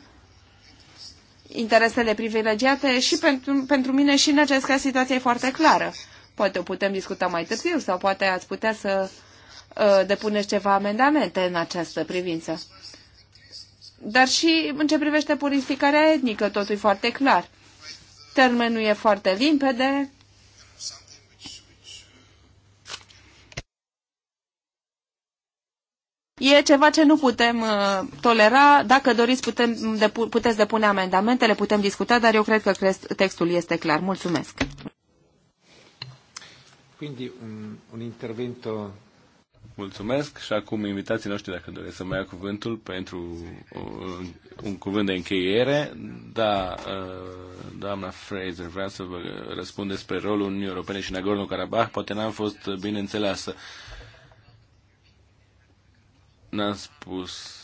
Speaker 3: interesele privilegiate și pentru, pentru mine și în această situație situația e foarte clară. Poate o putem discuta mai târziu sau poate ați putea să uh, depuneți ceva amendamente în această privință. Dar și în ce privește purificarea etnică, totul e foarte clar. Termenul e foarte limpede, E ceva ce nu putem uh, tolera. Dacă doriți, putem depu puteți depune amendamentele, putem discuta, dar eu cred că textul este clar. Mulțumesc!
Speaker 1: Quindi un, un intervento...
Speaker 2: Mulțumesc și acum invitații noștri dacă doresc să mai ia cuvântul pentru un, un cuvânt de încheiere. Da, uh, doamna Fraser, vreau să vă răspund despre rolul Uniunii Europene și Nagorno-Karabakh. Poate n-am fost bine înțeleasă. N-am spus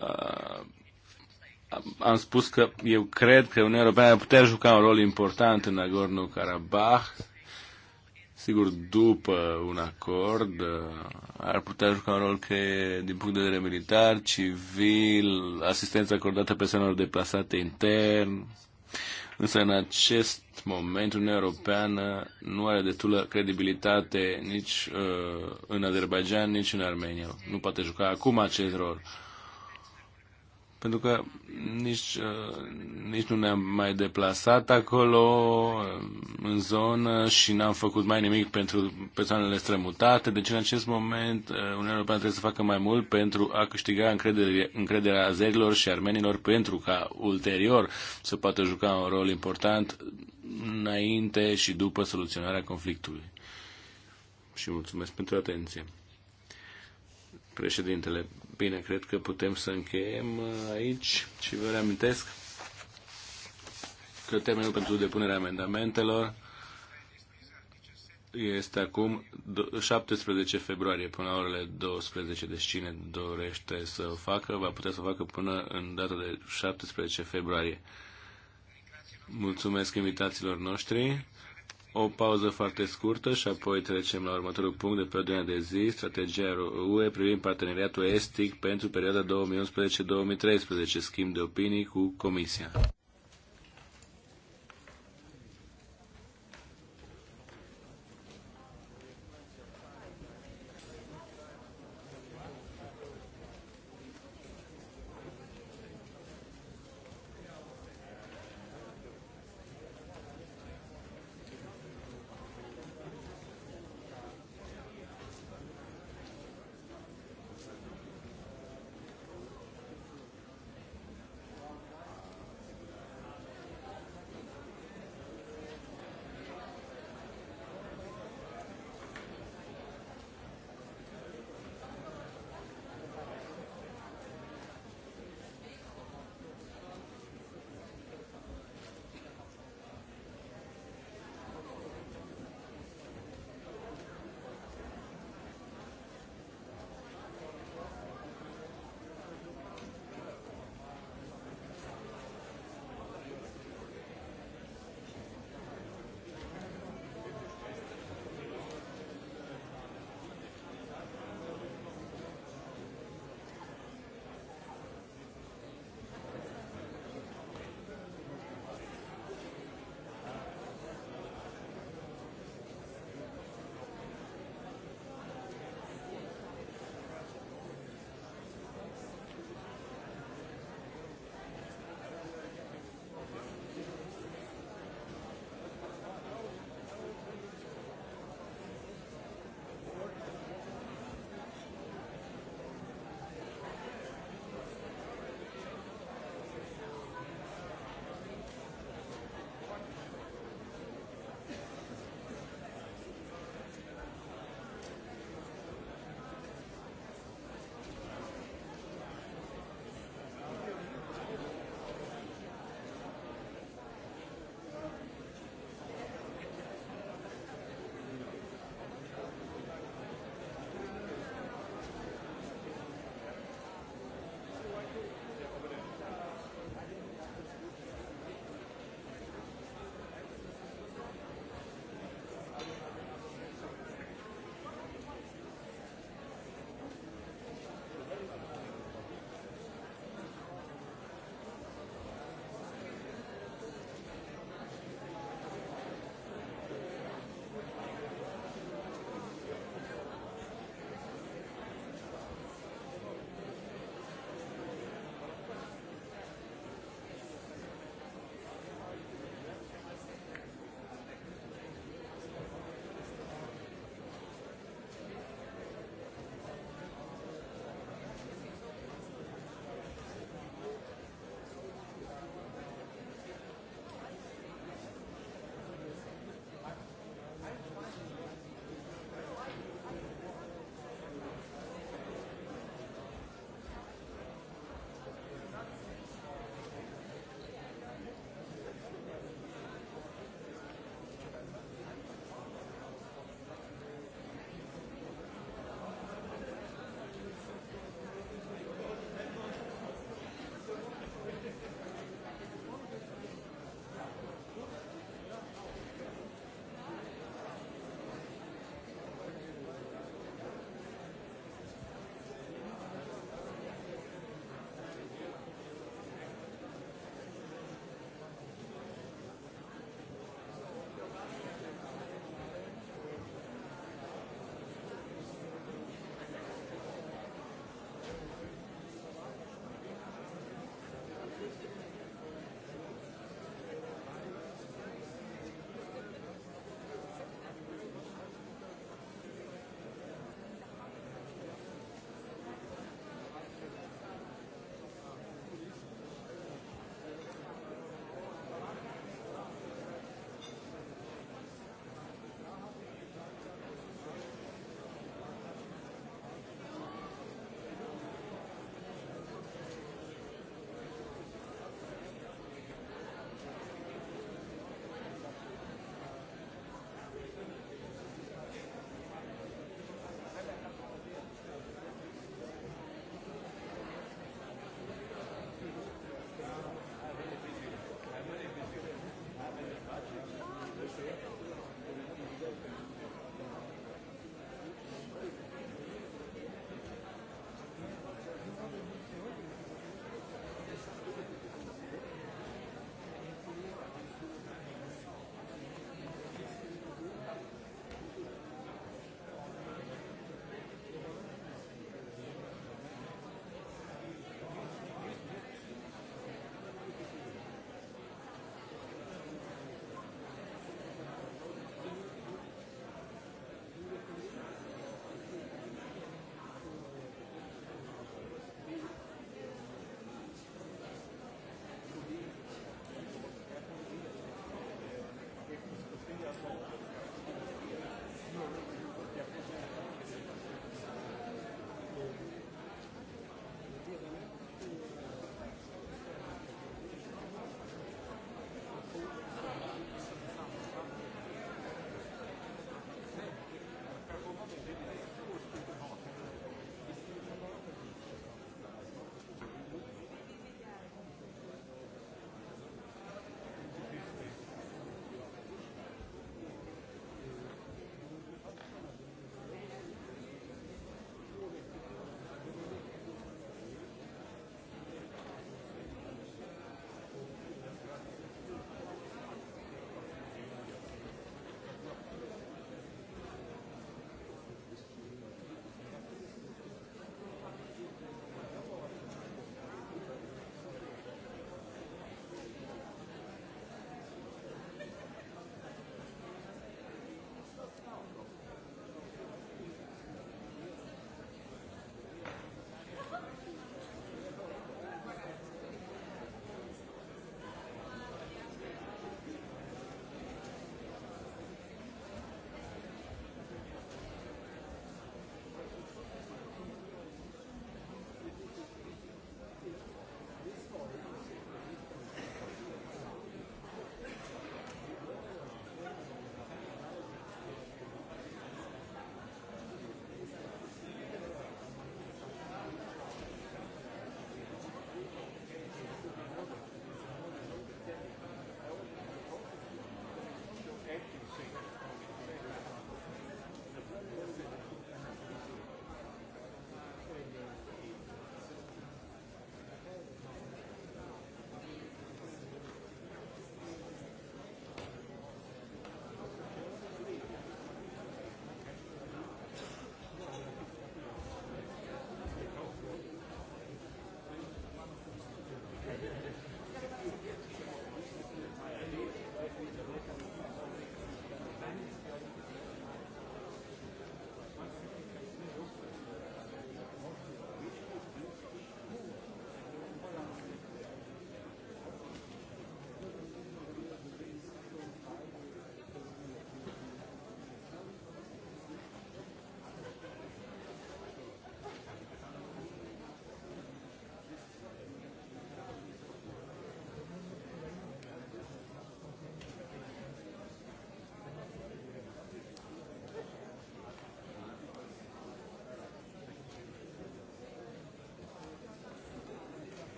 Speaker 2: uh, am spus că eu cred că Uniunea Europeană ar putea juca un rol important în Nagorno-Karabakh. Sigur, după un acord, uh, ar putea juca un rol că, din punct de vedere militar, civil, asistență acordată persoanelor deplasate intern. Însă, în acest moment, Uniunea Europeană nu are destulă credibilitate nici uh, în Azerbaijan, nici în Armenia. Nu poate juca acum acest rol. Uh, pentru că nici, uh, nici nu ne-am mai deplasat acolo, uh, în zonă, și n-am făcut mai nimic pentru persoanele strămutate. Deci, în acest moment, uh, Uniunea Europeană trebuie să facă mai mult pentru a câștiga încrederea azerilor și armenilor, pentru ca ulterior să poată juca un rol important înainte și după soluționarea conflictului. Și mulțumesc pentru atenție. Președintele, bine, cred că putem să încheiem aici și vă reamintesc că termenul pentru depunerea amendamentelor este acum 17 februarie până la orele 12. Deci cine dorește să o facă, va putea să o facă până în data de 17 februarie. Mulțumesc invitațiilor noștri o pauză foarte scurtă și apoi trecem la următorul punct de pe ordinea de zi, strategia UE privind parteneriatul estic pentru perioada 2011-2013, schimb de opinii cu Comisia.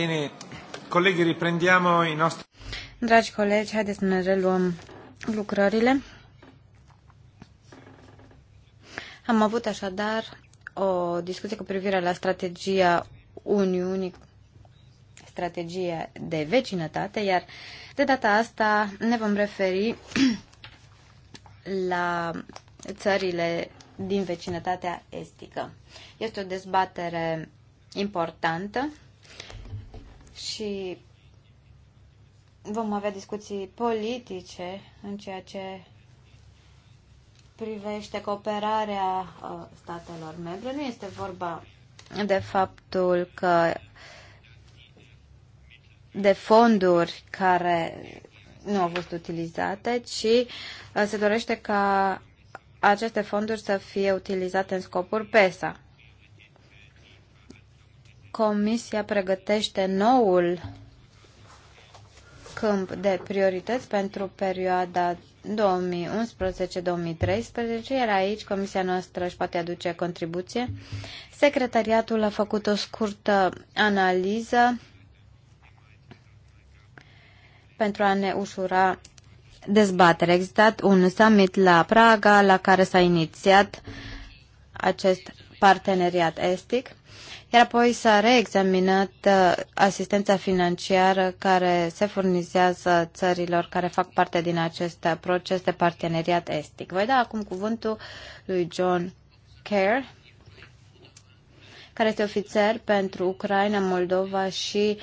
Speaker 2: Bine, riprendiamo i nostri...
Speaker 1: Dragi colegi, haideți să ne reluăm lucrările. Am avut așadar o discuție cu privire la strategia Uniunii, strategia de vecinătate, iar de data asta ne vom referi la țările din vecinătatea estică. Este o dezbatere importantă și vom avea discuții politice în ceea ce privește cooperarea uh, statelor membre. Nu este vorba de faptul că de fonduri care nu au fost utilizate, ci uh, se dorește ca aceste fonduri să fie utilizate în scopuri PESA. Comisia pregătește noul câmp de priorități pentru perioada 2011-2013, iar aici comisia noastră își poate aduce contribuție. Secretariatul a făcut o scurtă analiză pentru a ne ușura dezbaterea. Existat un summit la Praga la care s-a inițiat acest parteneriat estic iar apoi s-a reexaminat uh, asistența financiară care se furnizează țărilor care fac parte din acest uh, proces de parteneriat estic. Voi da acum cuvântul lui John Kerr, care este ofițer pentru Ucraina, Moldova și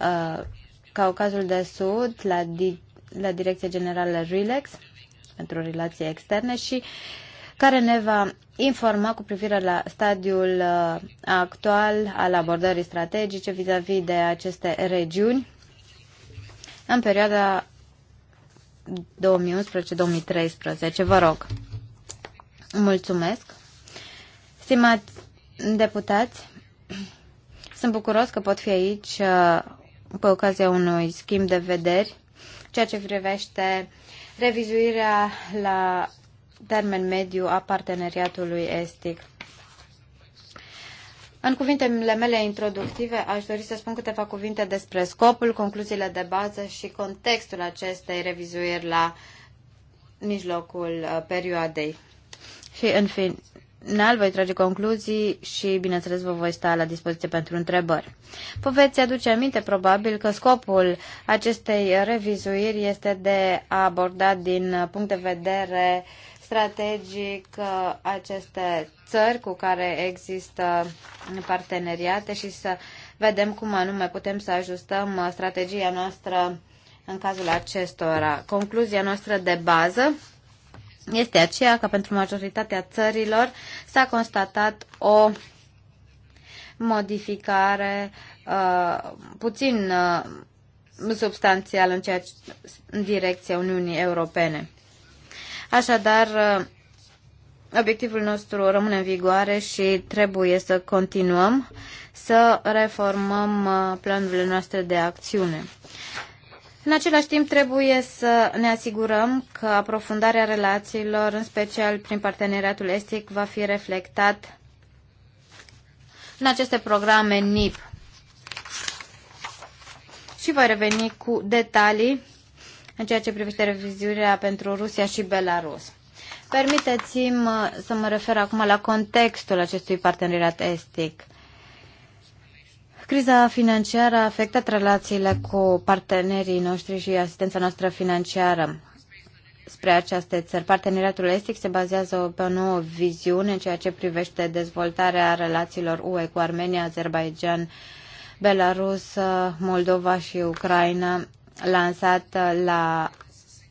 Speaker 1: uh, Caucazul de Sud la, di- la Direcția Generală RELEX pentru relații externe și uh, care ne va informa cu privire la stadiul uh, actual al abordării strategice vis-a-vis -vis de aceste regiuni în perioada 2011-2013. Vă rog. Mulțumesc. Stimați deputați, sunt bucuros că pot fi aici uh, pe ocazia unui schimb de vederi, ceea ce privește revizuirea la termen mediu a parteneriatului estic. În cuvintele mele introductive aș dori să spun câteva cuvinte despre scopul, concluziile de bază și contextul acestei revizuiri la mijlocul uh, perioadei. Și în final voi trage concluzii și, bineînțeles, vă voi sta la dispoziție pentru întrebări. Vă veți aduce aminte, probabil, că scopul acestei revizuiri este de a aborda din punct de vedere uh, strategic uh, aceste țări cu care există parteneriate și să vedem cum anume putem să ajustăm uh, strategia noastră în cazul acestora. Concluzia noastră de bază este aceea că pentru majoritatea țărilor s-a constatat o modificare uh, puțin uh, substanțială în, ceea ce, în direcția Uniunii Europene. Așadar, obiectivul nostru rămâne în vigoare și trebuie să continuăm să reformăm uh, planurile noastre de acțiune. În același timp, trebuie să ne asigurăm că aprofundarea relațiilor, în special prin parteneriatul estic, va fi reflectat în aceste programe NIP. Și voi reveni cu detalii în ceea ce privește revizuirea pentru Rusia și Belarus. Permiteți-mi să mă refer acum la contextul acestui parteneriat estic. Criza financiară a afectat relațiile cu partenerii noștri și asistența noastră financiară spre aceste țări. Parteneriatul estic se bazează pe o nouă viziune în ceea ce privește dezvoltarea relațiilor UE cu Armenia, Azerbaijan, Belarus, Moldova și Ucraina lansat uh, la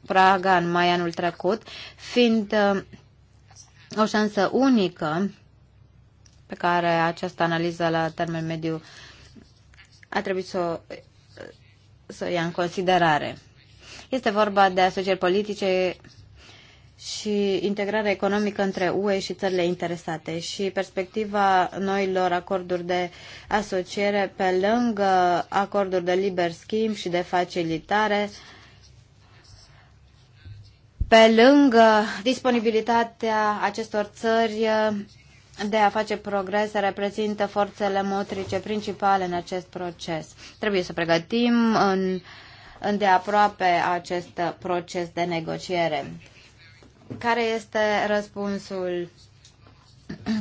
Speaker 1: Praga în mai anul trecut, fiind uh, o șansă unică pe care această analiză la termen mediu a trebuit să o, să o ia în considerare. Este vorba de asocieri politice și integrarea economică între UE și țările interesate și perspectiva noilor acorduri de asociere pe lângă acorduri de liber schimb și de facilitare pe lângă disponibilitatea acestor țări de a face progrese reprezintă forțele motrice principale în acest proces. Trebuie să pregătim în, de aproape acest proces de negociere care este răspunsul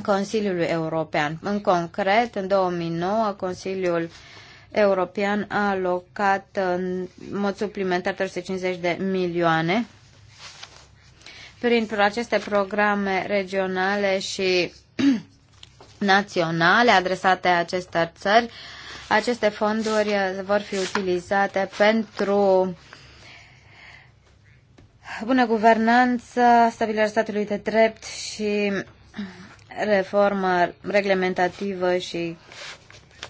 Speaker 1: Consiliului European? În concret, în 2009, Consiliul European a alocat în mod suplimentar 350 de milioane prin aceste programe regionale și naționale adresate acestor țări. Aceste fonduri vor fi utilizate pentru uh, bună guvernanță, stabilirea statului de drept și reformă reglementativă și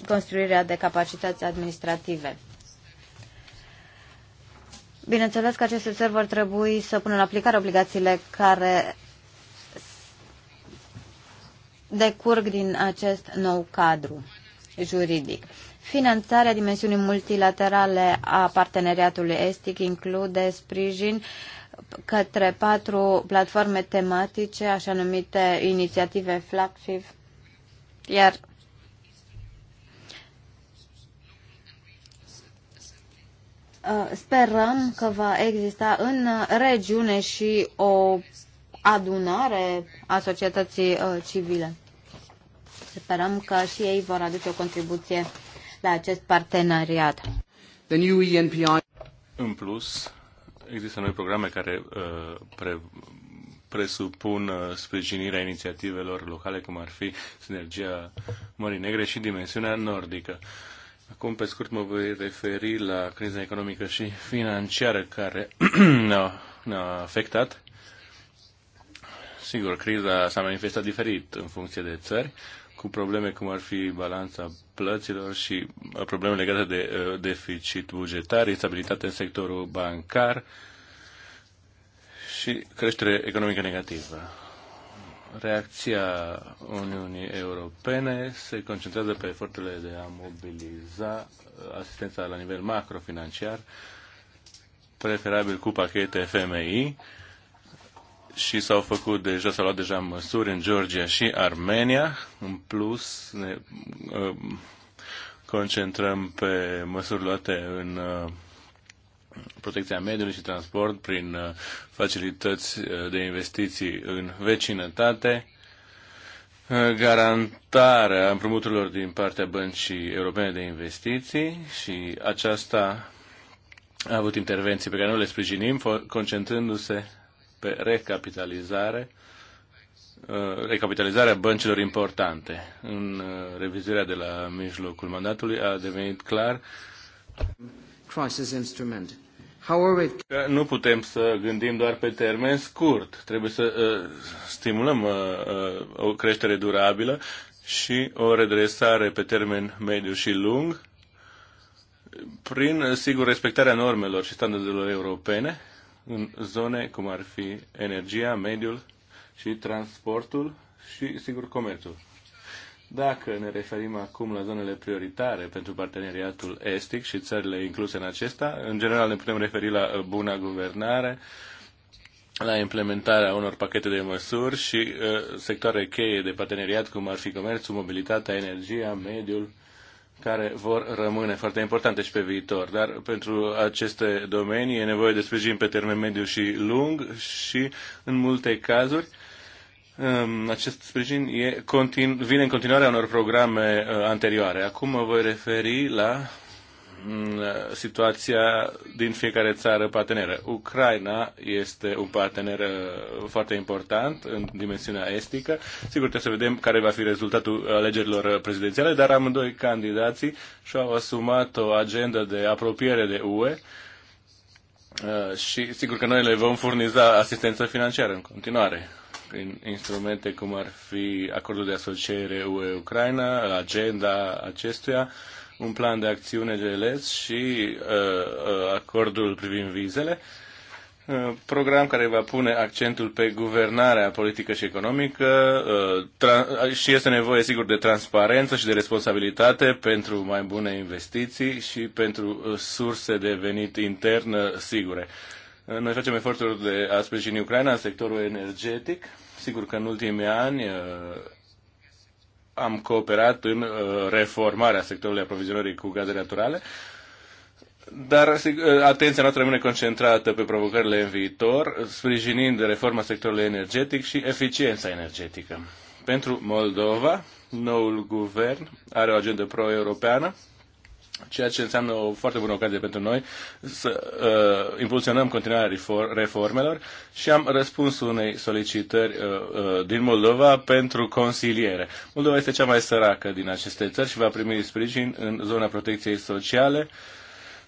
Speaker 1: construirea de capacități administrative. Bineînțeles că aceste țări vor trebui să pună în aplicare obligațiile care decurg din acest nou cadru juridic. Finanțarea dimensiunii multilaterale a parteneriatului estic include sprijin uh, către patru platforme tematice, așa numite inițiative flagship, iar uh, sperăm că va exista în regiune și o adunare a societății uh, civile. Sperăm că și ei vor aduce o contribuție la acest parteneriat.
Speaker 3: The new ENPI...
Speaker 2: În plus, există noi programe care uh, pre, presupun uh, sprijinirea inițiativelor locale, cum ar fi sinergia Mării Negre și dimensiunea nordică. Acum, pe scurt, mă voi referi la criza economică și financiară care ne-a, ne afectat. Sigur, criza s-a manifestat diferit în funcție de țări cu probleme cum ar fi balanța plăților și uh, probleme legate de uh, deficit bugetar, instabilitate în sectorul bancar și creștere economică negativă. Reacția Uniunii Europene se concentrează pe eforturile de a mobiliza uh, asistența la nivel macrofinanciar, preferabil cu pachete FMI, și s-au făcut deja, s-au luat deja măsuri în Georgia și Armenia. În plus, ne uh, concentrăm pe măsuri luate în uh, protecția mediului și transport prin uh, facilități de investiții în vecinătate, garantarea împrumuturilor din partea Băncii Europene de Investiții și aceasta a avut intervenții pe care noi le sprijinim, concentrându-se pe recapitalizare, uh, recapitalizarea băncilor importante. În uh, revizuirea de la mijlocul mandatului a devenit clar Că nu putem să gândim doar pe termen scurt. Trebuie să uh, stimulăm uh, uh, o creștere durabilă și o redresare pe termen mediu și lung prin, sigur, respectarea normelor și standardelor europene în zone cum ar fi energia, mediul și transportul și, sigur, comerțul. Dacă ne referim acum la zonele prioritare pentru parteneriatul estic și țările incluse în acesta, în general ne putem referi la buna guvernare, la implementarea unor pachete de măsuri și uh, sectoare cheie de parteneriat, cum ar fi comerțul, mobilitatea, energia, mediul care vor rămâne foarte importante și pe viitor. Dar pentru aceste domenii e nevoie de sprijin pe termen mediu și lung și în multe cazuri um, acest sprijin e, vine în continuare a unor programe uh, anterioare. Acum mă voi referi la Mm, situația din fiecare țară parteneră. Ucraina este un partener uh, foarte important în dimensiunea estică. Sigur, trebuie să vedem care va fi rezultatul alegerilor uh, prezidențiale, dar amândoi candidații și-au asumat o agendă de apropiere de UE uh, și sigur că noi le vom furniza asistență financiară în continuare prin instrumente cum ar fi acordul de asociere UE-Ucraina, agenda acestuia, un plan de acțiune GLS și uh, uh, acordul privind vizele, uh, program care va pune accentul pe guvernarea politică și economică uh, și este nevoie, sigur, de transparență și de responsabilitate pentru mai bune investiții și pentru surse de venit intern sigure. Noi facem eforturi de a sprijini Ucraina în sectorul energetic. Sigur că în ultimii ani am cooperat în uh, reformarea sectorului aprovizionării cu gaze naturale, dar uh, atenția noastră rămâne concentrată pe provocările în viitor, sprijinind reforma sectorului energetic și eficiența energetică. Pentru Moldova, noul guvern are o agendă pro-europeană ceea ce înseamnă o foarte bună ocazie pentru noi să uh, impulsionăm continuarea reformelor și am răspuns unei solicitări uh, uh, din Moldova pentru consiliere. Moldova este cea mai săracă din aceste țări și va primi sprijin în zona protecției sociale,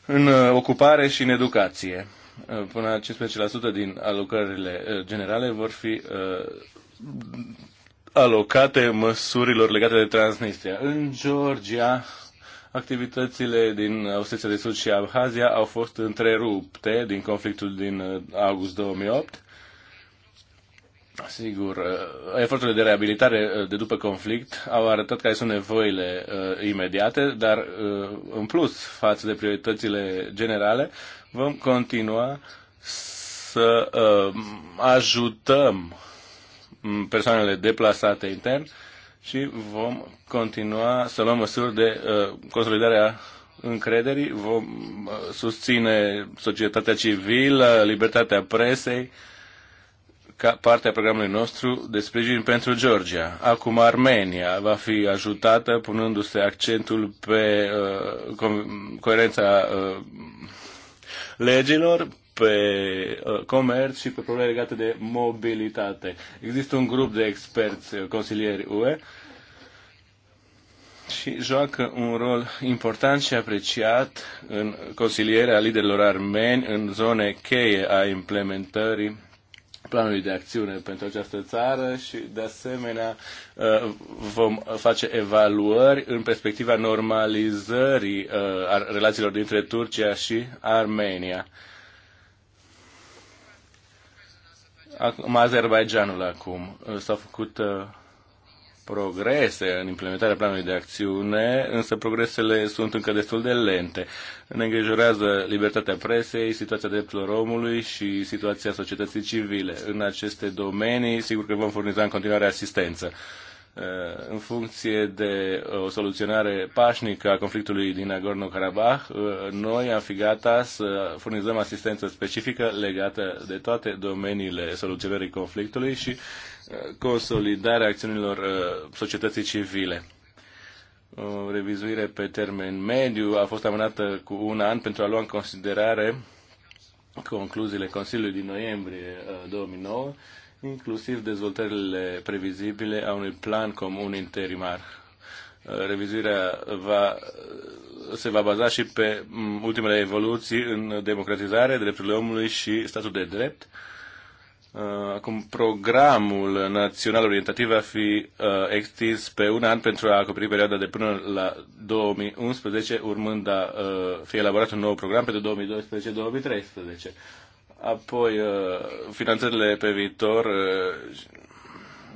Speaker 2: în uh, ocupare și în educație. Uh, până la 15% din alocările uh, generale vor fi uh, alocate măsurilor legate de Transnistria. În Georgia, activitățile din Osetia de Sud și Abhazia au fost întrerupte din conflictul din uh, august 2008. Sigur, uh, eforturile de reabilitare uh, de după conflict au arătat care sunt nevoile uh, imediate, dar uh, în plus față de prioritățile generale, vom continua să uh, ajutăm mm, persoanele deplasate intern uh, și vom continua să luăm măsuri de uh, consolidare a încrederii, vom uh, susține societatea civilă, libertatea presei, ca parte a programului nostru de sprijin pentru Georgia. Acum Armenia va fi ajutată punându-se accentul pe uh, co- coerența uh, legilor, pe uh, comerț și pe probleme legate de mobilitate. Există un grup de experți uh, consilieri UE și joacă un rol important și apreciat în consilierea liderilor armeni în zone cheie a implementării planului de acțiune pentru această țară și, de asemenea, uh, vom face evaluări în perspectiva normalizării relațiilor dintre Turcia și Armenia. Acum, Azerbaijanul acum. Uh, s-au făcut uh, progrese în implementarea planului de acțiune, însă progresele sunt încă destul de lente. Ne îngrijorează libertatea presei, situația drepturilor omului și situația societății civile. În aceste domenii, sigur că vom furniza în continuare asistență. Uh, în funcție de uh, o soluționare pașnică a conflictului din Nagorno-Karabakh, uh, noi am fi gata să furnizăm asistență specifică legată de toate domeniile soluționării conflictului și uh, consolidarea acțiunilor societății civile. O revizuire pe termen mediu a fost amânată cu un an pentru a lua în considerare concluziile Consiliului din noiembrie 2009 inclusiv dezvoltările previzibile a unui plan comun interimar. Revizuirea va, se va baza și pe ultimele evoluții în democratizare, drepturile omului și statul de drept. Uh, acum, programul național orientativ va fi uh, extins pe un an pentru a acoperi perioada de până la 2011, urmând a uh, fi elaborat un nou program pentru 2012-2013. Apoi, uh, finanțările pe viitor, uh,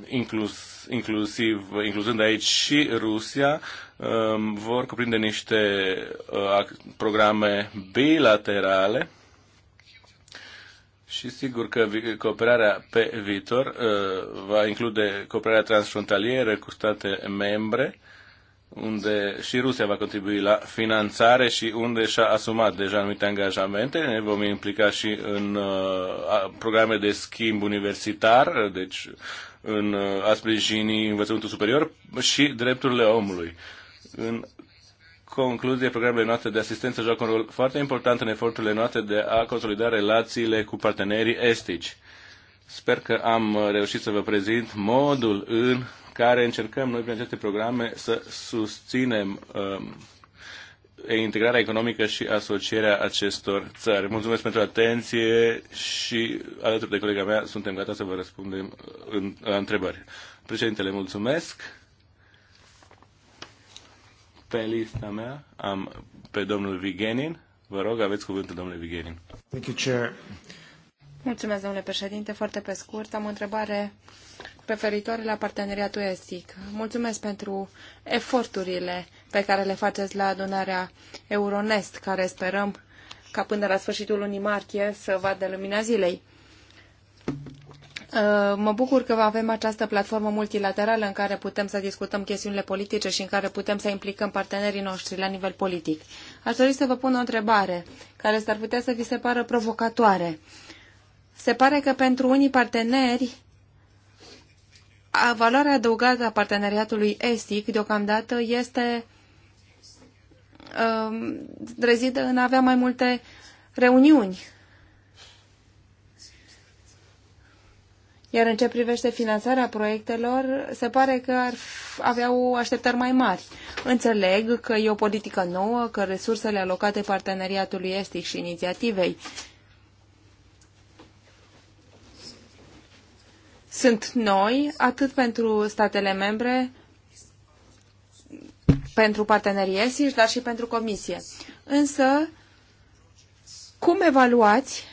Speaker 2: inclus, inclusiv, incluzând aici și Rusia, um, vor cuprinde niște uh, programe bilaterale și sigur că cooperarea pe viitor va include cooperarea transfrontalieră cu state membre unde și Rusia va contribui la finanțare și unde și-a asumat deja anumite angajamente. Ne vom implica și în uh, programe de schimb universitar, uh, deci în uh, a sprijini învățământul superior și drepturile omului. În concluzie, programele noastre de asistență joacă un rol foarte important în eforturile noastre de a consolida relațiile cu partenerii estici. Sper că am uh, reușit să vă prezint modul în care încercăm noi prin aceste programe să susținem um, integrarea economică și asocierea acestor țări. Mulțumesc pentru atenție și alături de colega mea suntem gata să vă răspundem uh, în, la întrebări. Președintele, mulțumesc. Pe lista mea am pe domnul Vigenin. Vă rog, aveți cuvântul, domnule Vigenin. Thank you, Chair.
Speaker 3: Mulțumesc, domnule președinte. Foarte pe scurt, am o întrebare referitoare la parteneriatul estic. Mulțumesc pentru eforturile pe care le faceți la adunarea Euronest, care sperăm ca până la sfârșitul lunii martie să vadă lumina zilei. Uh, mă bucur că avem această platformă multilaterală în care putem să discutăm chestiunile politice și în care putem să implicăm partenerii noștri la nivel politic. Aș dori să vă pun o întrebare care s-ar putea să vi se pară provocatoare. Se pare că pentru unii parteneri valoarea adăugată a parteneriatului estic deocamdată este um, rezidă în a avea mai multe reuniuni. Iar în ce privește finanțarea proiectelor, se pare că ar avea o așteptări mai mari. Înțeleg că e o politică nouă, că resursele alocate parteneriatului estic și inițiativei sunt noi, atât pentru statele membre, pentru partenerii ESIS, dar și pentru comisie. Însă, cum evaluați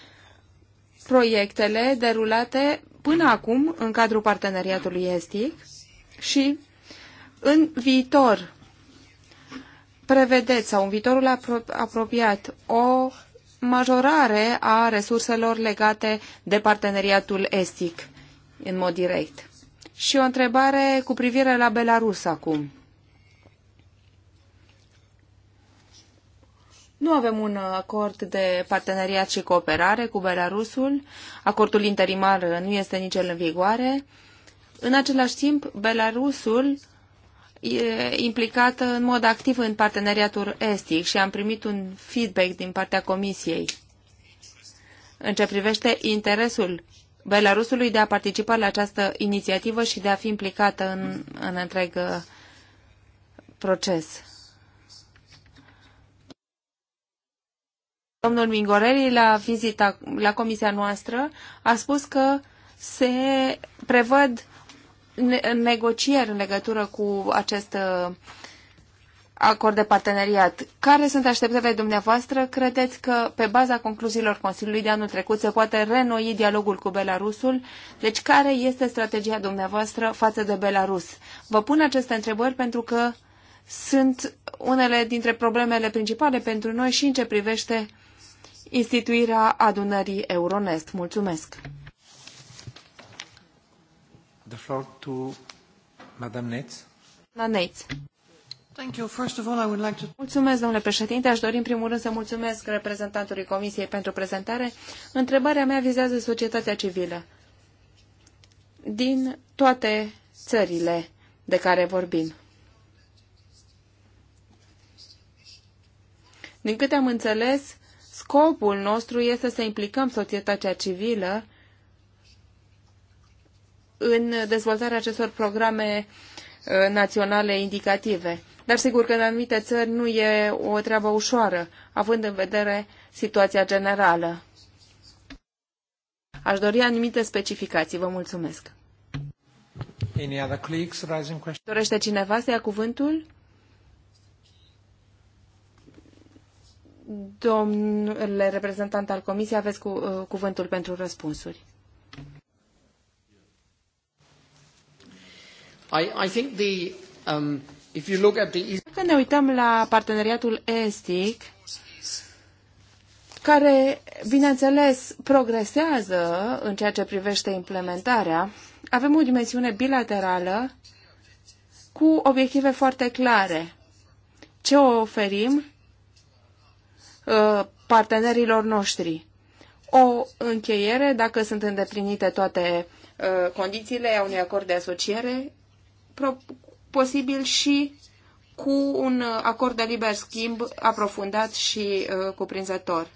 Speaker 3: proiectele derulate până acum în cadrul parteneriatului estic și în viitor prevedeți sau în viitorul apro apropiat o majorare a resurselor legate de parteneriatul estic în mod direct. Și o întrebare cu privire la Belarus acum. Nu avem un acord de parteneriat și cooperare cu Belarusul. Acordul interimar nu este nici el în vigoare. În același timp, Belarusul e implicat în mod activ în parteneriatul estic și am primit un feedback din partea Comisiei în ce privește interesul Belarusului de a participa la această inițiativă și de a fi implicată în, în întreg uh, proces. Domnul Mingoreli, la vizita la comisia noastră, a spus că se prevăd negocieri în legătură cu acest uh, acord de parteneriat. Care sunt așteptările dumneavoastră? Credeți că pe baza concluziilor Consiliului de anul trecut se poate renoi dialogul cu Belarusul? Deci care este strategia dumneavoastră față de Belarus? Vă pun aceste întrebări pentru că sunt unele dintre problemele principale pentru noi și în ce privește instituirea adunării Euronest. Mulțumesc!
Speaker 2: The floor to Madame Neitz.
Speaker 3: Madame Neitz. Mulțumesc, domnule președinte. Aș dori, în primul rând, să mulțumesc reprezentantului Comisiei pentru prezentare. Întrebarea mea vizează societatea civilă din toate țările de care vorbim. Din câte am înțeles, scopul nostru este să implicăm societatea civilă în dezvoltarea acestor programe uh, naționale indicative. Dar sigur că în anumite țări nu e o treabă ușoară, având în vedere situația generală. Aș dori anumite specificații. Vă mulțumesc.
Speaker 1: Any other colleagues Dorește
Speaker 3: cineva să ia cuvântul? Domnule reprezentant al Comisiei, aveți cu, uh, cuvântul pentru răspunsuri. I, I think the, um, dacă ne uităm la parteneriatul estic, care, bineînțeles, progresează în ceea ce privește implementarea, avem o dimensiune bilaterală cu obiective foarte clare. Ce oferim uh, partenerilor noștri? O încheiere, dacă sunt îndeplinite toate uh, condițiile a unui acord de asociere, posibil și cu un acord de liber schimb aprofundat și uh, cuprinzător,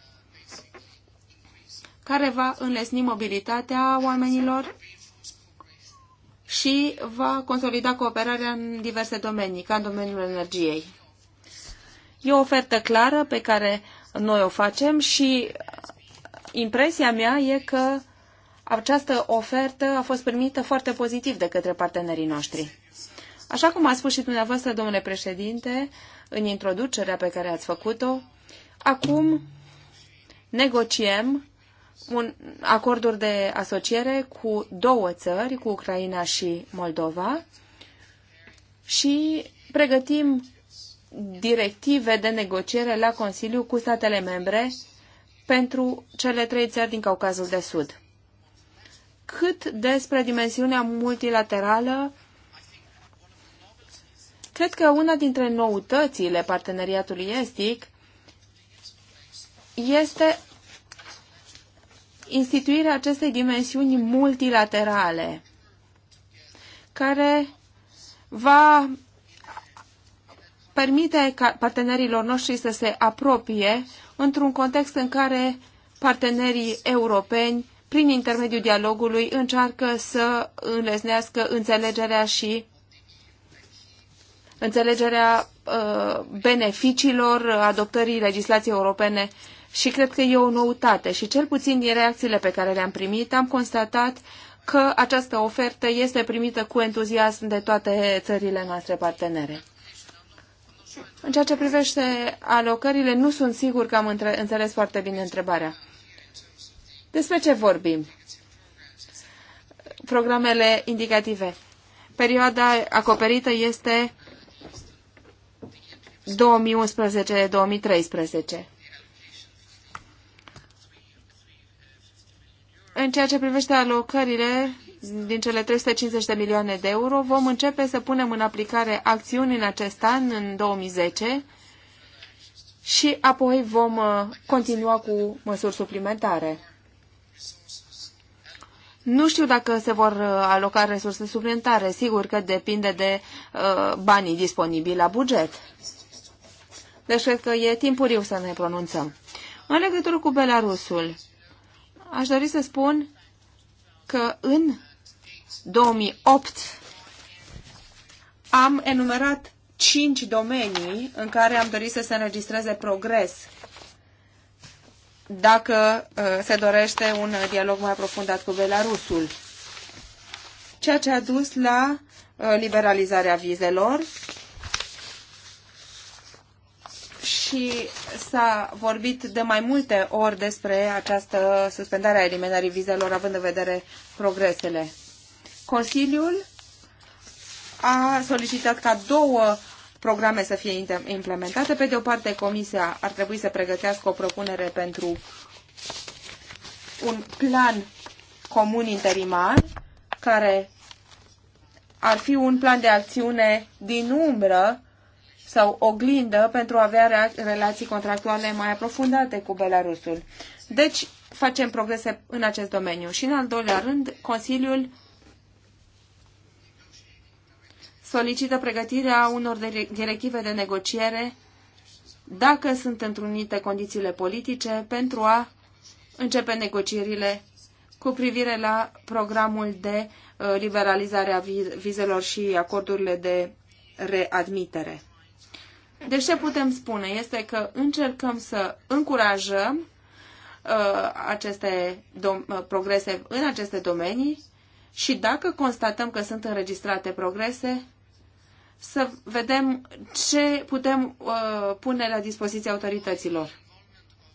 Speaker 3: care va înlesni mobilitatea oamenilor și va consolida cooperarea în diverse domenii, ca în domeniul energiei. E o ofertă clară pe care noi o facem și impresia mea e că această ofertă a fost primită foarte pozitiv de către partenerii noștri. Așa cum a spus și dumneavoastră, domnule președinte, în introducerea pe care ați făcut-o, acum negociem un acorduri de asociere cu două țări, cu Ucraina și Moldova, și pregătim directive de negociere la Consiliu cu statele membre pentru cele trei țări din Caucazul de Sud. Cât despre dimensiunea multilaterală, Cred că una dintre noutățile parteneriatului estic este instituirea acestei dimensiuni multilaterale, care va permite ca partenerilor noștri să se apropie într-un context în care partenerii europeni, prin intermediul dialogului, încearcă să înlesnească înțelegerea și înțelegerea uh, beneficiilor adoptării legislației europene și cred că e o noutate și cel puțin din reacțiile pe care le-am primit am constatat că această ofertă este primită cu entuziasm de toate țările noastre partenere. În ceea ce privește alocările, nu sunt sigur că am înțeles foarte bine întrebarea. Despre ce vorbim? Programele indicative. Perioada acoperită este 2011-2013. În ceea ce privește alocările din cele 350 de milioane de euro, vom începe să punem în aplicare acțiuni în acest an, în 2010, și apoi vom uh, continua cu măsuri suplimentare. Nu știu dacă se vor uh, aloca resurse suplimentare, sigur că depinde de uh, banii disponibili la buget. Deci cred că e timpuriu să ne pronunțăm. În legătură cu Belarusul, aș dori să spun că în 2008 am enumerat cinci domenii în care am dorit să se înregistreze progres dacă uh, se dorește un dialog mai aprofundat cu Belarusul. Ceea ce a dus la uh, liberalizarea vizelor, și s-a vorbit de mai multe ori despre această suspendare a eliminării vizelor, având în vedere progresele. Consiliul a solicitat ca două programe să fie implementate. Pe de o parte, Comisia ar trebui să pregătească o propunere pentru un plan comun interimar, care ar fi un plan de acțiune din umbră sau oglindă pentru a avea relații contractuale mai aprofundate cu Belarusul. Deci, facem progrese în acest domeniu. Și în al doilea rând, Consiliul solicită pregătirea unor directive de negociere dacă sunt întrunite condițiile politice pentru a începe negocierile cu privire la programul de uh, liberalizare a vizelor și acordurile de readmitere. Deci ce putem spune este că încercăm să încurajăm uh, aceste uh, progrese în aceste domenii și dacă constatăm că sunt înregistrate progrese, să vedem ce putem uh, pune la dispoziția autorităților.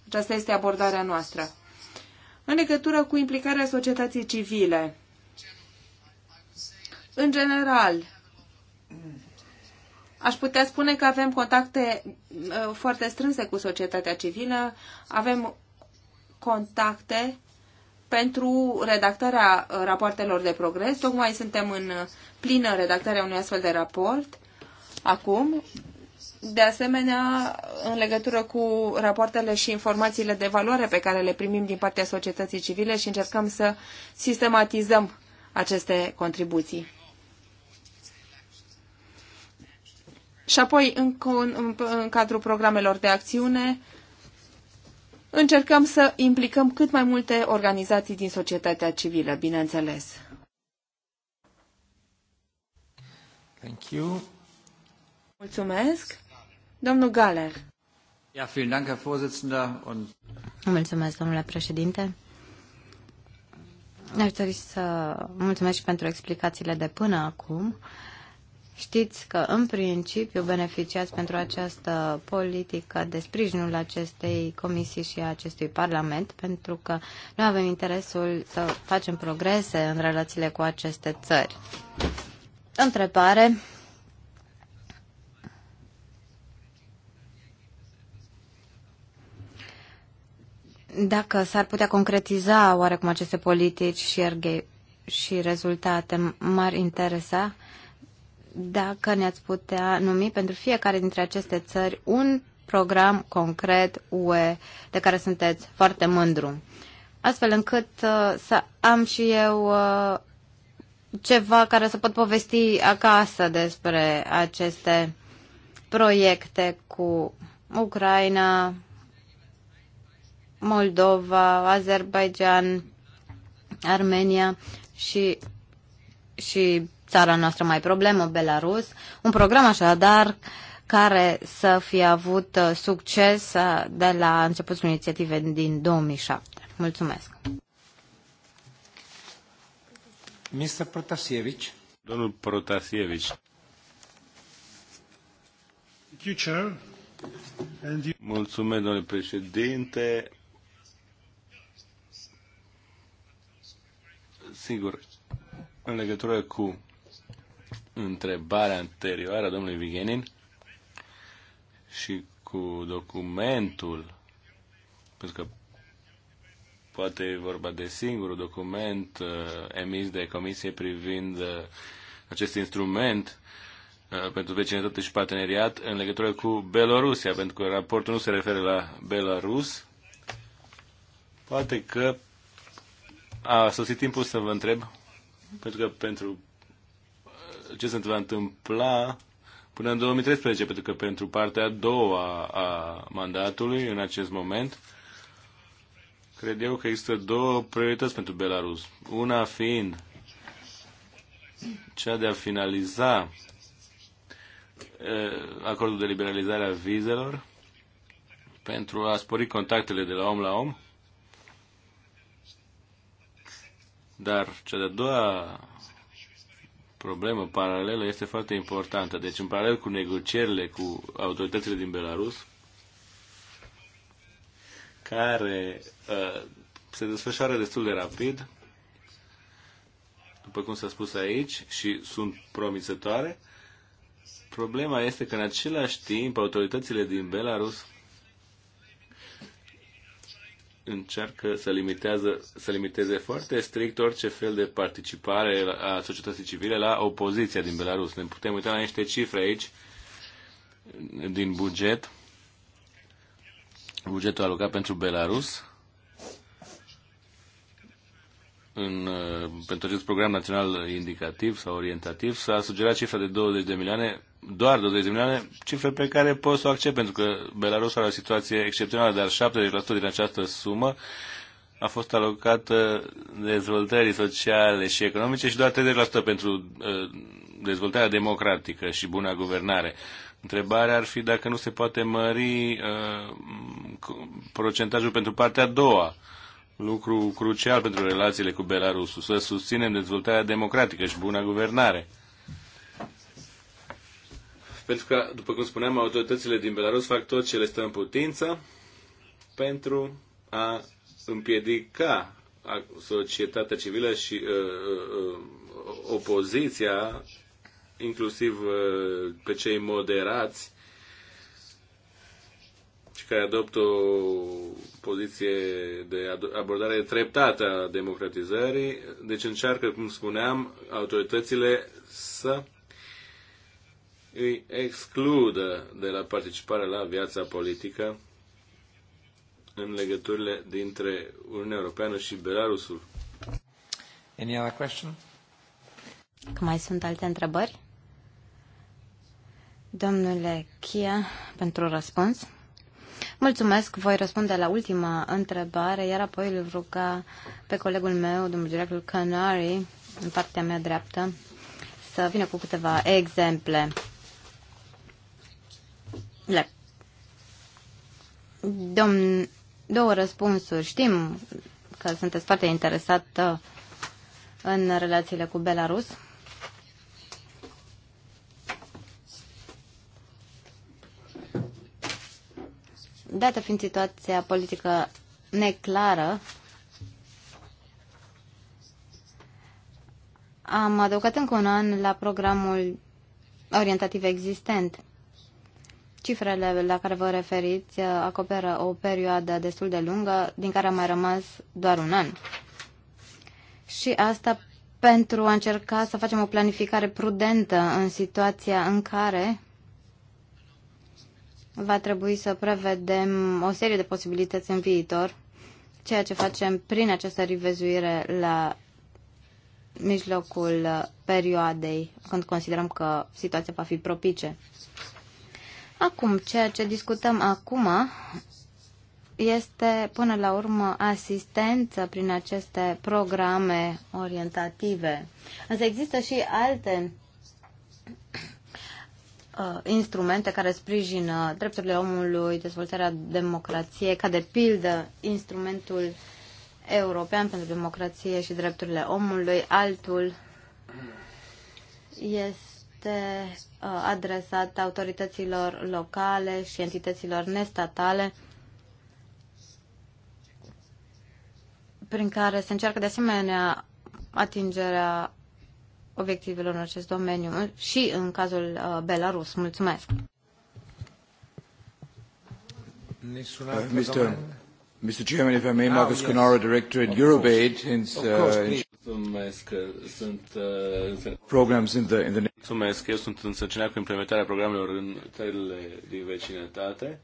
Speaker 3: Aceasta este abordarea noastră. În legătură cu implicarea societății civile, în general, Aș putea spune că avem contacte uh, foarte strânse cu societatea civilă, avem contacte pentru redactarea uh, rapoartelor de progres. Tocmai suntem în plină redactare a unui astfel de raport acum. De asemenea, în legătură cu rapoartele și informațiile de valoare pe care le primim din partea societății civile și încercăm să sistematizăm aceste contribuții. Și apoi, în, în, în cadrul programelor de acțiune, încercăm să implicăm cât mai multe organizații din societatea civilă, bineînțeles. Thank you. Mulțumesc. Domnul Galer. Ja, vielen Dank, Herr Vorsitzender. Und
Speaker 1: Mulțumesc, domnule președinte. Aș dori să mulțumesc și pentru explicațiile de până acum. Uh, Știți că, în principiu, beneficiați pentru această politică de sprijinul acestei comisii și a acestui Parlament, pentru că noi avem interesul să facem progrese în relațiile cu aceste țări. Întrebare. Dacă s-ar putea concretiza oarecum aceste politici și, erghe, și rezultate, m-ar interesa dacă ne-ați putea numi pentru fiecare dintre aceste țări un program concret UE de care sunteți foarte mândru, astfel încât uh, să am și eu uh, ceva care să pot povesti acasă despre aceste proiecte cu Ucraina, Moldova, Azerbaijan, Armenia și, și țara noastră mai problemă, Belarus, un program așadar care să fie avut uh, succes uh, de la începutul inițiativei din 2007. Mulțumesc!
Speaker 2: Mr. Protasievici. Domnul Protasievici. Mulțumesc, domnule președinte. Sigur, în legătură cu întrebarea anterioară a domnului Vigenin și cu documentul, pentru că poate e vorba de singurul document uh, emis de comisie privind uh, acest instrument uh, pentru vecinătate și parteneriat în legătură cu Belorusia, pentru că raportul nu se referă la Belarus. Poate că a sosit timpul să vă întreb, pentru că pentru ce se va întâmpla până în 2013, pentru că pentru partea a doua a mandatului, în acest moment, cred eu că există două priorități pentru Belarus. Una fiind cea de a finaliza acordul de liberalizare a vizelor pentru a spori contactele de la om la om. Dar cea de-a doua problemă paralelă este foarte importantă. Deci, în paralel cu negocierile cu autoritățile din Belarus, care uh, se desfășoară destul de rapid, după cum s-a spus aici, și sunt promițătoare, problema este că, în același timp, autoritățile din Belarus încearcă să, limitează, să limiteze foarte strict orice fel de participare a societății civile la opoziția din Belarus. Ne putem uita la niște cifre aici din buget, bugetul alocat pentru Belarus, în, pentru acest program național indicativ sau orientativ, s-a sugerat cifra de 20 de milioane doar 20 de milioane, cifre pe care pot să o accept, pentru că Belarus are o situație excepțională, dar 70% din această sumă a fost alocată dezvoltării sociale și economice și doar 30% pentru uh, dezvoltarea democratică și buna guvernare. Întrebarea ar fi dacă nu se poate mări uh, procentajul pentru partea a doua, lucru crucial pentru relațiile cu Belarusul, să susținem dezvoltarea democratică și buna guvernare. Pentru că, după cum spuneam, autoritățile din Belarus fac tot ce le stă în putință pentru a împiedica societatea civilă și uh, uh, opoziția, inclusiv uh, pe cei moderați, și care adoptă o poziție de abordare treptată a democratizării. Deci încearcă, cum spuneam, autoritățile să îi excludă de la participarea la viața politică în legăturile dintre Uniunea Europeană și Belarusul. Any other question?
Speaker 1: Că mai sunt alte întrebări? Domnule Chia, pentru răspuns. Mulțumesc, voi răspunde la ultima întrebare, iar apoi îl ruga pe colegul meu, domnul directorul Canary, în partea mea dreaptă, să vină cu câteva exemple le. Domn, două răspunsuri. Știm că sunteți foarte interesat în relațiile cu Belarus. Dată fiind situația politică neclară, am adăugat încă un an la programul orientativ existent. Cifrele la care vă referiți uh, acoperă o perioadă destul de lungă, din care a mai rămas doar un an. Și asta pentru a încerca să facem o planificare prudentă în situația în care va trebui să prevedem o serie de posibilități în viitor, ceea ce facem prin această revizuire la mijlocul uh, perioadei, când considerăm că situația va fi propice. Acum, ceea ce discutăm acum este până la urmă asistență prin aceste programe orientative. Însă există și alte uh, instrumente care sprijină drepturile omului, dezvoltarea democrației, ca de pildă instrumentul european pentru democrație și drepturile omului, altul este Uh, adresat autorităților locale și entităților nestatale prin care se încearcă de asemenea atingerea obiectivelor în acest domeniu și în cazul uh, Belarus. Mulțumesc.
Speaker 2: Uh, Mr.
Speaker 1: Mr. Chairman, if I may, ah, Marcus Canaro, Director at Eurobaid, since uh,
Speaker 2: programs in the in the Mulțumesc. Eu sunt însărcinat cu implementarea programelor în țările din vecinătate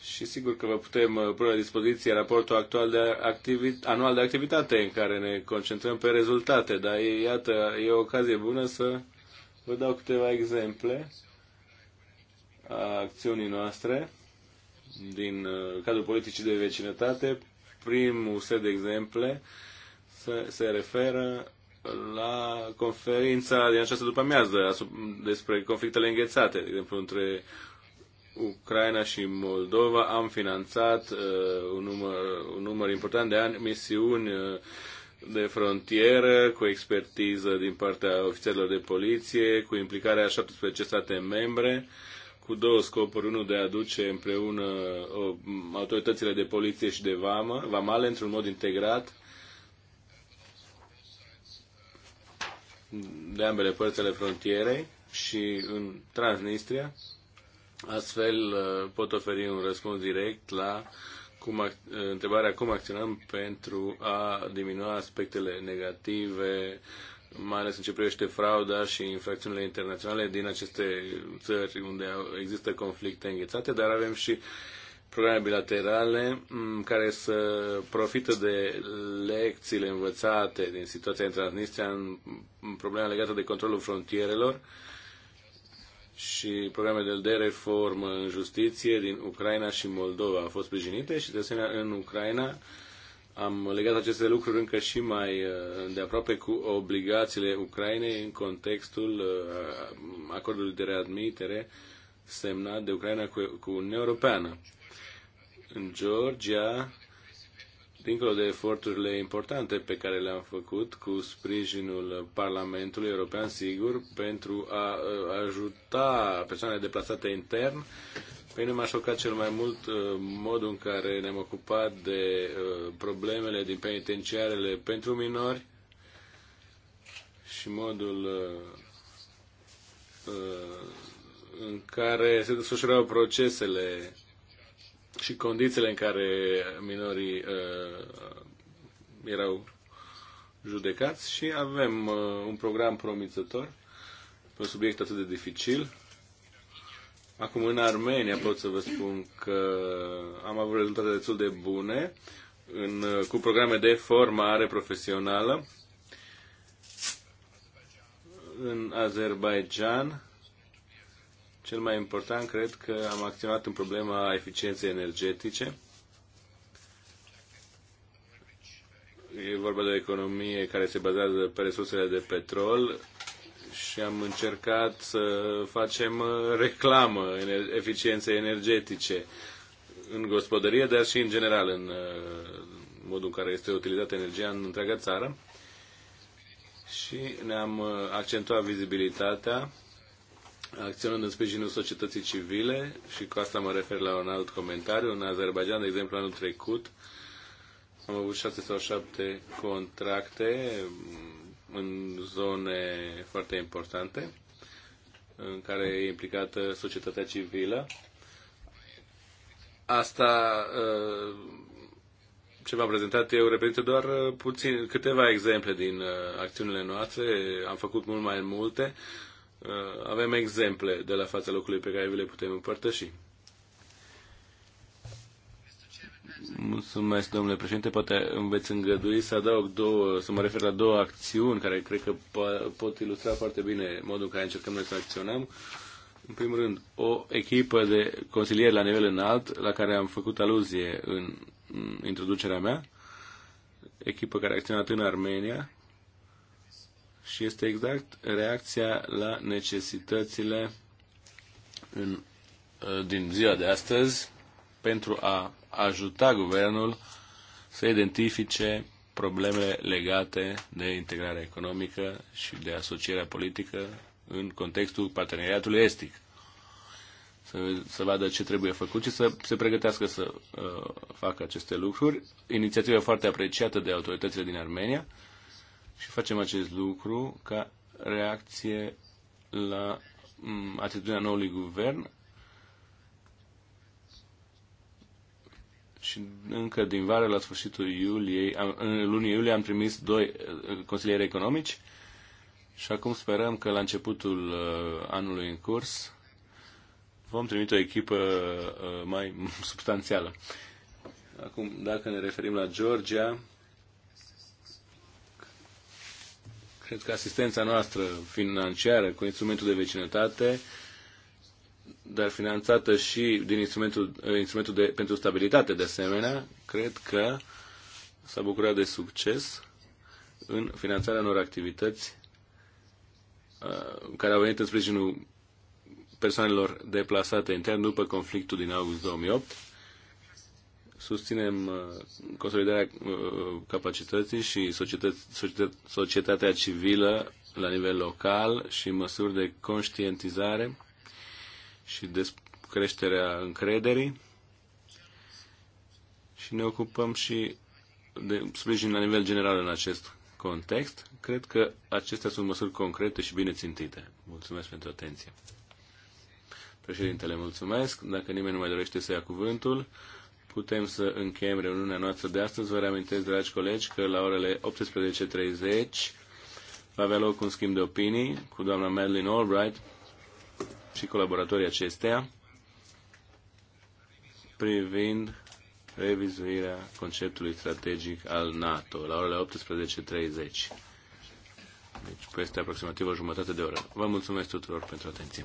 Speaker 2: și sigur că vă putem uh, pune la dispoziție raportul actual de activi- anual de activitate în care ne concentrăm pe rezultate, dar iată, e o ocazie bună să vă dau câteva exemple a acțiunii noastre din uh, cadrul politicii de vecinătate. Primul set de exemple se, se referă la conferința din această după-amiază despre conflictele înghețate, de exemplu, între Ucraina și Moldova, am finanțat uh, un, număr, un număr important de ani misiuni uh, de frontieră, cu expertiză din partea ofițerilor de poliție, cu implicarea a 17 state membre, cu două scopuri, unul de a aduce împreună o, autoritățile de poliție și de vamă, vamale într-un mod integrat, de ambele părți ale frontierei și în Transnistria. Astfel uh, pot oferi un răspuns direct la cum, uh, întrebarea cum acționăm pentru a diminua aspectele negative, mai ales în ce privește frauda și infracțiunile internaționale din aceste țări unde există conflicte înghețate, dar avem și uh, programe bilaterale mm, care să profită de lecțiile învățate din situația în Transnistria în problema legată de controlul frontierelor și programele de reformă în justiție din Ucraina și Moldova au fost sprijinite și de asemenea în Ucraina am legat aceste lucruri încă și mai uh, de aproape cu obligațiile Ucrainei în contextul uh, acordului de readmitere semnat de Ucraina cu, cu Uniunea Europeană în Georgia, dincolo de eforturile importante pe care le-am făcut cu sprijinul Parlamentului European, sigur, pentru a ajuta persoanele deplasate intern, pe mine m-a șocat cel mai mult uh, modul în care ne-am ocupat de uh, problemele din penitenciarele pentru minori și modul uh, în care se desfășurau procesele și condițiile în care minorii uh, erau judecați și avem uh, un program promițător pe un subiect atât de dificil. Acum, în Armenia pot să vă spun că am avut rezultate destul de bune în, uh, cu programe de formare profesională. În Azerbaijan cel mai important, cred că am acționat în problema eficienței energetice. E vorba de o economie care se bazează pe resursele de petrol și am încercat să facem uh, reclamă eficienței energetice în gospodărie, dar și în general în uh, modul în care este utilizată energia în întreaga țară și ne-am uh, accentuat vizibilitatea acționând în sprijinul societății civile și cu asta mă refer la un alt comentariu. În Azerbaijan, de exemplu, anul trecut am avut șase sau șapte contracte în zone foarte importante în care e implicată societatea civilă. Asta uh, ce v-am prezentat eu reprezintă doar uh, puțin, câteva exemple din uh, acțiunile noastre. Am făcut mult mai multe Uh, avem exemple de la fața locului pe care vi le putem împărtăși. Mulțumesc, domnule președinte. Poate îmi veți îngădui să adaug două, să mă refer la două acțiuni care cred că pot ilustra foarte bine modul în care încercăm noi să acționăm. În primul rând, o echipă de consilieri la nivel înalt, la care am făcut aluzie în introducerea mea, echipă care a acționat în Armenia, și este exact reacția la necesitățile în, uh, din ziua de astăzi pentru a ajuta guvernul să identifice probleme legate de integrarea economică și de asocierea politică în contextul parteneriatului estic. Să, să vadă ce trebuie făcut și să se pregătească să uh, facă aceste lucruri. Inițiativă foarte apreciată de autoritățile din Armenia. Uh, și facem acest lucru ca reacție la mm, atitudinea noului guvern și încă din vară, la sfârșitul iuliei, am, în lunii iulie am trimis doi eh, consilieri economici și acum sperăm că la începutul uh, anului în curs vom trimite o echipă uh, mai substanțială. Acum, dacă ne referim la Georgia, Cred că asistența noastră financiară cu instrumentul de vecinătate, dar finanțată și din instrumentul, eh, instrumentul de, pentru stabilitate de asemenea, cred că s-a bucurat de succes în finanțarea unor activități eh, care au venit în sprijinul persoanelor deplasate intern după conflictul din august 2008 susținem uh, consolidarea uh, capacității și societatea civilă la nivel local și măsuri de conștientizare și de creșterea încrederii și ne ocupăm și de sprijin la nivel general în acest context. Cred că acestea sunt măsuri concrete și bine țintite. Mulțumesc pentru atenție. Președintele, mulțumesc. Dacă nimeni nu mai dorește să ia cuvântul, putem să încheiem reuniunea noastră de astăzi. Vă reamintesc, dragi colegi, că la orele 18.30 va avea loc un schimb de opinii cu doamna Madeline Albright și colaboratorii acesteia privind revizuirea conceptului strategic al NATO la orele 18.30. Deci peste aproximativ o jumătate de oră. Vă mulțumesc tuturor pentru atenție.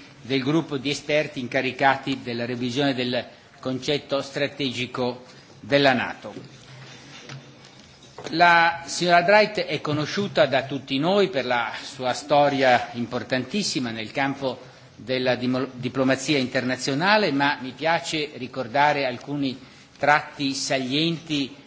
Speaker 1: del gruppo di esperti incaricati della revisione del concetto strategico della Nato. La signora Dreit è conosciuta da tutti noi per la sua storia importantissima nel campo della diplomazia internazionale, ma mi piace ricordare alcuni tratti salienti